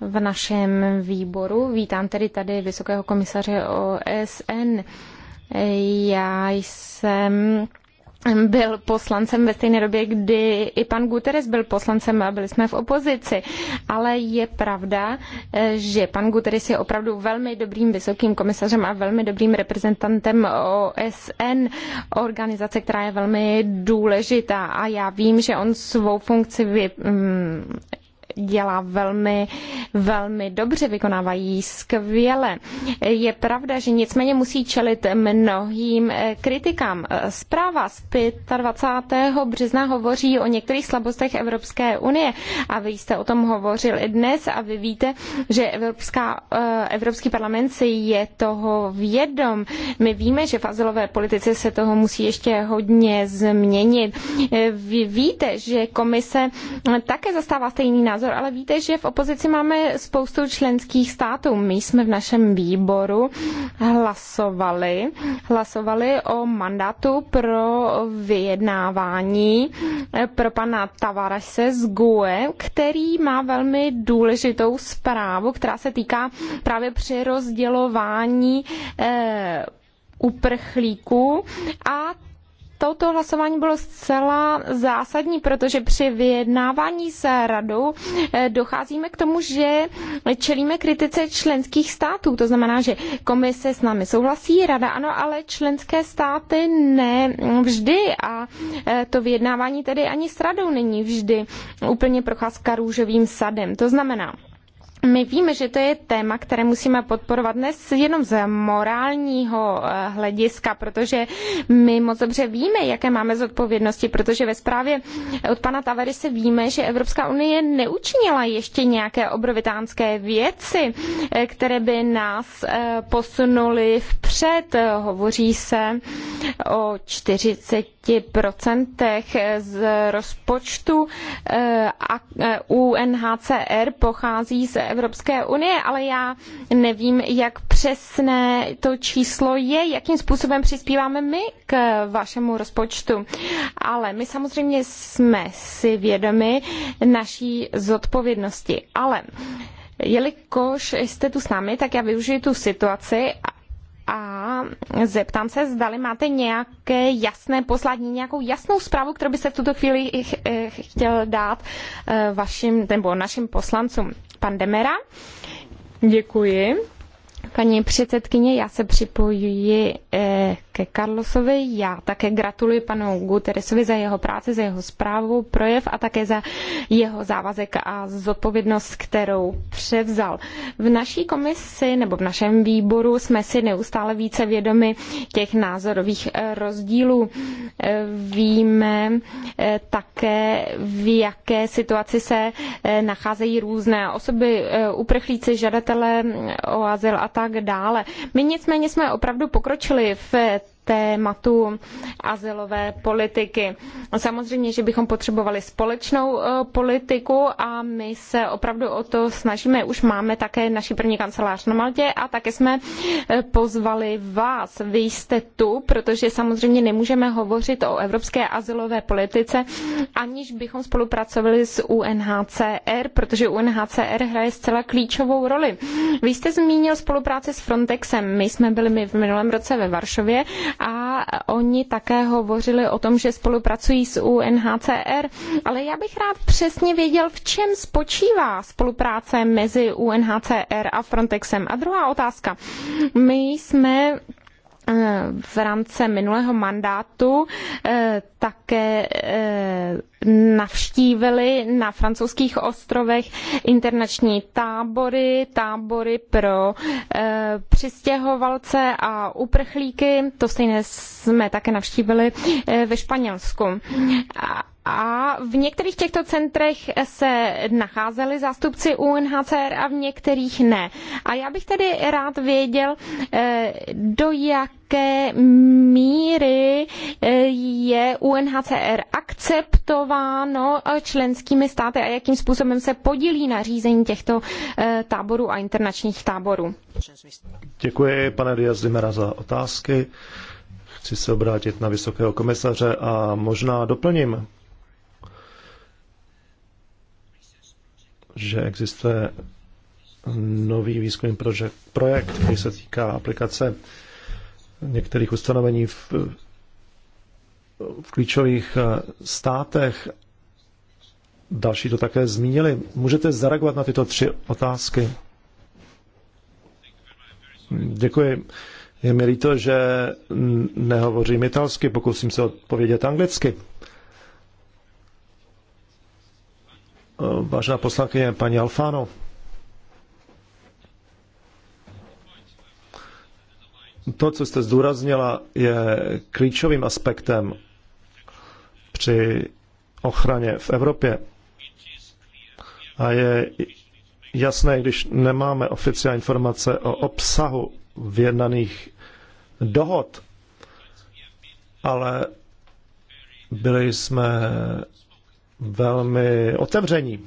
v našem výboru. Vítám tedy tady Vysokého komisaře OSN. Já jsem byl poslancem ve stejné době, kdy i pan Guterres byl poslancem a byli jsme v opozici. Ale je pravda, že pan Guterres je opravdu velmi dobrým vysokým komisařem a velmi dobrým reprezentantem OSN, organizace, která je velmi důležitá. A já vím, že on svou funkci vy, mm, dělá velmi, velmi dobře, vykonávají skvěle. Je pravda, že nicméně musí čelit mnohým eh, kritikám. Zpráva z 25. března hovoří o některých slabostech Evropské unie a vy jste o tom hovořil i dnes a vy víte, že Evropská, eh, Evropský parlament si je toho vědom. My víme, že v azylové politice se toho musí ještě hodně změnit. Eh, vy víte, že komise také zastává stejný názor názor, ale víte, že v opozici máme spoustu členských států. My jsme v našem výboru hlasovali, hlasovali o mandátu pro vyjednávání eh, pro pana Tavarese z GUE, který má velmi důležitou zprávu, která se týká právě přerozdělování eh, uprchlíků a toto hlasování bylo zcela zásadní, protože při vyjednávání s radou eh, docházíme k tomu, že čelíme kritice členských států. To znamená, že komise s námi souhlasí, rada ano, ale členské státy ne vždy a eh, to vyjednávání tedy ani s radou není vždy úplně procházka růžovým sadem. To znamená, my víme, že to je téma, které musíme podporovat dnes jenom z morálního eh, hlediska, protože my moc dobře víme, jaké máme zodpovědnosti, protože ve zprávě od pana Tavery se víme, že Evropská unie neučinila ještě nějaké obrovitánské věci, eh, které by nás eh, posunuly vpřed. Hovoří se o 40 z rozpočtu eh, eh, UNHCR pochází z Evropské unie, ale já nevím, jak přesné to číslo je, jakým způsobem přispíváme my k vašemu rozpočtu. Ale my samozřejmě jsme si vědomi naší zodpovědnosti. Ale jelikož jste tu s námi, tak já využiju tu situaci a zeptám se, zdali máte nějaké jasné poslání, nějakou jasnou zprávu, kterou byste v tuto chvíli eh, chtěl dát eh, vašim nebo našim poslancům. Pan Demera. Děkuji. Paní předsedkyně, já se připojuji eh, ke Carlosovi. Já také gratuluji panu Guterresovi za jeho práci, za jeho zprávu, projev a také za jeho závazek a zodpovědnost, kterou převzal. V naší komisi nebo v našem výboru jsme si neustále více vědomi těch názorových eh, rozdílů. Eh, víme také, v jaké situaci se nacházejí různé osoby, uprchlíci, žadatelé o azyl a tak tak dále. My nicméně jsme opravdu pokročili v tématu azylové politiky. Samozřejmě, že bychom potřebovali společnou eh, politiku a my se opravdu o to snažíme. Už máme také naši první kancelář na Maltě a také jsme eh, pozvali vás. Vy jste tu, protože samozřejmě nemůžeme hovořit o evropské azylové politice, aniž bychom spolupracovali s UNHCR, protože UNHCR hraje zcela klíčovou roli. Vy jste zmínil spolupráci s Frontexem. My jsme byli my v minulém roce ve Varšavě a oni také hovořili o tom, že spolupracují s UNHCR, ale já bych rád přesně věděl, v čem spočívá spolupráce mezi UNHCR a Frontexem. A druhá otázka. My jsme Eh, v rámci minulého mandátu eh, také eh, navštívili na francouzských ostrovech internační tábory, tábory pro přistěhovalce a uprchlíky. To stejné jsme také navštívili ve Španělsku a v některých těchto centrech se nacházeli zástupci UNHCR a v některých ne. A já bych tedy rád věděl, eh, do jaké míry eh, je UNHCR akceptováno eh, členskými státy a jakým způsobem se podílí na řízení těchto táborů a internačních táborů. Děkuji, pane Diaz Dimera, za otázky. Chci se obrátit na vysokého komisaře a možná doplním že existuje nový výzkumný projekt, který se týká aplikace některých ustanovení v, v klíčových eh, státech. Další to také zmínili. Můžete zareagovat na tyto tři otázky? Děkuji. Je mi líto, že nehovořím italsky, pokusím se odpovědět anglicky. Vážená poslankyně, paní Alfano. To, co jste zdůraznila, je klíčovým aspektem při ochraně v Evropě. A je jasné, když nemáme oficiální informace o obsahu vyjednaných dohod, ale byli jsme velmi otevření,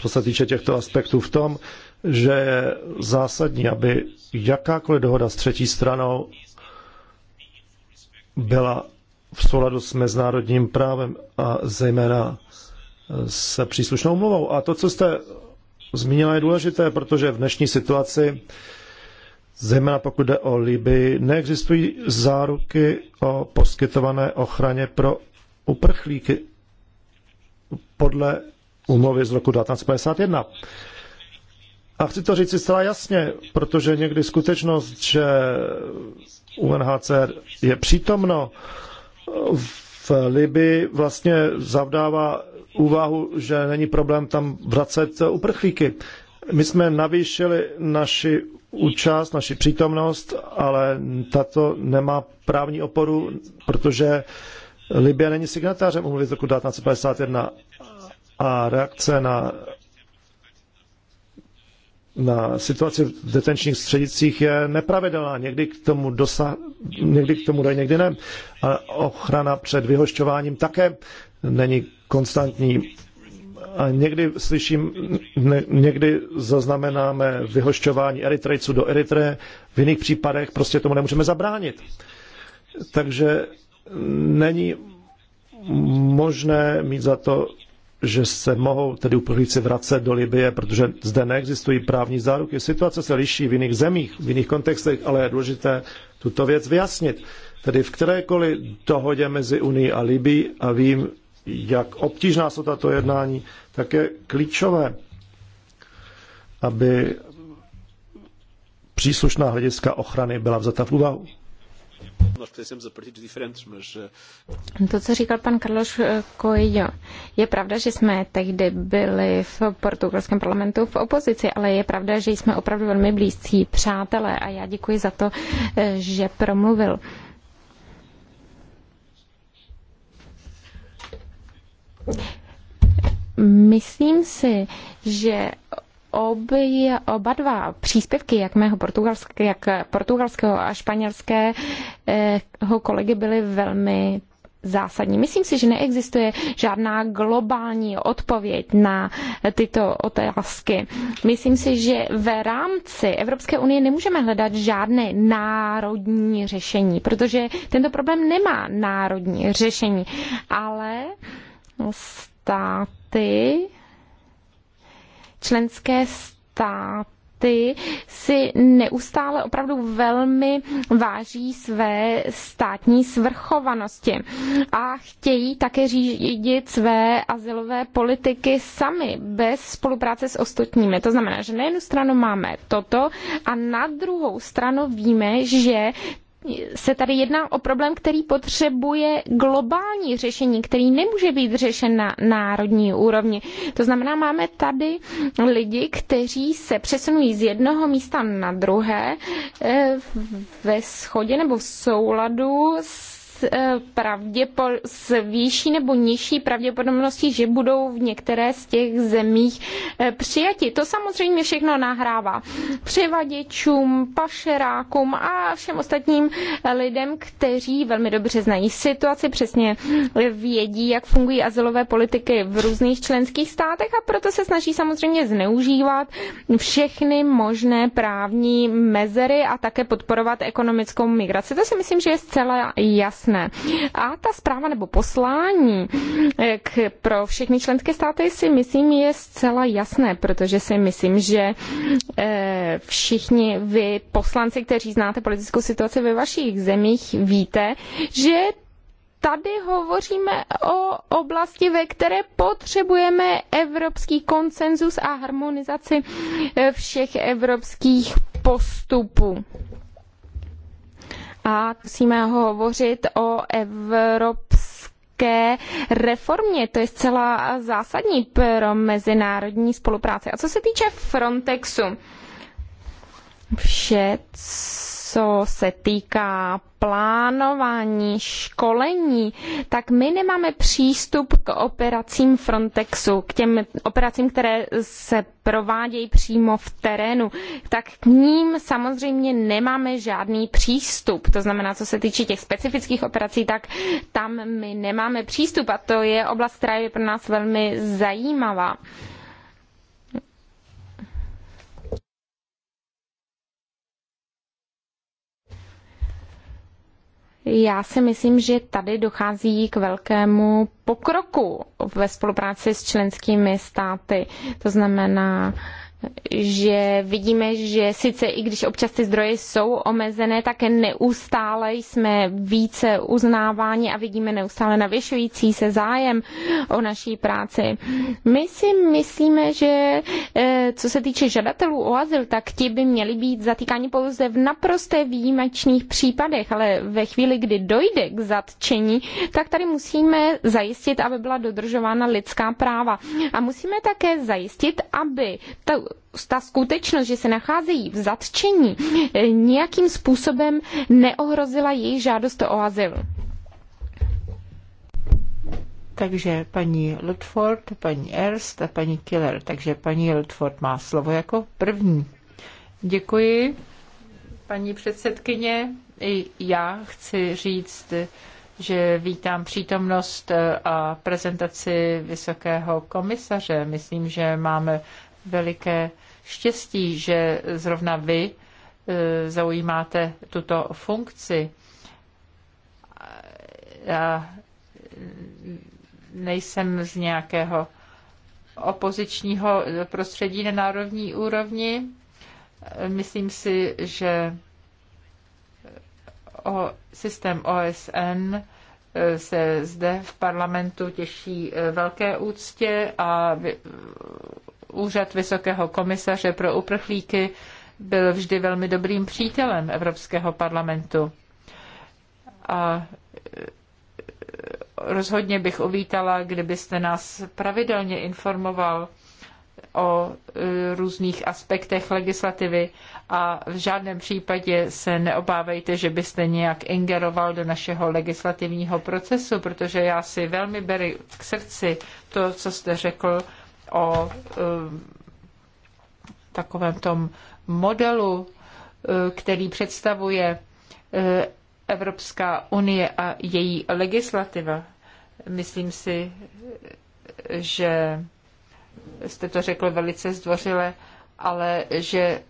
co se týče těchto aspektů v tom, že je zásadní, aby jakákoliv dohoda s třetí stranou byla v souladu s mezinárodním právem a zejména se příslušnou mluvou. A to, co jste zmínila, je důležité, protože v dnešní situaci, zejména pokud jde o Libii, neexistují záruky o poskytované ochraně pro uprchlíky podle umluvy z roku 1951. A chci to říct si zcela jasně, protože někdy skutečnost, že UNHCR je přítomno v Libii, vlastně zavdává úvahu, že není problém tam vracet uprchlíky. My jsme navýšili naši účast, naši přítomnost, ale tato nemá právní oporu, protože Libie není signatářem umluvy z roku 1951 a reakce na, na situaci v detenčních středicích je nepravidelná. Někdy k tomu, dosa, někdy k tomu dojde, někdy ne. A ochrana před vyhošťováním také není konstantní. A někdy slyším, ne, někdy zaznamenáme vyhošťování Eritrejců do Eritreje, v jiných případech prostě tomu nemůžeme zabránit. Takže není možné mít za to, že se mohou tedy uprchlíci vracet do Libie, protože zde neexistují právní záruky. Situace se liší v jiných zemích, v jiných kontextech, ale je důležité tuto věc vyjasnit. Tedy v kterékoliv dohodě mezi Unii a Libii a vím, jak obtížná jsou tato jednání, tak je klíčové, aby příslušná hlediska ochrany byla vzata v úvahu. Eh, to, co říkal pan Carlos Coelho, je pravda, že jsme tehdy byli v portugalském parlamentu v opozici, ale je pravda, že jsme opravdu velmi blízcí přátelé a já děkuji za to, eh, že promluvil. Myslím si, že oba dva příspěvky, jak mého portugalského, jak portugalského a španělského kolegy, byly velmi zásadní. Myslím si, že neexistuje žádná globální odpověď na tyto otázky. Myslím si, že v rámci Evropské unie nemůžeme hledat žádné národní řešení, protože tento problém nemá národní řešení, ale státy členské státy ty si neustále opravdu velmi váží své státní svrchovanosti a chtějí také řídit své asilové politiky sami, bez spolupráce s ostatními. To znamená, že na jednu stranu máme toto a na druhou stranu víme, že se tady jedná o problém, který potřebuje globální řešení, který nemůže být řešen na národní úrovni. To znamená, máme tady lidi, kteří se přesunují z jednoho místa na druhé eh, ve schodě nebo v souladu s s, eh, pravděpod- s výšší nebo nižší pravděpodobností, že budou v některé z těch zemích eh, přijati. To samozřejmě všechno nahrává převaděčům, pašerákům a všem ostatním eh, lidem, kteří velmi dobře znají situaci, přesně vědí, jak fungují azylové politiky v různých členských státech a proto se snaží samozřejmě zneužívat všechny možné právní mezery a také podporovat ekonomickou migraci. To si myslím, že je zcela jasné jasné. A ta zpráva nebo poslání eh, k, pro všechny členské státy si myslím je zcela jasné, protože si myslím, že e, všichni vy poslanci, kteří znáte politickou situaci ve vašich zemích, víte, že tady hovoříme o oblasti, ve které potřebujeme evropský konsenzus a harmonizaci eh, všech evropských postupů a musíme hovořit o evropské reformě. To je zcela zásadní pro mezinárodní spolupráci. A co se týče Frontexu, vše, co se týká plánování, školení, tak my nemáme přístup k operacím Frontexu, k těm operacím, které se provádějí přímo v terénu, tak k ním samozřejmě nemáme žádný přístup. To znamená, co se týče těch specifických operací, tak tam my nemáme přístup a to je oblast, která je pro nás velmi zajímavá. Já si myslím, že tady dochází k velkému pokroku ve spolupráci s členskými státy. To znamená, že vidíme, že sice i když občas ty zdroje jsou omezené, tak neustále jsme více uznáváni a vidíme neustále navyšující se zájem o naší práci. My si myslíme, že eh, co se týče žadatelů o azyl, tak ti by měli být zatýkáni pouze v naprosté výjimečných případech, ale ve chvíli, kdy dojde k zatčení, tak tady musíme zajistit, aby byla dodržována lidská práva. A musíme také zajistit, aby to ta skutečnost, že se nacházejí v zatčení, eh, nějakým způsobem neohrozila její žádost o azyl. Takže paní Ludford, paní Erst a paní Killer. Takže paní Ludford má slovo jako první. Děkuji, paní předsedkyně. I já chci říct, že vítám přítomnost eh, a prezentaci vysokého komisaře. Myslím, že máme veliké štěstí, že zrovna vy e, zaujímáte tuto funkci. Já nejsem z nějakého opozičního prostředí na národní úrovni. Myslím si, že o systém OSN e, se zde v parlamentu těší e, velké úctě a úřad Vysokého komisaře pro uprchlíky byl vždy velmi dobrým přítelem Evropského parlamentu. A e, rozhodně bych uvítala, kdybyste nás pravidelně informoval o e, různých aspektech legislativy a v žádném případě se neobávejte, že byste nějak ingeroval do našeho legislativního procesu, protože já si velmi beru k srdci to, co jste řekl o eh, takovém tom modelu, eh, který představuje eh, Evropská unie a její legislativa. Myslím si, že jste to řekl velice zdvořile, ale že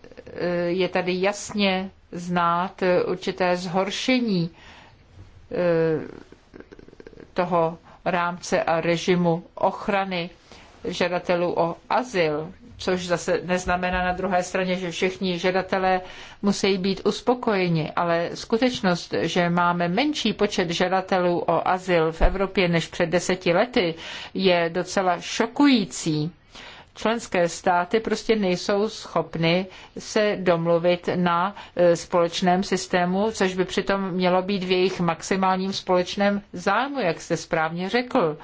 je tady jasně znát určité zhoršení toho rámce a režimu ochrany žadatelů o azyl, což zase neznamená na druhé straně, že všichni žadatelé musí být uspokojeni, ale skutečnost, že máme menší počet žadatelů o azyl v Evropě než před deseti lety, je docela šokující členské státy prostě nejsou schopny se domluvit na e, společném systému, což by přitom mělo být v jejich maximálním společném zájmu, jak jste správně řekl.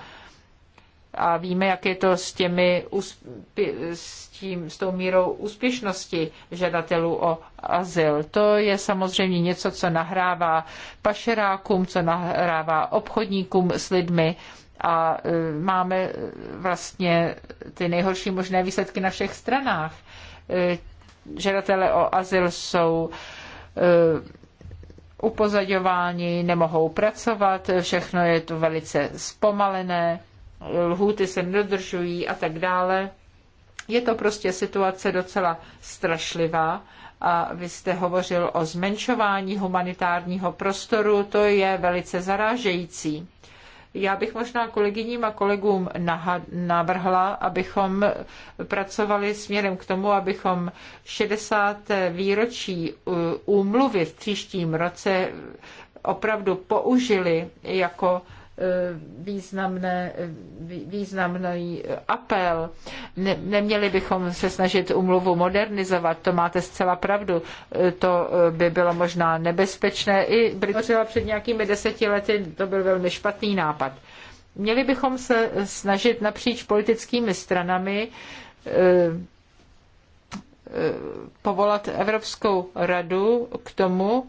A víme, jak je to s, těmi, s, tím, s tou mírou úspěšnosti žadatelů o azyl. To je samozřejmě něco, co nahrává pašerákům, co nahrává obchodníkům s lidmi a e, máme e, vlastně ty nejhorší možné výsledky na všech stranách. E, žadatelé o azyl jsou upozaďováni, nemohou pracovat, všechno je tu velice zpomalené lhůty se nedodržují a tak dále. Je to prostě situace docela strašlivá a vy jste hovořil o zmenšování humanitárního prostoru, to je velice zarážející. Já bych možná kolegyním a kolegům navrhla, abychom pracovali směrem k tomu, abychom 60. výročí úmluvy v příštím roce opravdu použili jako Eh, významné, eh, významný eh, apel. Ne, neměli bychom se snažit umluvu modernizovat, to máte zcela pravdu. To by bylo možná nebezpečné. I Britřela před nějakými deseti lety to byl velmi špatný nápad. Měli bychom se snažit napříč politickými stranami povolat Evropskou radu k tomu,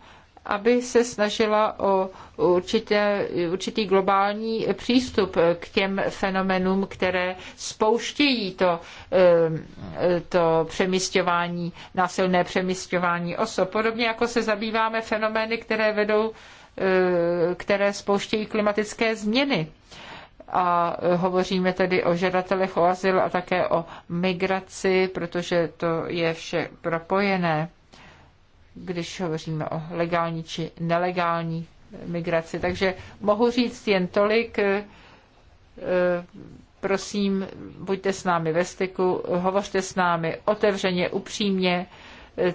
aby se snažila o určité, určitý globální přístup k těm fenomenům, které spouštějí to, eh, to přemysťování, násilné přemysťování osob. Podobně jako se zabýváme fenomény, které vedou, eh, které spouštějí klimatické změny a hovoříme tedy o žadatelech o azyl a také o migraci, protože to je vše propojené když hovoříme o legální či nelegální migraci. Takže mohu říct jen tolik. Eh, prosím, buďte s námi ve styku, hovořte s námi otevřeně, upřímně, eh,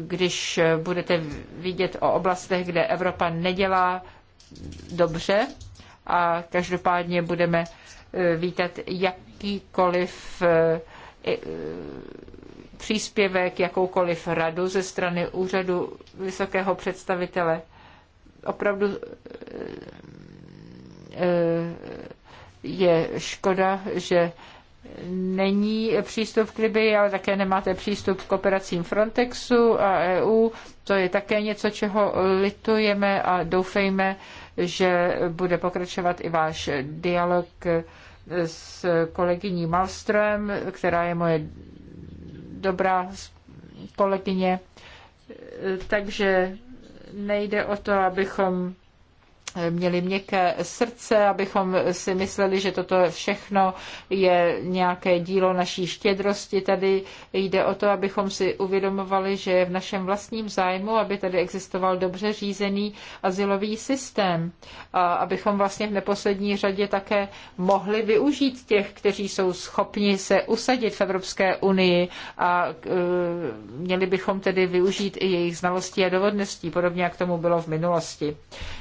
když budete vidět o oblastech, kde Evropa nedělá dobře a každopádně budeme eh, vítat jakýkoliv příspěvek, jakoukoliv radu ze strany úřadu vysokého představitele. Opravdu eh, je škoda, že není přístup k Libii, ale také nemáte přístup k operacím Frontexu a EU. To je také něco, čeho litujeme a doufejme, že bude pokračovat i váš dialog s kolegyní Malström, která je moje dobrá kolegyně. Takže nejde o to, abychom měli měkké srdce, abychom si mysleli, že toto všechno je nějaké dílo naší štědrosti. Tady jde o to, abychom si uvědomovali, že je v našem vlastním zájmu, aby tady existoval dobře řízený asilový systém a abychom vlastně v neposlední řadě také mohli využít těch, kteří jsou schopni se usadit v Evropské unii a e, měli bychom tedy využít i jejich znalostí a dovodností, podobně jak tomu bylo v minulosti.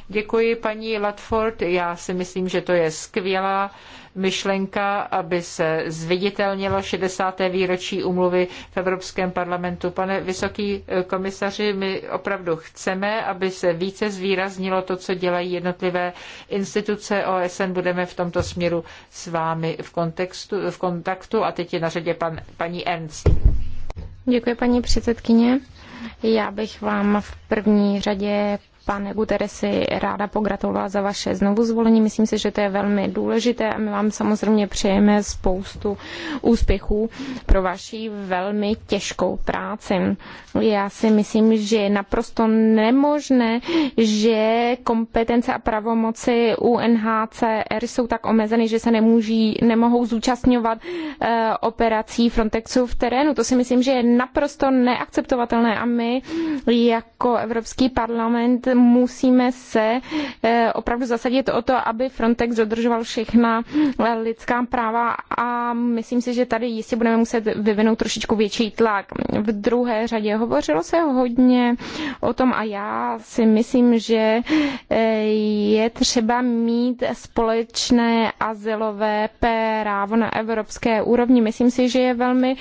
Děkuji paní Latford. Já si myslím, že to je skvělá myšlenka, aby se zviditelnilo 60. výročí umluvy v Evropském parlamentu. Pane vysoký eh, komisaři, my opravdu chceme, aby se více zvýraznilo to, co dělají jednotlivé instituce OSN. Budeme v tomto směru s vámi v, kontextu, v kontaktu. A teď je na řadě pan, paní Ernst. Děkuji, paní předsedkyně. Já bych vám v první řadě Pane Guteresi, ráda pogratulovala za vaše znovu zvolení. Myslím si, že to je velmi důležité a my vám samozřejmě přejeme spoustu úspěchů pro vaši velmi těžkou práci. Já si myslím, že je naprosto nemožné, že kompetence a pravomoci UNHCR jsou tak omezeny, že se nemůží, nemohou zúčastňovat eh, operací Frontexu v terénu. To si myslím, že je naprosto neakceptovatelné a my jako Evropský parlament musíme se eh, opravdu zasadit o to, aby Frontex dodržoval všechna eh, lidská práva a myslím si, že tady jistě budeme muset vyvinout trošičku větší tlak. V druhé řadě hovořilo se hodně o tom a já si myslím, že eh, je třeba mít společné azylové právo na evropské úrovni. Myslím si, že je velmi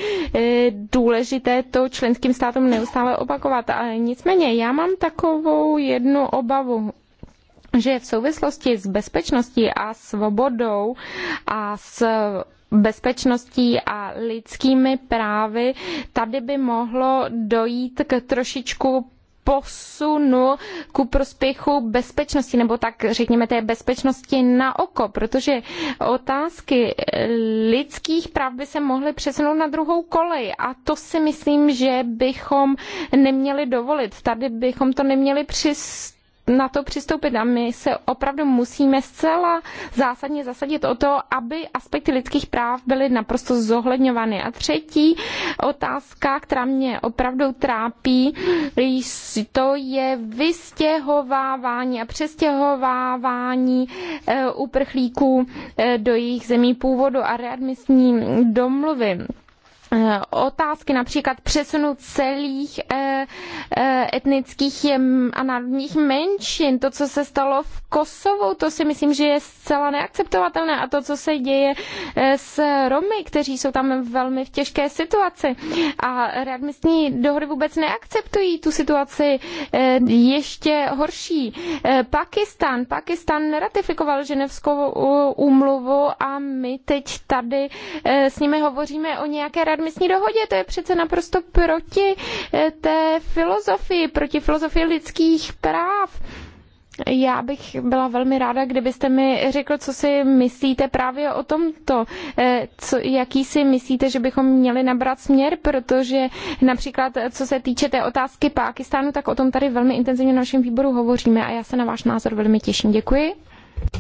důležité to členským státům neustále opakovat. Ale nicméně já mám takovou jednu jednu obavu že v souvislosti s bezpečností a svobodou a s bezpečností a lidskými právy, tady by mohlo dojít k trošičku posunu ku prospěchu bezpečnosti, nebo tak řekněme té bezpečnosti na oko, protože otázky lidských práv by se mohly přesunout na druhou kolej a to si myslím, že bychom neměli dovolit. Tady bychom to neměli přistoupit na to přistoupit a my se opravdu musíme zcela zásadně zasadit o to, aby aspekty lidských práv byly naprosto zohledňovány. A třetí otázka, která mě opravdu trápí, to je vystěhovávání a přestěhovávání eh, uprchlíků eh, do jejich zemí původu a readmisní domluvy. Eh, otázky, například přesunu celých eh, eh, etnických a národních menšin, to, co se stalo v Kosovu, to si myslím, že je zcela neakceptovatelné a to, co se děje s Romy, kteří jsou tam velmi v těžké situaci a readmisní dohody vůbec neakceptují tu situaci ještě horší. Pakistan, Pakistan ratifikoval ženevskou úmluvu a my teď tady s nimi hovoříme o nějaké radmi readmisní dohodě. To je přece naprosto proti eh, té filozofii, proti filozofii lidských práv. Já bych byla velmi ráda, kdybyste mi řekl, co si myslíte právě o tomto, eh, co, jaký si myslíte, že bychom měli nabrat směr, protože například, eh, co se týče té otázky Pákistánu, tak o tom tady velmi intenzivně na našem výboru hovoříme a já se na váš názor velmi těším. Děkuji.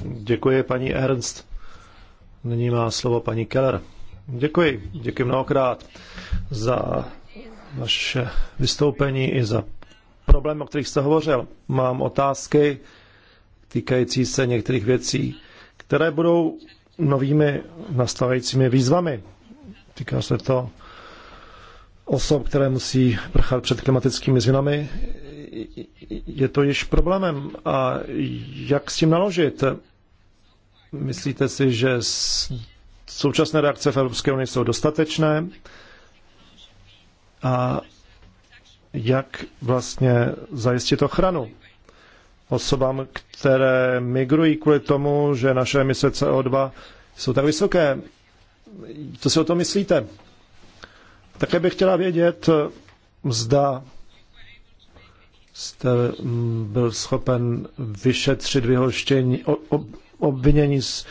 Děkuji, paní Ernst. Nyní má slovo paní Keller. Děkuji, děkuji mnohokrát za vaše vystoupení i za problém, o kterých jste hovořil. Mám otázky týkající se některých věcí, které budou novými nastavajícími výzvami. Týká se to osob, které musí prchat před klimatickými změnami. Je to již problémem. A jak s tím naložit? Myslíte si, že s Současné reakce v Evropské unii jsou dostatečné a jak vlastně zajistit ochranu osobám, které migrují kvůli tomu, že naše emise CO2 jsou tak vysoké. Co si o tom myslíte? Také bych chtěla vědět, zda jste mm, byl schopen vyšetřit vyhoštění, obvinění z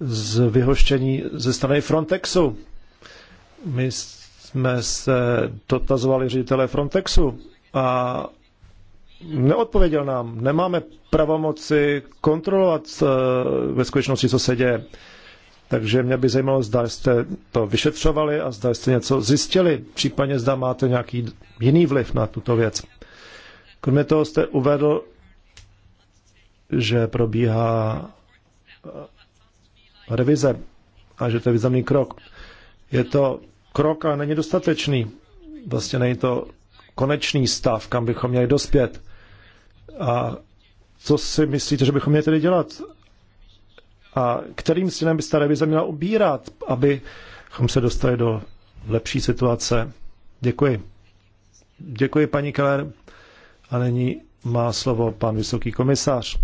z vyhoštění ze strany Frontexu. My jsme se dotazovali ředitele Frontexu a neodpověděl nám. Nemáme pravomoci kontrolovat eh, ve skutečnosti, co se děje. Takže mě by zajímalo, zda jste to vyšetřovali a zda jste něco zjistili, případně zda máte nějaký jiný vliv na tuto věc. Kromě toho jste uvedl, že probíhá revize a že to je významný krok. Je to krok, ale není dostatečný. Vlastně není to konečný stav, kam bychom měli dospět. A co si myslíte, že bychom měli tedy dělat? A kterým směrem by se ta revize měla ubírat, abychom se dostali do lepší situace? Děkuji. Děkuji, paní Keller. A nyní má slovo pan vysoký komisář.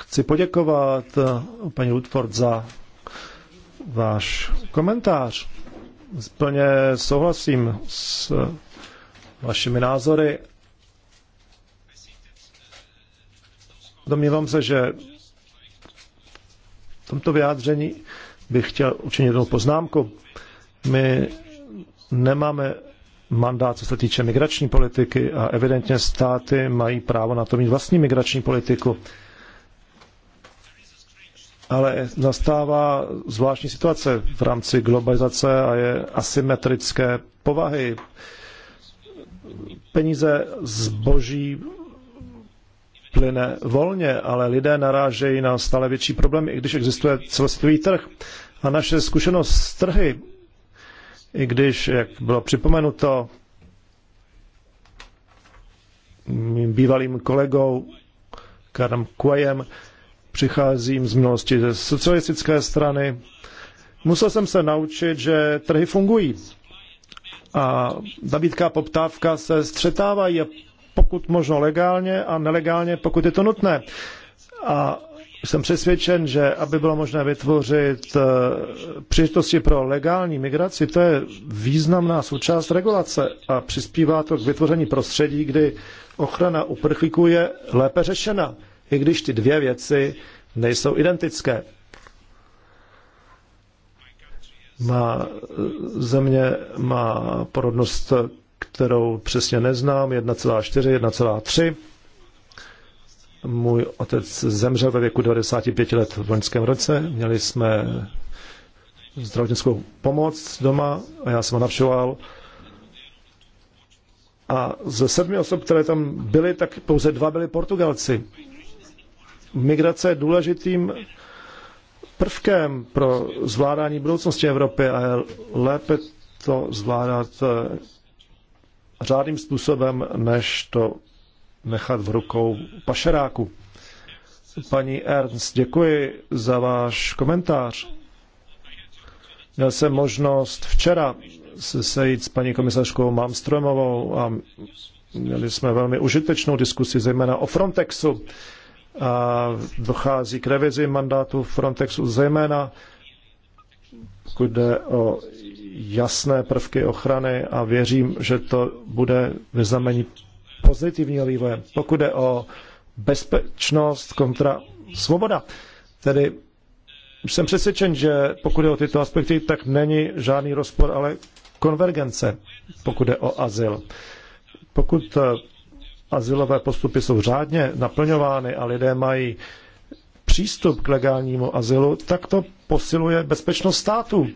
Chci poděkovat eh, paní Woodford za váš komentář. Plně souhlasím s eh, vašimi názory. Domnívám se, že v tomto vyjádření bych chtěl učinit jednu poznámku. My nemáme mandát, co se týče migrační politiky a evidentně státy mají právo na to mít vlastní migrační politiku ale nastává zvláštní situace v rámci globalizace a je asymetrické povahy. Peníze zboží plyne volně, ale lidé narážejí na stále větší problémy, i když existuje celosvětový trh. A naše zkušenost s trhy, i když, jak bylo připomenuto mým bývalým kolegou Karam Kuajem, přicházím z minulosti ze socialistické strany. Musel jsem se naučit, že trhy fungují. A nabídka a poptávka se střetávají pokud možno legálně a nelegálně, pokud je to nutné. A jsem přesvědčen, že aby bylo možné vytvořit eh, příležitosti pro legální migraci, to je významná součást regulace a přispívá to k vytvoření prostředí, kdy ochrana uprchlíků je lépe řešena i když ty dvě věci nejsou identické. Má země má porodnost, kterou přesně neznám, 1,4, 1,3. Můj otec zemřel ve věku 95 let v loňském roce. Měli jsme zdravotnickou pomoc doma a já jsem ho navštěvoval. A ze sedmi osob, které tam byly, tak pouze dva byli Portugalci migrace je důležitým prvkem pro zvládání budoucnosti Evropy a je lépe to zvládat eh, řádným způsobem, než to nechat v rukou pašeráku. Paní Ernst, děkuji za váš komentář. Měl jsem možnost včera se sejít s paní komisařkou Mamstromovou a měli jsme velmi užitečnou diskusi, zejména o Frontexu a dochází k revizi mandátu Frontexu, zejména pokud jde o jasné prvky ochrany a věřím, že to bude vyznamení pozitivního vývoje. Pokud jde o bezpečnost kontra svoboda, tedy jsem přesvědčen, že pokud jde o tyto aspekty, tak není žádný rozpor, ale konvergence, pokud jde o azyl. Pokud eh, azylové postupy jsou řádně naplňovány a lidé mají přístup k legálnímu azylu, tak to posiluje bezpečnost státu.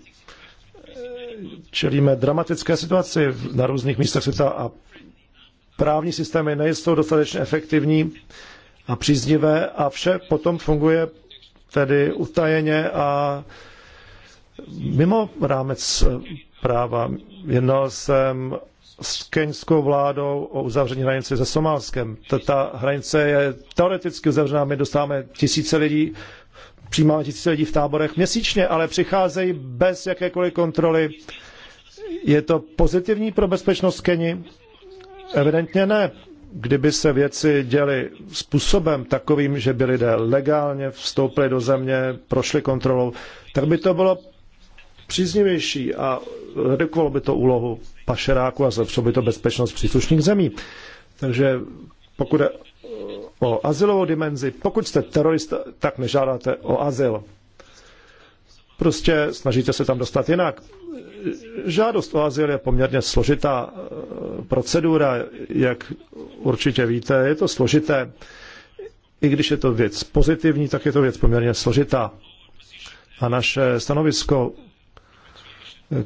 Čelíme dramatické situaci na různých místech světa a právní systémy nejsou dostatečně efektivní a příznivé a vše potom funguje tedy utajeně a mimo rámec práva. Jednal jsem s keňskou vládou o uzavření hranice se Somálskem. Ta hranice je teoreticky uzavřená, my dostáváme tisíce lidí, přijímáme tisíce lidí v táborech měsíčně, ale přicházejí bez jakékoliv kontroly. Je to pozitivní pro bezpečnost Keni? Evidentně ne. Kdyby se věci děly způsobem takovým, že by lidé legálně vstoupili do země, prošli kontrolou, tak by to bylo příznivější a redukovalo by to úlohu pašeráků a zlepšilo by to bezpečnost příslušných zemí. Takže pokud je o azylovou dimenzi, pokud jste terorista, tak nežádáte o azyl. Prostě snažíte se tam dostat jinak. Žádost o azyl je poměrně složitá eh, procedura, jak určitě víte, je to složité. I když je to věc pozitivní, tak je to věc poměrně složitá. A naše stanovisko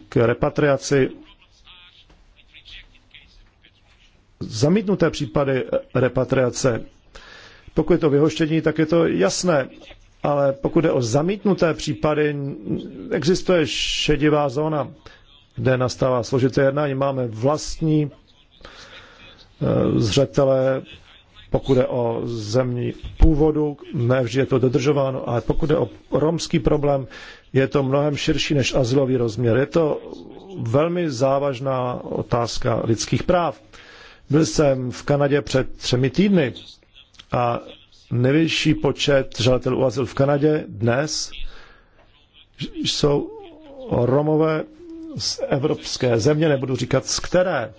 k repatriaci zamítnuté případy repatriace. Pokud je to vyhoštění, tak je to jasné, ale pokud je o zamítnuté případy, existuje šedivá zóna, kde nastává složité jednání. Máme vlastní e, zřetele, pokud je o zemní původu, ne vždy je to dodržováno, ale pokud je o romský problém, je to mnohem širší než azylový rozměr. Je to velmi závažná otázka lidských práv. Byl jsem v Kanadě před třemi týdny a nejvyšší počet žadatelů o azyl v Kanadě dnes jsou Romové z evropské země, nebudu říkat z které.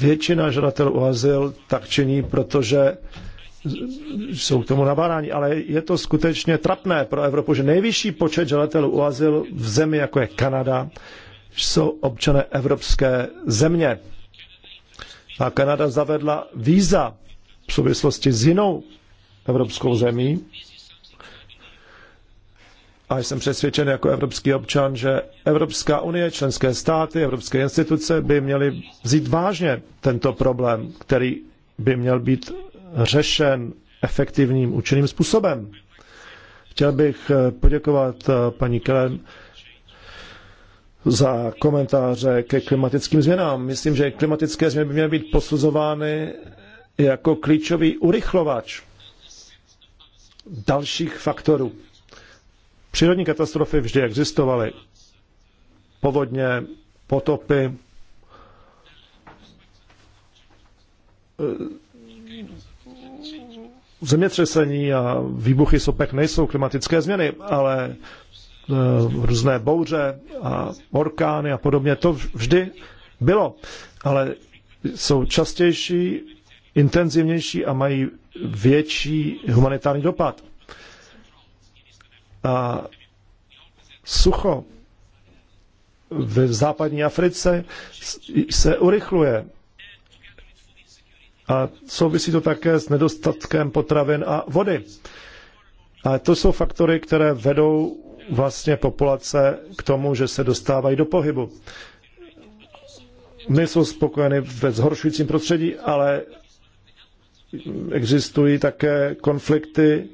Většina žadatelů o azyl tak činí, protože jsou k tomu nabádáni, ale je to skutečně trapné pro Evropu, že nejvyšší počet žadatelů o azyl v zemi, jako je Kanada, jsou občané evropské země. A Kanada zavedla víza v souvislosti s jinou evropskou zemí. A jsem přesvědčen jako evropský občan, že Evropská unie, členské státy, evropské instituce by měly vzít vážně tento problém, který by měl být řešen efektivním, účinným způsobem. Chtěl bych poděkovat eh, paní Kellen za komentáře ke klimatickým změnám. Myslím, že klimatické změny by měly být posuzovány jako klíčový urychlovač dalších faktorů. Přírodní katastrofy vždy existovaly. Povodně, potopy, e, zemětřesení a výbuchy sopek nejsou klimatické změny, ale Eh, různé bouře a orkány a podobně. To vždy bylo, ale jsou častější, intenzivnější a mají větší humanitární dopad. A sucho v západní Africe se urychluje. A souvisí to také s nedostatkem potravin a vody. A to jsou faktory, které vedou vlastně populace k tomu, že se dostávají do pohybu. Nejsou spokojeny ve zhoršujícím prostředí, ale existují také konflikty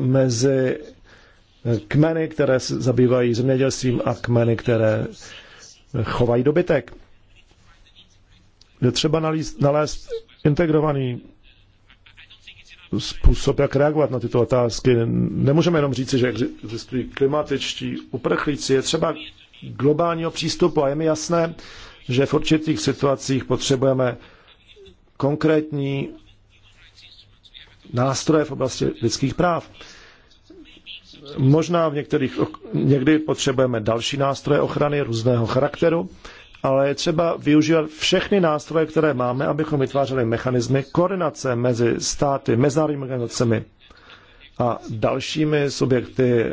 mezi kmeny, které se zabývají zemědělstvím a kmeny, které chovají dobytek. Je třeba nalézt integrovaný způsob, jak reagovat na tyto otázky. Nemůžeme jenom říci, že existují klimatičtí uprchlíci. Je třeba globálního přístupu a je mi jasné, že v určitých situacích potřebujeme konkrétní nástroje v oblasti lidských práv. Možná v některých, někdy potřebujeme další nástroje ochrany různého charakteru ale je třeba využívat všechny nástroje, které máme, abychom vytvářeli mechanismy koordinace mezi státy, mezinárodními organizacemi a dalšími subjekty eh,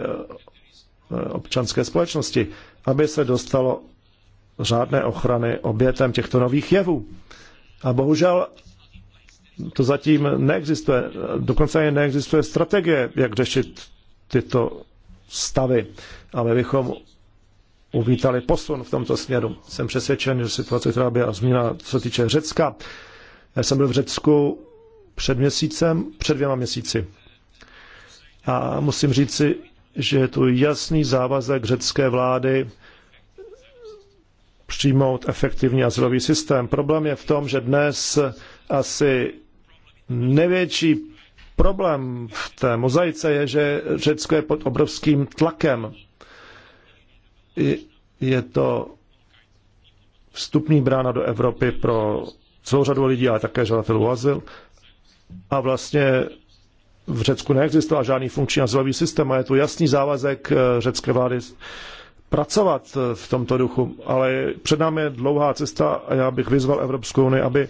občanské společnosti, aby se dostalo řádné ochrany obětem těchto nových jevů. A bohužel to zatím neexistuje. Dokonce ani neexistuje strategie, jak řešit tyto stavy. A my bychom uvítali posun v tomto směru. Jsem přesvědčen, že situace, která byla změna, co se týče Řecka. Já jsem byl v Řecku před měsícem, před dvěma měsíci. A musím říci, že je tu jasný závazek řecké vlády přijmout efektivní azylový systém. Problém je v tom, že dnes asi největší problém v té mozaice je, že Řecko je pod obrovským tlakem je to vstupní brána do Evropy pro celou řadu lidí, ale také žadatelů azyl. A vlastně v Řecku neexistoval žádný funkční azylový systém a je tu jasný závazek eh, řecké vlády pracovat eh, v tomto duchu, ale před námi je dlouhá cesta a já bych vyzval Evropskou unii, aby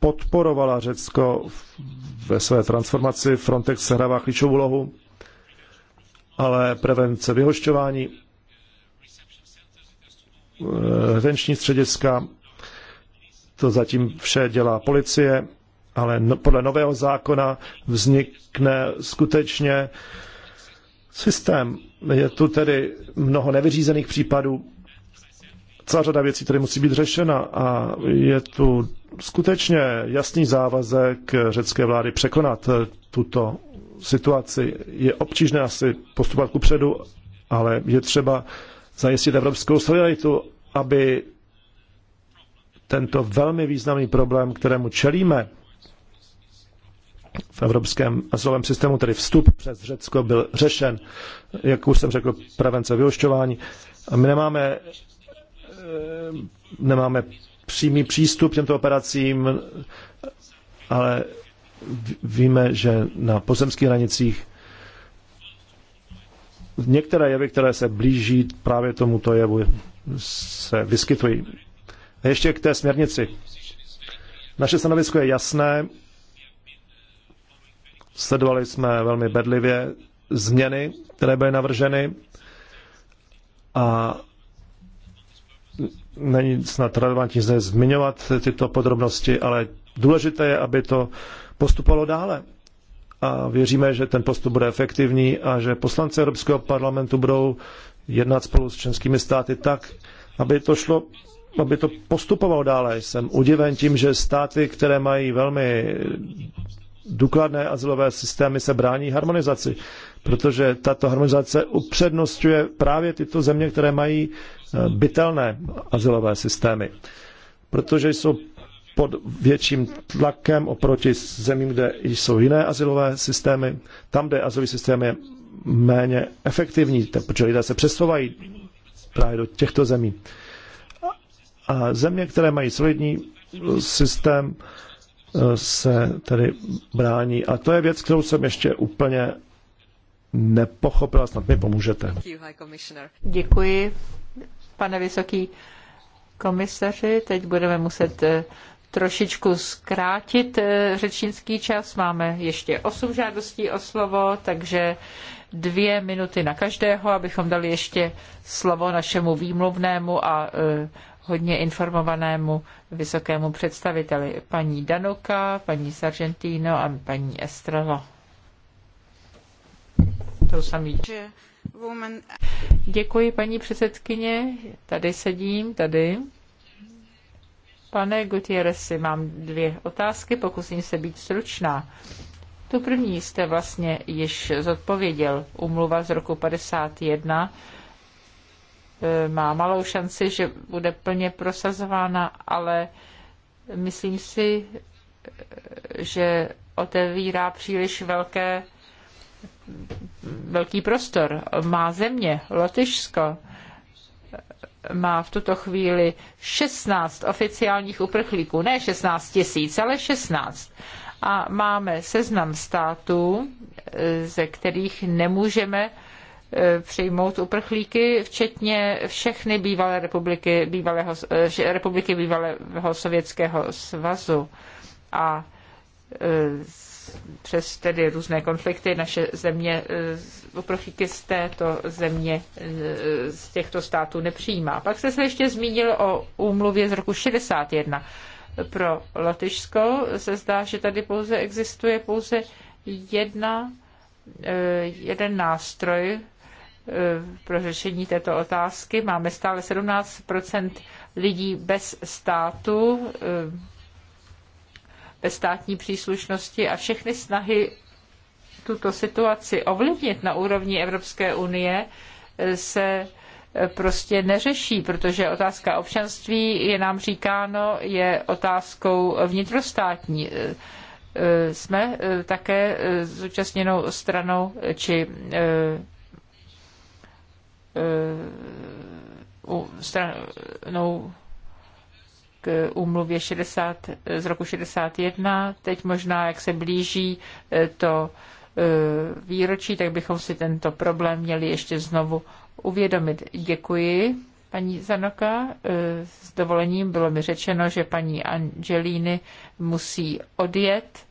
podporovala Řecko ve své transformaci. Frontex sehrává klíčovou úlohu ale prevence vyhošťování, retenční eh, střediska, to zatím vše dělá policie, ale no, podle nového zákona vznikne skutečně systém. Je tu tedy mnoho nevyřízených případů, celá řada věcí tady musí být řešena a je tu skutečně jasný závazek řecké vlády překonat tuto situaci. Je obtížné asi postupovat ku předu, ale je třeba zajistit evropskou solidaritu, aby tento velmi významný problém, kterému čelíme v evropském azylovém systému, tedy vstup přes Řecko, byl řešen, jak už jsem řekl, prevence vyhošťování. A my nemáme, eh, nemáme přímý přístup k těmto operacím, ale víme, že na pozemských hranicích některé jevy, které se blíží právě tomuto jevu, se vyskytují. A ještě k té směrnici. Naše stanovisko je jasné. Sledovali jsme velmi bedlivě změny, které byly navrženy a není snad relevantní zde zmiňovat tyto podrobnosti, ale důležité je, aby to postupovalo dále. A věříme, že ten postup bude efektivní a že poslanci Evropského parlamentu budou jednat spolu s členskými státy tak, aby to šlo aby to postupovalo dále. Jsem udiven tím, že státy, které mají velmi důkladné azylové systémy, se brání harmonizaci, protože tato harmonizace upřednostňuje právě tyto země, které mají eh, bytelné azylové systémy, protože jsou pod větším tlakem oproti zemím, kde jsou jiné asilové systémy. Tam, kde asilový systém je méně efektivní, protože lidé se přesouvají právě do těchto zemí. A země, které mají solidní eh, systém, eh, se tedy brání. A to je věc, kterou jsem ještě úplně nepochopila, snad mi pomůžete. Děkuji, pane vysoký komisaři. Teď budeme muset eh, trošičku zkrátit eh, řečnický čas. Máme ještě osm žádostí o slovo, takže dvě minuty na každého, abychom dali ještě slovo našemu výmluvnému a eh, hodně informovanému vysokému představiteli, paní Danuka, paní Sargentino a paní Estrelo. To samý. Děkuji, paní předsedkyně. Tady sedím, tady. Pane Gutierrezi, mám dvě otázky, pokusím se být stručná. Tu první jste vlastně již zodpověděl. Umluva z roku 51 e, má malou šanci, že bude plně prosazována, ale myslím si, e, že otevírá příliš velké, velký prostor. Má země, Lotyšsko, má v tuto chvíli 16 oficiálních uprchlíků, ne 16 tisíc, ale 16. A máme seznam států, eh, ze kterých nemůžeme eh, přijmout uprchlíky, včetně všechny bývalé republiky, bývalého, eh, republiky bývalého sovětského svazu. A přes tedy různé konflikty naše země, eh, uprchlíky z této země, eh, z těchto států nepřijímá. Pak jste se ještě zmínil o úmluvě z roku 61. Pro Latyšsko. se zdá, že tady pouze existuje pouze jedna, eh, jeden nástroj pro řešení této otázky. Máme stále 17 lidí bez státu, státní příslušnosti a všechny snahy tuto situaci ovlivnit na úrovni Evropské unie se prostě neřeší, protože otázka občanství je nám říkáno, je otázkou vnitrostátní. Jsme také zúčastněnou stranou či eh, eh, stranou k úmluvě 60, z roku 61. Teď možná, jak se blíží eh, to eh, výročí, tak bychom si tento problém měli ještě znovu uvědomit. Děkuji, paní Zanoka. Eh, s dovolením bylo mi řečeno, že paní Angelíny musí odjet,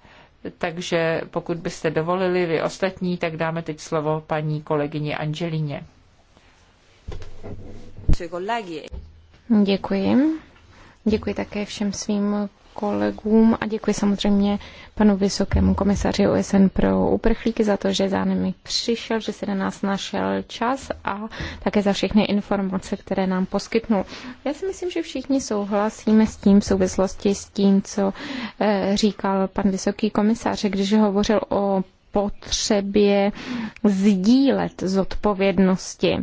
takže pokud byste dovolili vy ostatní, tak dáme teď slovo paní kolegyni Angelíně. Děkuji. Děkuji také všem svým kolegům a děkuji samozřejmě panu vysokému komisaři OSN pro uprchlíky za to, že za nimi přišel, že se na nás našel čas a také za všechny informace, které nám poskytnul. Já si myslím, že všichni souhlasíme s tím v souvislosti s tím, co eh, říkal pan vysoký komisař, když hovořil o potřebě sdílet zodpovědnosti.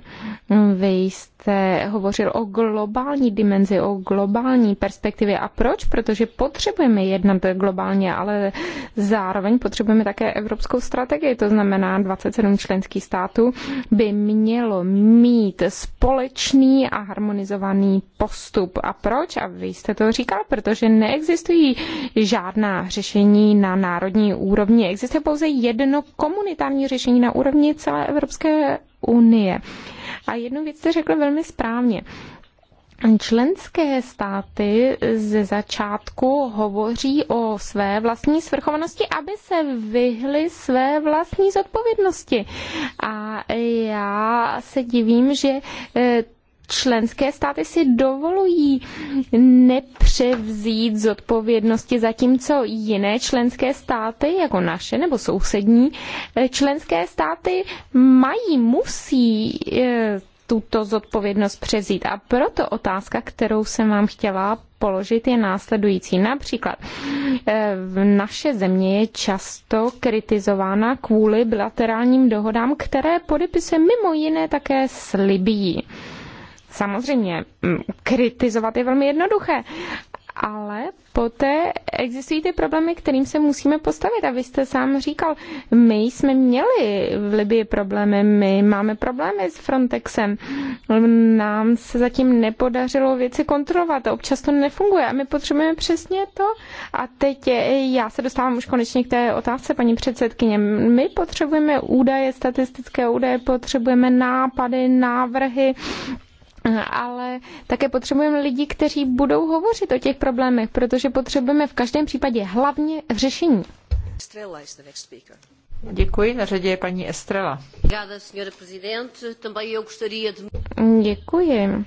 Vy jste jste hovořil o globální dimenzi, o globální perspektivě. A proč? Protože potřebujeme jednat globálně, ale zároveň potřebujeme také evropskou strategii. To znamená, 27 členských států by mělo mít společný a harmonizovaný postup. A proč? A vy jste to říkal, protože neexistují žádná řešení na národní úrovni. Existuje pouze jedno komunitární řešení na úrovni celé Evropské unie. A jednu věc jste řekl velmi správně. Členské státy ze začátku hovoří o své vlastní svrchovanosti, aby se vyhly své vlastní zodpovědnosti. A já se divím, že eh, členské státy si dovolují nepřevzít zodpovědnosti, zatímco jiné členské státy, jako naše nebo sousední, eh, členské státy mají, musí eh, tuto zodpovědnost převzít. A proto otázka, kterou jsem vám chtěla položit, je následující. Například eh, v naše země je často kritizována kvůli bilaterálním dohodám, které podepisuje mimo jiné také s Libií. Samozřejmě, mm, kritizovat je velmi jednoduché, ale poté existují ty problémy, kterým se musíme postavit. A vy jste sám říkal, my jsme měli v Libii problémy, my máme problémy s Frontexem. Nám se zatím nepodařilo věci kontrolovat, občas to nefunguje a my potřebujeme přesně to. A teď je, já se dostávám už konečně k té otázce, paní předsedkyně. My potřebujeme údaje, statistické údaje, potřebujeme nápady, návrhy, ale také potřebujeme lidi, kteří budou hovořit o těch problémech, protože potřebujeme v každém případě hlavně řešení. Děkuji, na řadě je paní Estrela. Děkuji.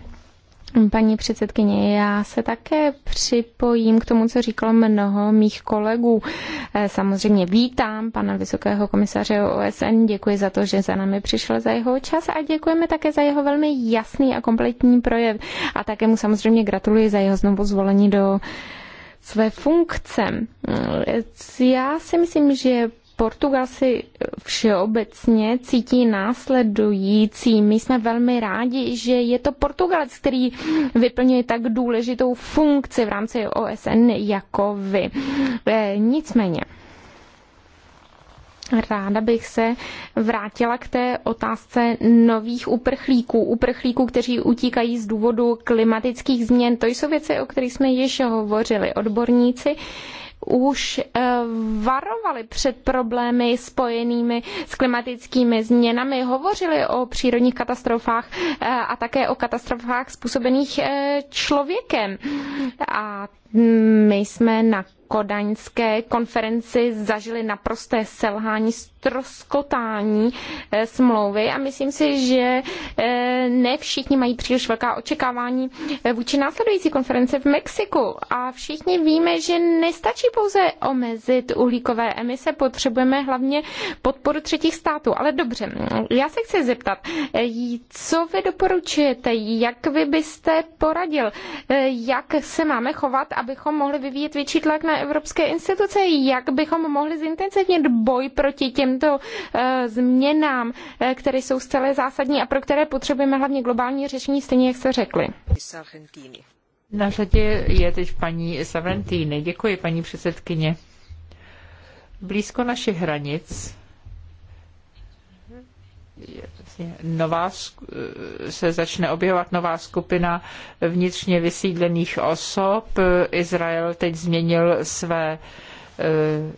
Paní předsedkyně, já se také připojím k tomu, co říkalo mnoho mých kolegů. Eh, samozřejmě vítám pana vysokého komisaře OSN, děkuji za to, že za námi přišel za jeho čas a děkujeme také za jeho velmi jasný a kompletní projev. A také mu samozřejmě gratuluji za jeho znovu zvolení do své funkce. Eh, já si myslím, že Portugalci všeobecně cítí následující. My jsme velmi rádi, že je to Portugalec, který vyplňuje tak důležitou funkci v rámci OSN jako vy. E, nicméně, Ráda bych se vrátila k té otázce nových uprchlíků, uprchlíků, kteří utíkají z důvodu klimatických změn. To jsou věci, o kterých jsme již hovořili. Odborníci už eh, varovali před problémy spojenými s klimatickými změnami, hovořili o přírodních katastrofách eh, a také o katastrofách způsobených eh, člověkem. A mm, my jsme na kodaňské konferenci zažili naprosté selhání, stroskotání eh, smlouvy a myslím si, že eh, ne všichni mají příliš velká očekávání eh, vůči následující konferenci v Mexiku. A všichni víme, že nestačí pouze omezit uhlíkové emise, potřebujeme hlavně podporu třetích států. Ale dobře, já se chci zeptat, co vy doporučujete, jak vy byste poradil, jak se máme chovat, abychom mohli vyvíjet větší tlak na evropské instituce, jak bychom mohli zintenzivnit boj proti těmto eh, změnám, eh, které jsou zcela zásadní a pro které potřebujeme hlavně globální řešení, stejně jak jste řekli. Na řadě je teď paní Saventýny. Děkuji, paní předsedkyně. Blízko našich hranic vlastně nová, se začne objevovat nová skupina vnitřně vysídlených osob. Izrael teď změnil své e,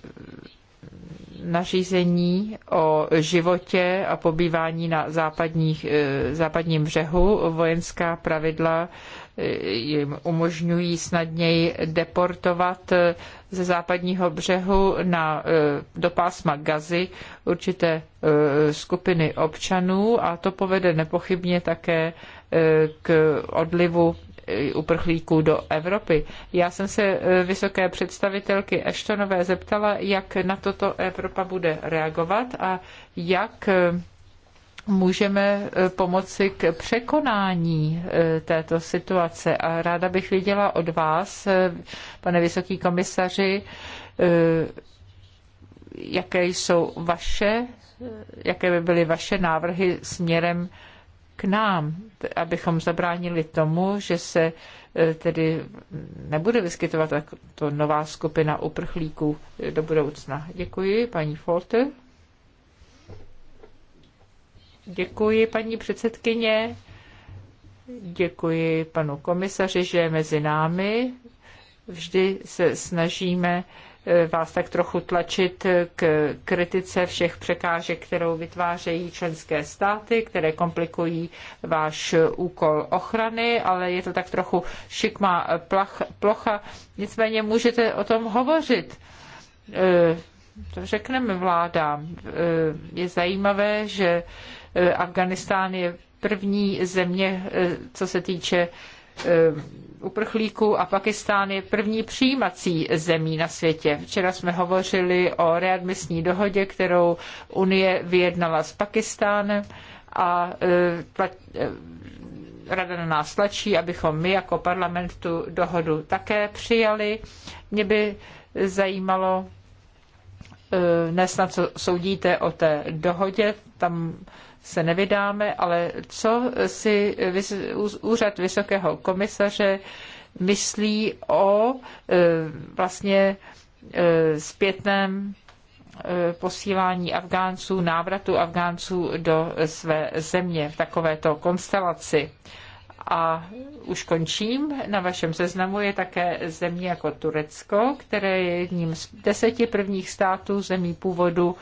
nařízení o životě a pobývání na západních, e, západním břehu. Vojenská pravidla e, jim umožňují snadněji deportovat ze západního břehu na, eh, do pásma Gazy určité eh, skupiny občanů a to povede nepochybně také eh, k odlivu uprchlíků do Evropy. Já jsem se vysoké představitelky Eštonové zeptala, jak na toto Evropa bude reagovat a jak můžeme e, pomoci k překonání e, této situace. A ráda bych viděla od vás, e, pane vysoký komisaři, jaké jsou vaše, jaké by byly vaše návrhy směrem k nám, abychom zabránili tomu, že se tedy nebude vyskytovat to nová skupina uprchlíků do budoucna. Děkuji, paní Folter. Děkuji, paní předsedkyně. Děkuji panu komisaři, že je mezi námi. Vždy se snažíme eh, vás tak trochu tlačit k kritice všech překážek, kterou vytvářejí členské státy, které komplikují váš úkol ochrany, ale je to tak trochu šikmá eh, plocha. Nicméně můžete o tom hovořit. Eh, to řekneme vládám. Je zajímavé, že Eh, Afganistán je první země, eh, co se týče eh, uprchlíků a Pakistán je první přijímací zemí na světě. Včera jsme hovořili o readmisní dohodě, kterou Unie vyjednala s Pakistánem a rada na nás tlačí, abychom my jako parlament tu dohodu také přijali. Mě by zajímalo, dnes co soudíte o té dohodě, tam se nevydáme, ale co si úřad vysokého komisaře myslí o e, vlastně e, zpětném e, posílání Afgánců, návratu Afgánců do své země v takovéto konstelaci. A už končím. Na vašem seznamu je také země jako Turecko, které je jedním z deseti prvních států zemí původu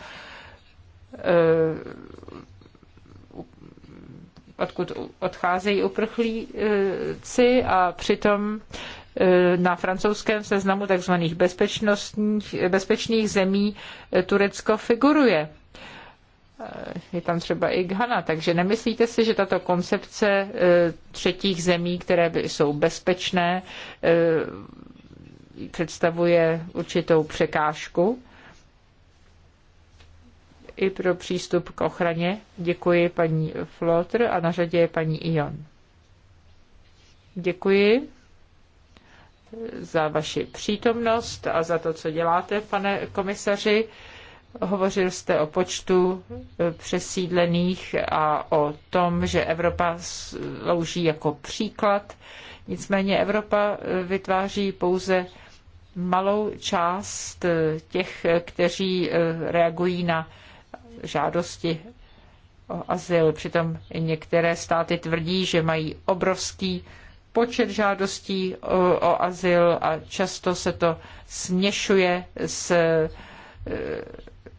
odkud odcházejí uprchlíci a přitom e, na francouzském seznamu tzv. Bezpečnostních, bezpečných zemí e, Turecko figuruje. E, je tam třeba i Ghana, takže nemyslíte si, že tato koncepce třetích zemí, které jsou bezpečné, představuje určitou překážku? i pro přístup k ochraně. Děkuji paní Flotr a na řadě je paní Ion. Děkuji za vaši přítomnost a za to, co děláte, pane komisaři. Hovořil jste o počtu e, přesídlených a o tom, že Evropa slouží jako příklad. Nicméně Evropa e, vytváří pouze malou část e, těch, kteří reagují na žádosti o azyl. Přitom některé státy tvrdí, že mají obrovský počet žádostí o, o azyl a často se to směšuje s e,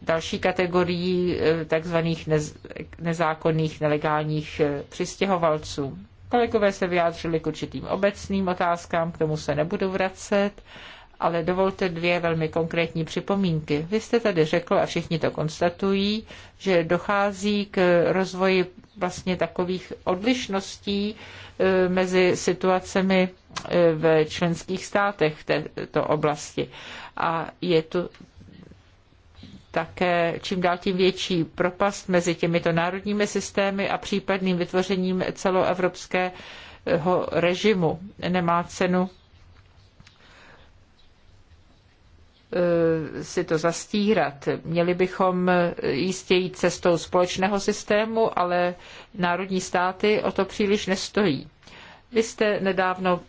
další kategorií e, takzvaných nez, nezákonných nelegálních e, přistěhovalců. Kolegové se vyjádřili k určitým obecným otázkám, k tomu se nebudu vracet. E, ale dovolte dvě velmi konkrétní připomínky. Vy jste tady řekl, a všichni to konstatují, že dochází k rozvoji vlastně takových odlišností e, mezi situacemi e, v členských státech v této oblasti. A je tu také čím dál tím větší propast mezi těmito národními systémy a případným vytvořením celoevropského režimu. Nemá cenu Eh, si to zastírat. Měli bychom eh, jistě jít cestou společného systému, ale národní státy o to příliš nestojí. Vy jste nedávno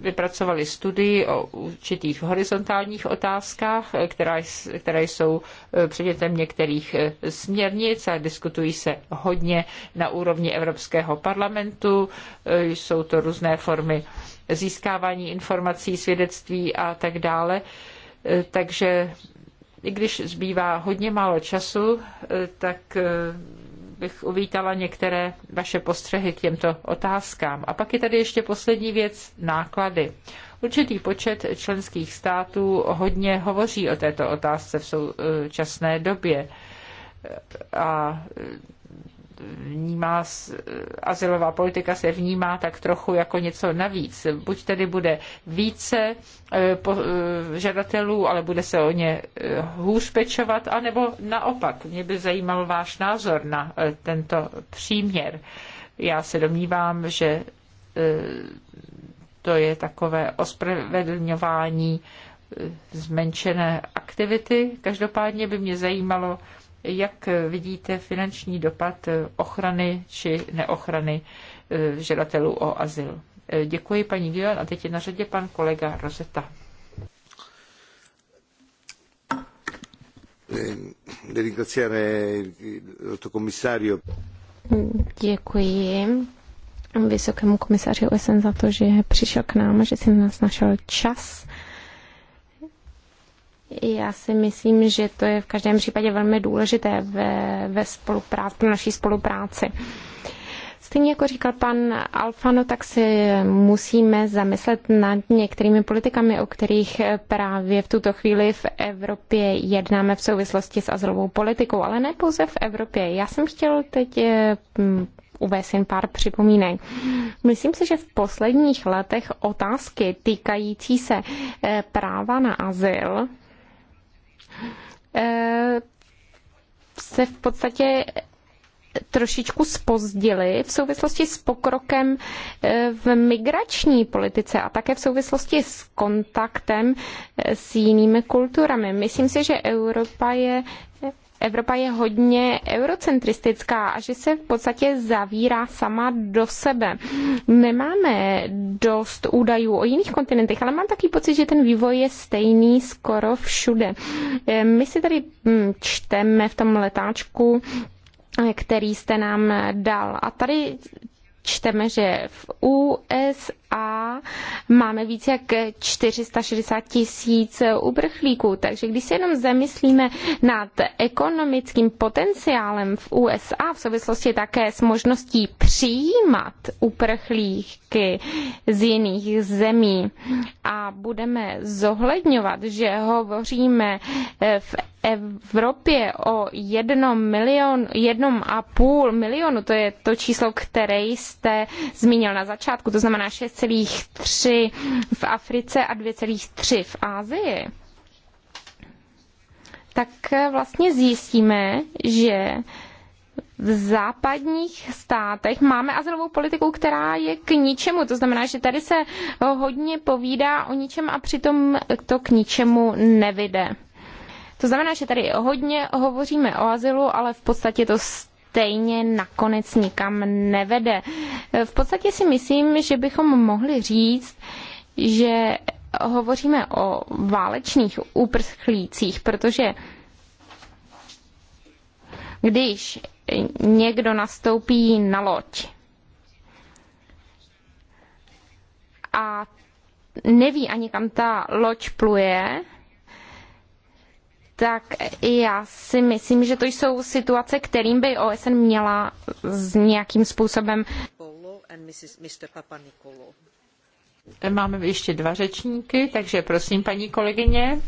vypracovali studii o určitých horizontálních otázkách, eh, které jsou předmětem některých směrnic a diskutují se hodně na úrovni Evropského parlamentu. Jsou to různé formy získávání informací, svědectví a tak dále. Eh, takže i když zbývá hodně málo času, eh, tak eh, bych uvítala některé vaše postřehy k těmto otázkám. A pak je tady ještě poslední věc náklady. Určitý počet členských států hodně hovoří o této otázce v současné době. A vnímá, azylová politika se vnímá tak trochu jako něco navíc. Buď tedy bude více e, e, žadatelů, ale bude se o ně e, hůř pečovat, anebo naopak. Mě by zajímal váš názor na tento příměr. Já se domnívám, že to je takové ospravedlňování zmenšené aktivity. Každopádně by mě zajímalo, jak vidíte finanční dopad ochrany či neochrany eh, žadatelů o azyl? Eh, děkuji paní Gion a teď je na řadě pan kolega Rozeta. Eh, děkuji vysokému komisaři OSN za to, že přišel k nám, že si na nás našel čas já si myslím, že to je v každém případě velmi důležité ve, ve spolupráci, pro naší spolupráci. Stejně jako říkal pan Alfano, tak si musíme zamyslet nad některými politikami, o kterých právě v tuto chvíli v Evropě jednáme v souvislosti s azylovou politikou, ale ne pouze v Evropě. Já jsem chtěl teď eh, uvést jen pár připomínek. Myslím si, že v posledních letech otázky týkající se eh, práva na azyl Eh, se v podstatě trošičku spozdili v souvislosti s pokrokem eh, v migrační politice a také v souvislosti s kontaktem eh, s jinými kulturami. Myslím si, že Evropa je Evropa je hodně eurocentristická a že se v podstatě zavírá sama do sebe. Nemáme dost údajů o jiných kontinentech, ale mám takový pocit, že ten vývoj je stejný skoro všude. Eh, my si tady hm, čteme v tom letáčku eh, který jste nám dal. A tady čteme, že v USA a máme více jak 460 tisíc uprchlíků. Takže když se jenom zamyslíme nad ekonomickým potenciálem v USA v souvislosti také s možností přijímat uprchlíky z jiných zemí a budeme zohledňovat, že hovoříme v Evropě o jednom milion, jednom a půl milionu, to je to číslo, které jste zmínil na začátku, to znamená 6,3 v Africe a 2,3 v Asii, tak vlastně zjistíme, že v západních státech máme azylovou politiku, která je k ničemu. To znamená, že tady se hodně povídá o ničem a přitom to k ničemu nevede. To znamená, že tady hodně hovoříme o azylu, ale v podstatě to stejně nakonec nikam nevede. V podstatě si myslím, že bychom mohli říct, že hovoříme o válečných úprchlících, protože když někdo nastoupí na loď a neví ani kam ta loď pluje, tak já si myslím, že to jsou situace, kterým by OSN měla s nějakým způsobem. Máme ještě dva řečníky, takže prosím, paní kolegyně.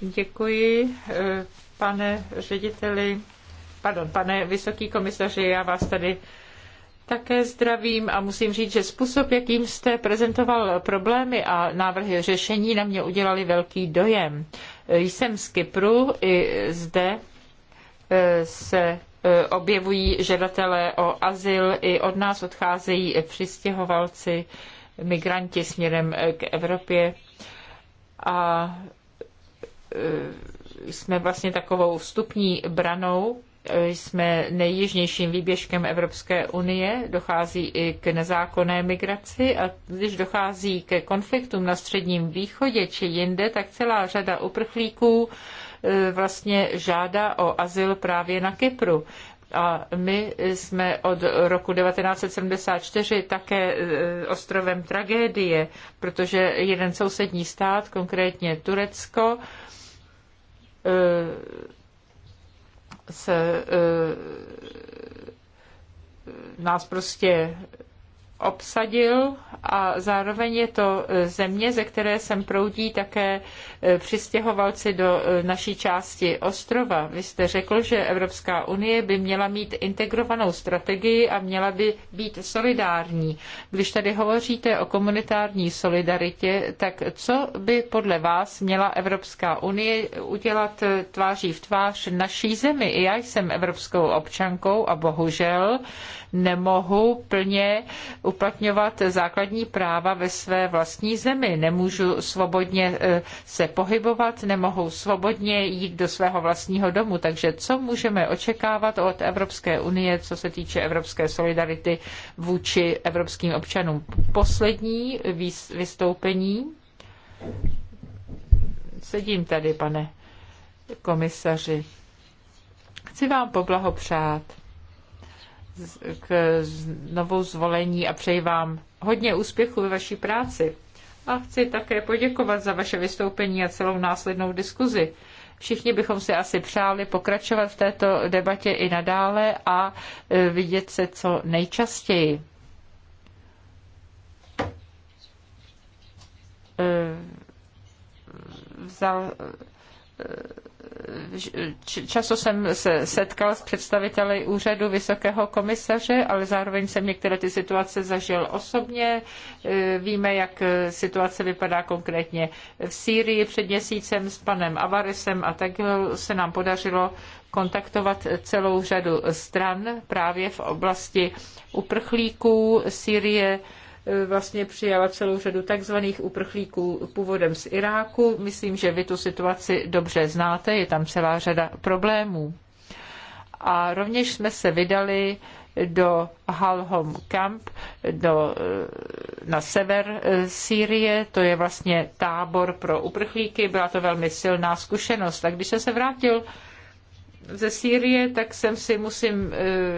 Děkuji, eh, pane řediteli, pardon, pane vysoký komisaři, já vás tady také zdravím a musím říct, že způsob, jakým jste prezentoval problémy a návrhy řešení, na mě udělali velký dojem. Jsem z Kypru, i zde e, se e, objevují žadatelé o azyl, i od nás odcházejí přistěhovalci, migranti směrem e, k Evropě. A jsme vlastně takovou vstupní branou jsme nejjižnějším výběžkem Evropské unie, dochází i k nezákonné migraci a když dochází ke konfliktům na Středním východě či jinde, tak celá řada uprchlíků e, vlastně žádá o azyl právě na Kypru. A my jsme od roku 1974 také e, ostrovem tragédie, protože jeden sousední stát, konkrétně Turecko, e, se eh, nás prostě obsadil a zároveň je to e, země, ze které sem proudí také e, přistěhovalci do e, naší části ostrova. Vy jste řekl, že Evropská unie by měla mít integrovanou strategii a měla by být solidární. Když tady hovoříte o komunitární solidaritě, tak co by podle vás měla Evropská unie udělat tváří v tvář naší zemi? I já jsem evropskou občankou a bohužel nemohu plně uplatňovat základní práva ve své vlastní zemi. Nemůžu svobodně e, se pohybovat, nemohu svobodně jít do svého vlastního domu. Takže co můžeme očekávat od Evropské unie, co se týče evropské solidarity vůči evropským občanům? Poslední vystoupení. Sedím tady, pane komisaři. Chci vám poblahopřát k novou zvolení a přeji vám hodně úspěchu ve vaší práci. A chci také poděkovat za vaše vystoupení a celou následnou diskuzi. Všichni bychom si asi přáli pokračovat v této debatě i nadále a e, vidět se co nejčastěji. E, vzal, e, Často jsem se setkal s představiteli úřadu vysokého komisaře, ale zároveň jsem některé ty situace zažil osobně. E, víme, jak e, situace vypadá konkrétně v Sýrii před měsícem s panem Avarisem a tak se nám podařilo kontaktovat celou řadu stran právě v oblasti uprchlíků Sýrie, E, vlastně přijala celou řadu takzvaných uprchlíků původem z Iráku. Myslím, že vy tu situaci dobře znáte, je tam celá řada problémů. A rovněž jsme se vydali do Halhom Camp do, e, na sever e, Sýrie. To je vlastně tábor pro uprchlíky. Byla to velmi silná zkušenost. A když jsem se vrátil ze Sýrie, tak jsem si musím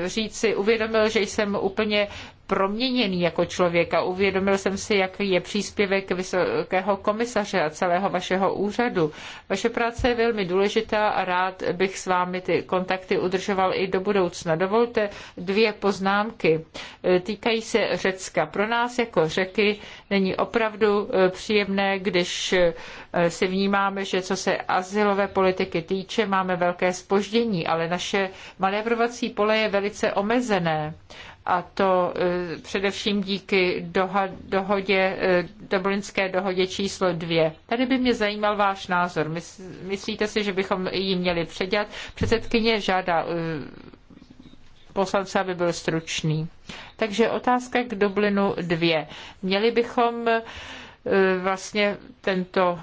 říct si uvědomil, že jsem úplně proměněný jako člověk a uvědomil jsem si, jaký je příspěvek vysokého komisaře a celého vašeho úřadu. Vaše práce je velmi důležitá a rád bych s vámi ty kontakty udržoval i do budoucna. Dovolte dvě poznámky. Týkají se Řecka. Pro nás jako řeky není opravdu eh, příjemné, když eh, si vnímáme, že co se asilové politiky týče, máme velké spoždění, ale naše manévrovací pole je velice omezené a to e, především díky dohodě, e, Dublinské dohodě číslo dvě. Tady by mě zajímal váš názor. Myslíte si, že bychom ji měli předělat? Předsedkyně žádá e, poslance, aby byl stručný. Takže otázka k Dublinu 2. Měli bychom vlastně tento,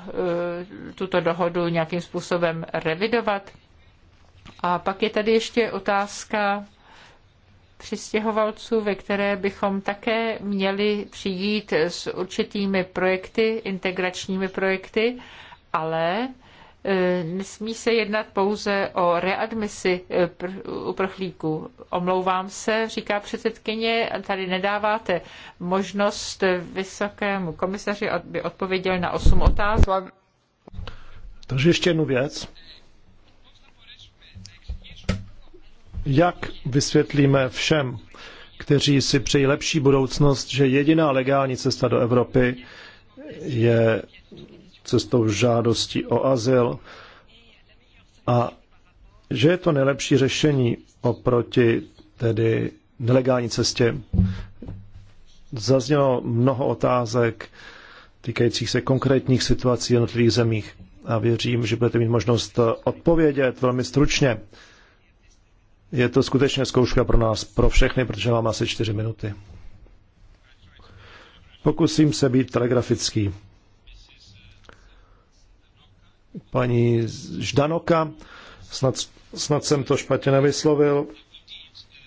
tuto dohodu nějakým způsobem revidovat? A pak je tady ještě otázka přistěhovalců, ve které bychom také měli přijít s určitými projekty, integračními projekty, ale e, nesmí se jednat pouze o readmisi e, uprchlíků. Omlouvám se, říká předsedkyně, tady nedáváte možnost vysokému komisaři, aby odpověděl na osm otázek. Takže ještě jednu věc. Jak vysvětlíme všem, kteří si přejí lepší budoucnost, že jediná legální cesta do Evropy je cestou žádosti o azyl a že je to nejlepší řešení oproti tedy nelegální cestě. Zaznělo mnoho otázek týkajících se konkrétních situací v jednotlivých zemích a věřím, že budete mít možnost odpovědět velmi stručně. Je to skutečně zkouška pro nás, pro všechny, protože mám asi čtyři minuty. Pokusím se být telegrafický. Paní Ždanoka, snad, snad jsem to špatně nevyslovil.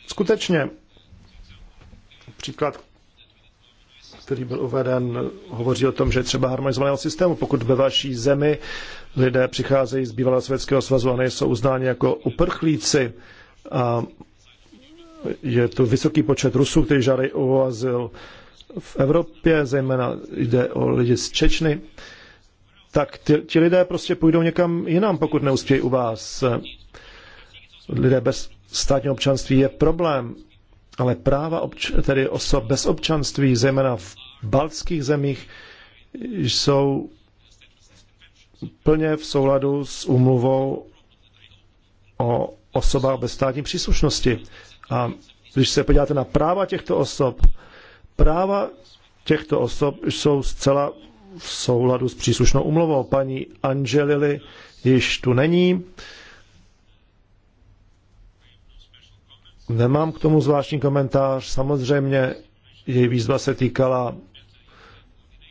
Skutečně, příklad, který byl uveden, hovoří o tom, že třeba harmonizovaného systému, pokud ve vaší zemi lidé přicházejí z bývalého Světského svazu a nejsou uznáni jako uprchlíci, a je tu vysoký počet Rusů, kteří žádají o azyl v Evropě, zejména jde o lidi z Čečny, tak ti, ti lidé prostě půjdou někam jinam, pokud neuspějí u vás. Lidé bez státního občanství je problém, ale práva obč- tedy osob bez občanství, zejména v baltských zemích, jsou plně v souladu s úmluvou o osoba bez státní příslušnosti. A když se podíváte na práva těchto osob, práva těchto osob jsou zcela v souladu s příslušnou umluvou. Paní Angelili již tu není. Nemám k tomu zvláštní komentář. Samozřejmě její výzva se týkala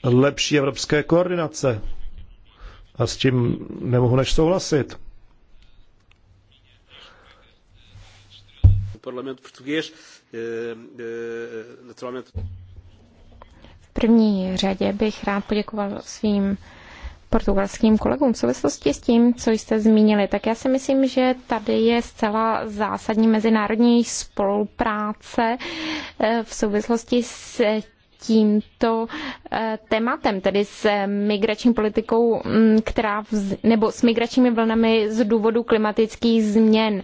lepší evropské koordinace. A s tím nemohu než souhlasit. Parlamento Português. Eh, eh, naturalmente. V první řadě bych rád poděkoval svým portugalským kolegům v souvislosti s tím, co jste zmínili, tak já si myslím, že tady je zcela zásadní mezinárodní spolupráce eh, v souvislosti s tímto eh, tématem, tedy s migrační politikou, mm, která vz, nebo s migračními vlnami z důvodu klimatických změn.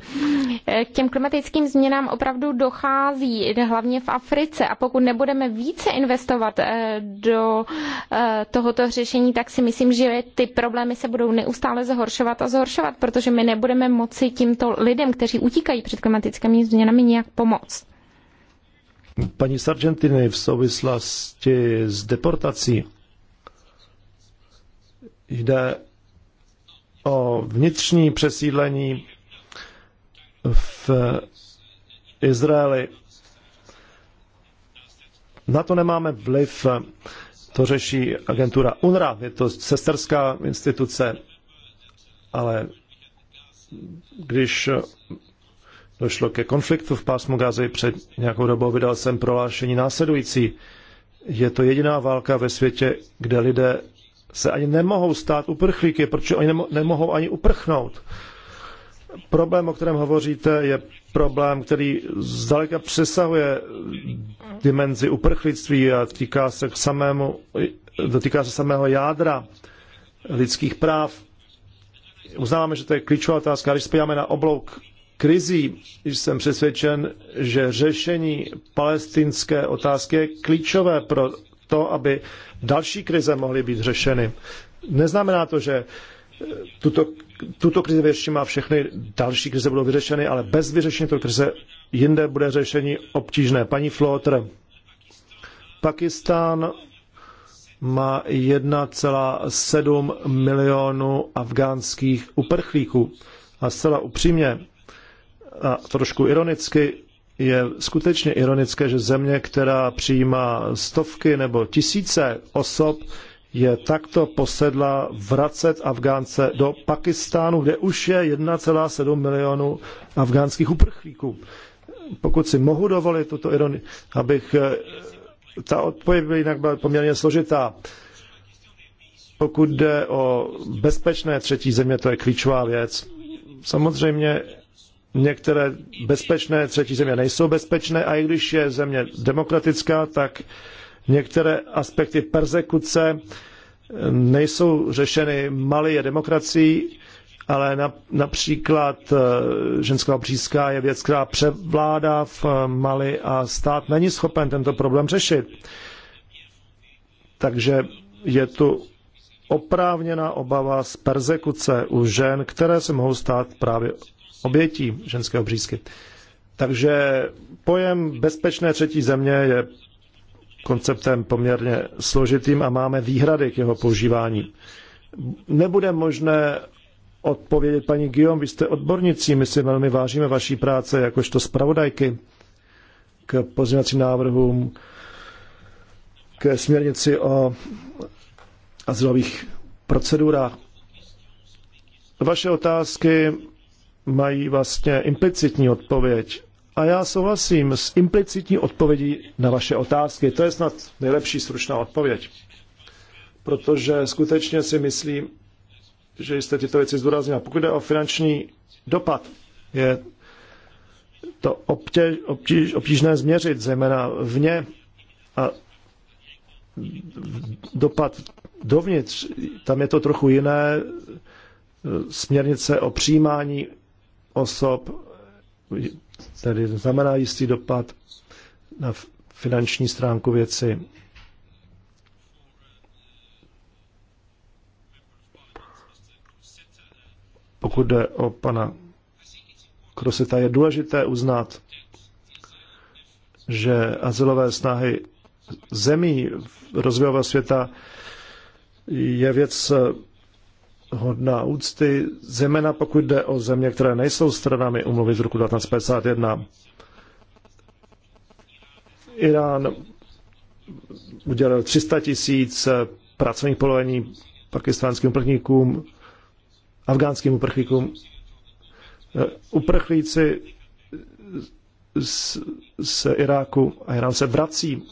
Eh, k těm klimatickým změnám opravdu dochází, hlavně v Africe a pokud nebudeme více investovat eh, do tohoto řešení, tak si myslím, že ty problémy se budou neustále zhoršovat a zhoršovat, protože my nebudeme moci tímto lidem, kteří utíkají před klimatickými změnami, nějak pomoct paní Sargentiny v souvislosti s deportací. Jde o vnitřní přesídlení v Izraeli. Na to nemáme vliv, to řeší agentura UNRA, je to sesterská instituce, ale když došlo ke konfliktu v pásmu Gazy. Před nějakou dobou vydal jsem prohlášení následující. Je to jediná válka ve světě, kde lidé se ani nemohou stát uprchlíky, protože oni nemohou ani uprchnout. Problém, o kterém hovoříte, je problém, který zdaleka přesahuje dimenzi uprchlictví a týká se k samému, dotýká se samého jádra lidských práv. Uznáváme, že to je klíčová otázka. Když spíjáme na oblouk krizí jsem přesvědčen, že řešení palestinské otázky je klíčové pro to, aby další krize mohly být řešeny. Neznamená to, že eh, tuto, tuto krizi vyřešíme a všechny další krize budou vyřešeny, ale bez vyřešení toho, krize jinde bude řešení obtížné. Paní Flotr, Pakistán má 1,7 milionu afgánských uprchlíků. A zcela upřímně, a trošku ironicky, je skutečně ironické, že země, která přijímá stovky nebo tisíce osob, je takto posedla vracet Afgánce do Pakistánu, kde už je 1,7 milionu afgánských uprchlíků. Pokud si mohu dovolit tuto ironii, abych... Eh, ta odpověď byla jinak byla poměrně složitá. Pokud jde o bezpečné třetí země, to je klíčová věc. Samozřejmě některé bezpečné třetí země nejsou bezpečné a i když je země demokratická, tak některé aspekty persekuce nejsou řešeny. malý je demokracií, ale například eh, ženská obřízka je věc, která převládá v Mali a stát není schopen tento problém řešit. Takže je tu oprávněná obava z persekuce u žen, které se mohou stát právě obětí ženské obřízky. Takže pojem bezpečné třetí země je konceptem poměrně složitým a máme výhrady k jeho používání. Nebude možné odpovědět paní Guillaume, vy jste odbornicí, my si velmi vážíme vaší práce jakožto zpravodajky k pozměňovacím návrhům, k směrnici o azylových procedurách. Vaše otázky mají vlastně implicitní odpověď. A já souhlasím s implicitní odpovědí na vaše otázky. To je snad nejlepší stručná odpověď. Protože skutečně si myslím, že jste tyto věci zdůraznila. Pokud jde o finanční dopad, je to obtěž, obtíž, obtížné změřit, zejména vně a dopad dovnitř. Tam je to trochu jiné. E, směrnice o přijímání osob, tedy znamená jistý dopad na finanční stránku věci. Pokud jde o pana Krosita, je důležité uznat, že azylové snahy zemí rozvojového světa je věc hodná úcty, zejména pokud jde o země, které nejsou stranami umluvy z roku 1951. Irán udělal 300 tisíc pracovních polovení pakistánským uprchlíkům, afgánským uprchlíkům. Uprchlíci z, z Iráku a Irán se vrací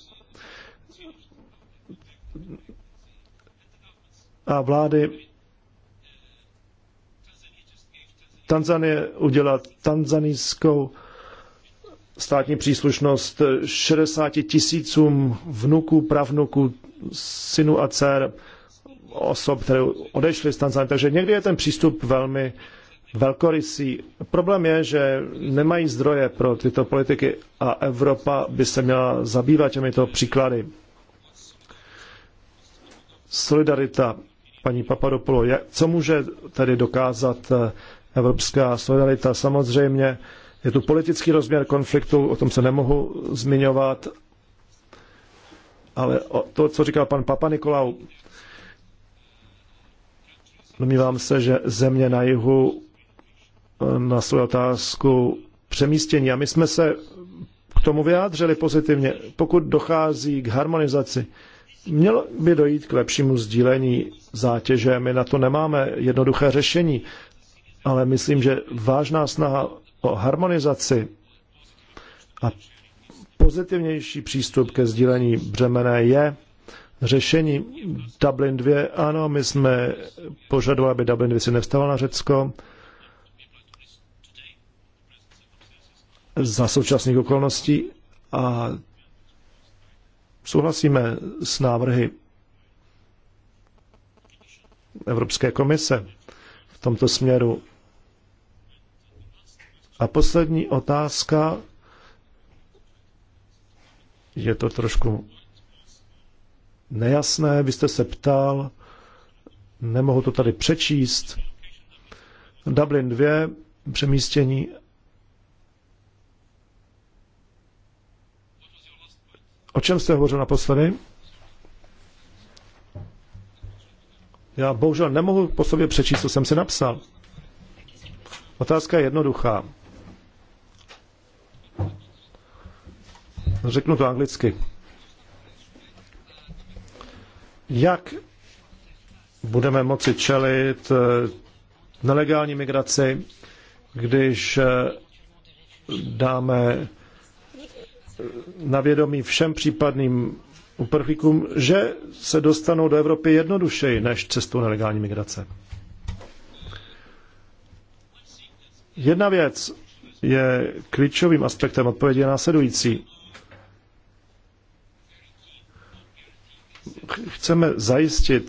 a vlády Tanzanie udělat tanzanijskou státní příslušnost 60 tisícům vnuků, pravnuků, synů a dcer osob, které odešly z Tanzanie. Takže někdy je ten přístup velmi velkorysý. Problém je, že nemají zdroje pro tyto politiky a Evropa by se měla zabývat těmito příklady. Solidarita, paní Papadopoulou, co může tady dokázat eh, evropská solidarita. Samozřejmě je tu politický rozměr konfliktu, o tom se nemohu zmiňovat, ale to, co říkal pan Papa Nikolau, domnívám se, že země na jihu eh, na svou otázku přemístění. A my jsme se k tomu vyjádřili pozitivně. Pokud dochází k harmonizaci, mělo by dojít k lepšímu sdílení zátěže. My na to nemáme jednoduché řešení ale myslím, že vážná snaha o harmonizaci a pozitivnější přístup ke sdílení břemene je řešení Dublin 2. Ano, my jsme požadovali, aby Dublin 2 si nevstával na Řecko. za současných okolností a souhlasíme s návrhy Evropské komise v tomto směru a poslední otázka, je to trošku nejasné, vy jste se ptal, nemohu to tady přečíst. Dublin 2, přemístění. O čem jste hovořil naposledy? Já bohužel nemohu po sobě přečíst, co jsem si napsal. Otázka je jednoduchá. Řeknu to anglicky. Jak budeme moci čelit eh, nelegální migraci, když eh, dáme eh, na vědomí všem případným uprchlíkům, že se dostanou do Evropy jednodušeji než cestou nelegální migrace. Jedna věc je klíčovým aspektem odpovědi následující. chceme zajistit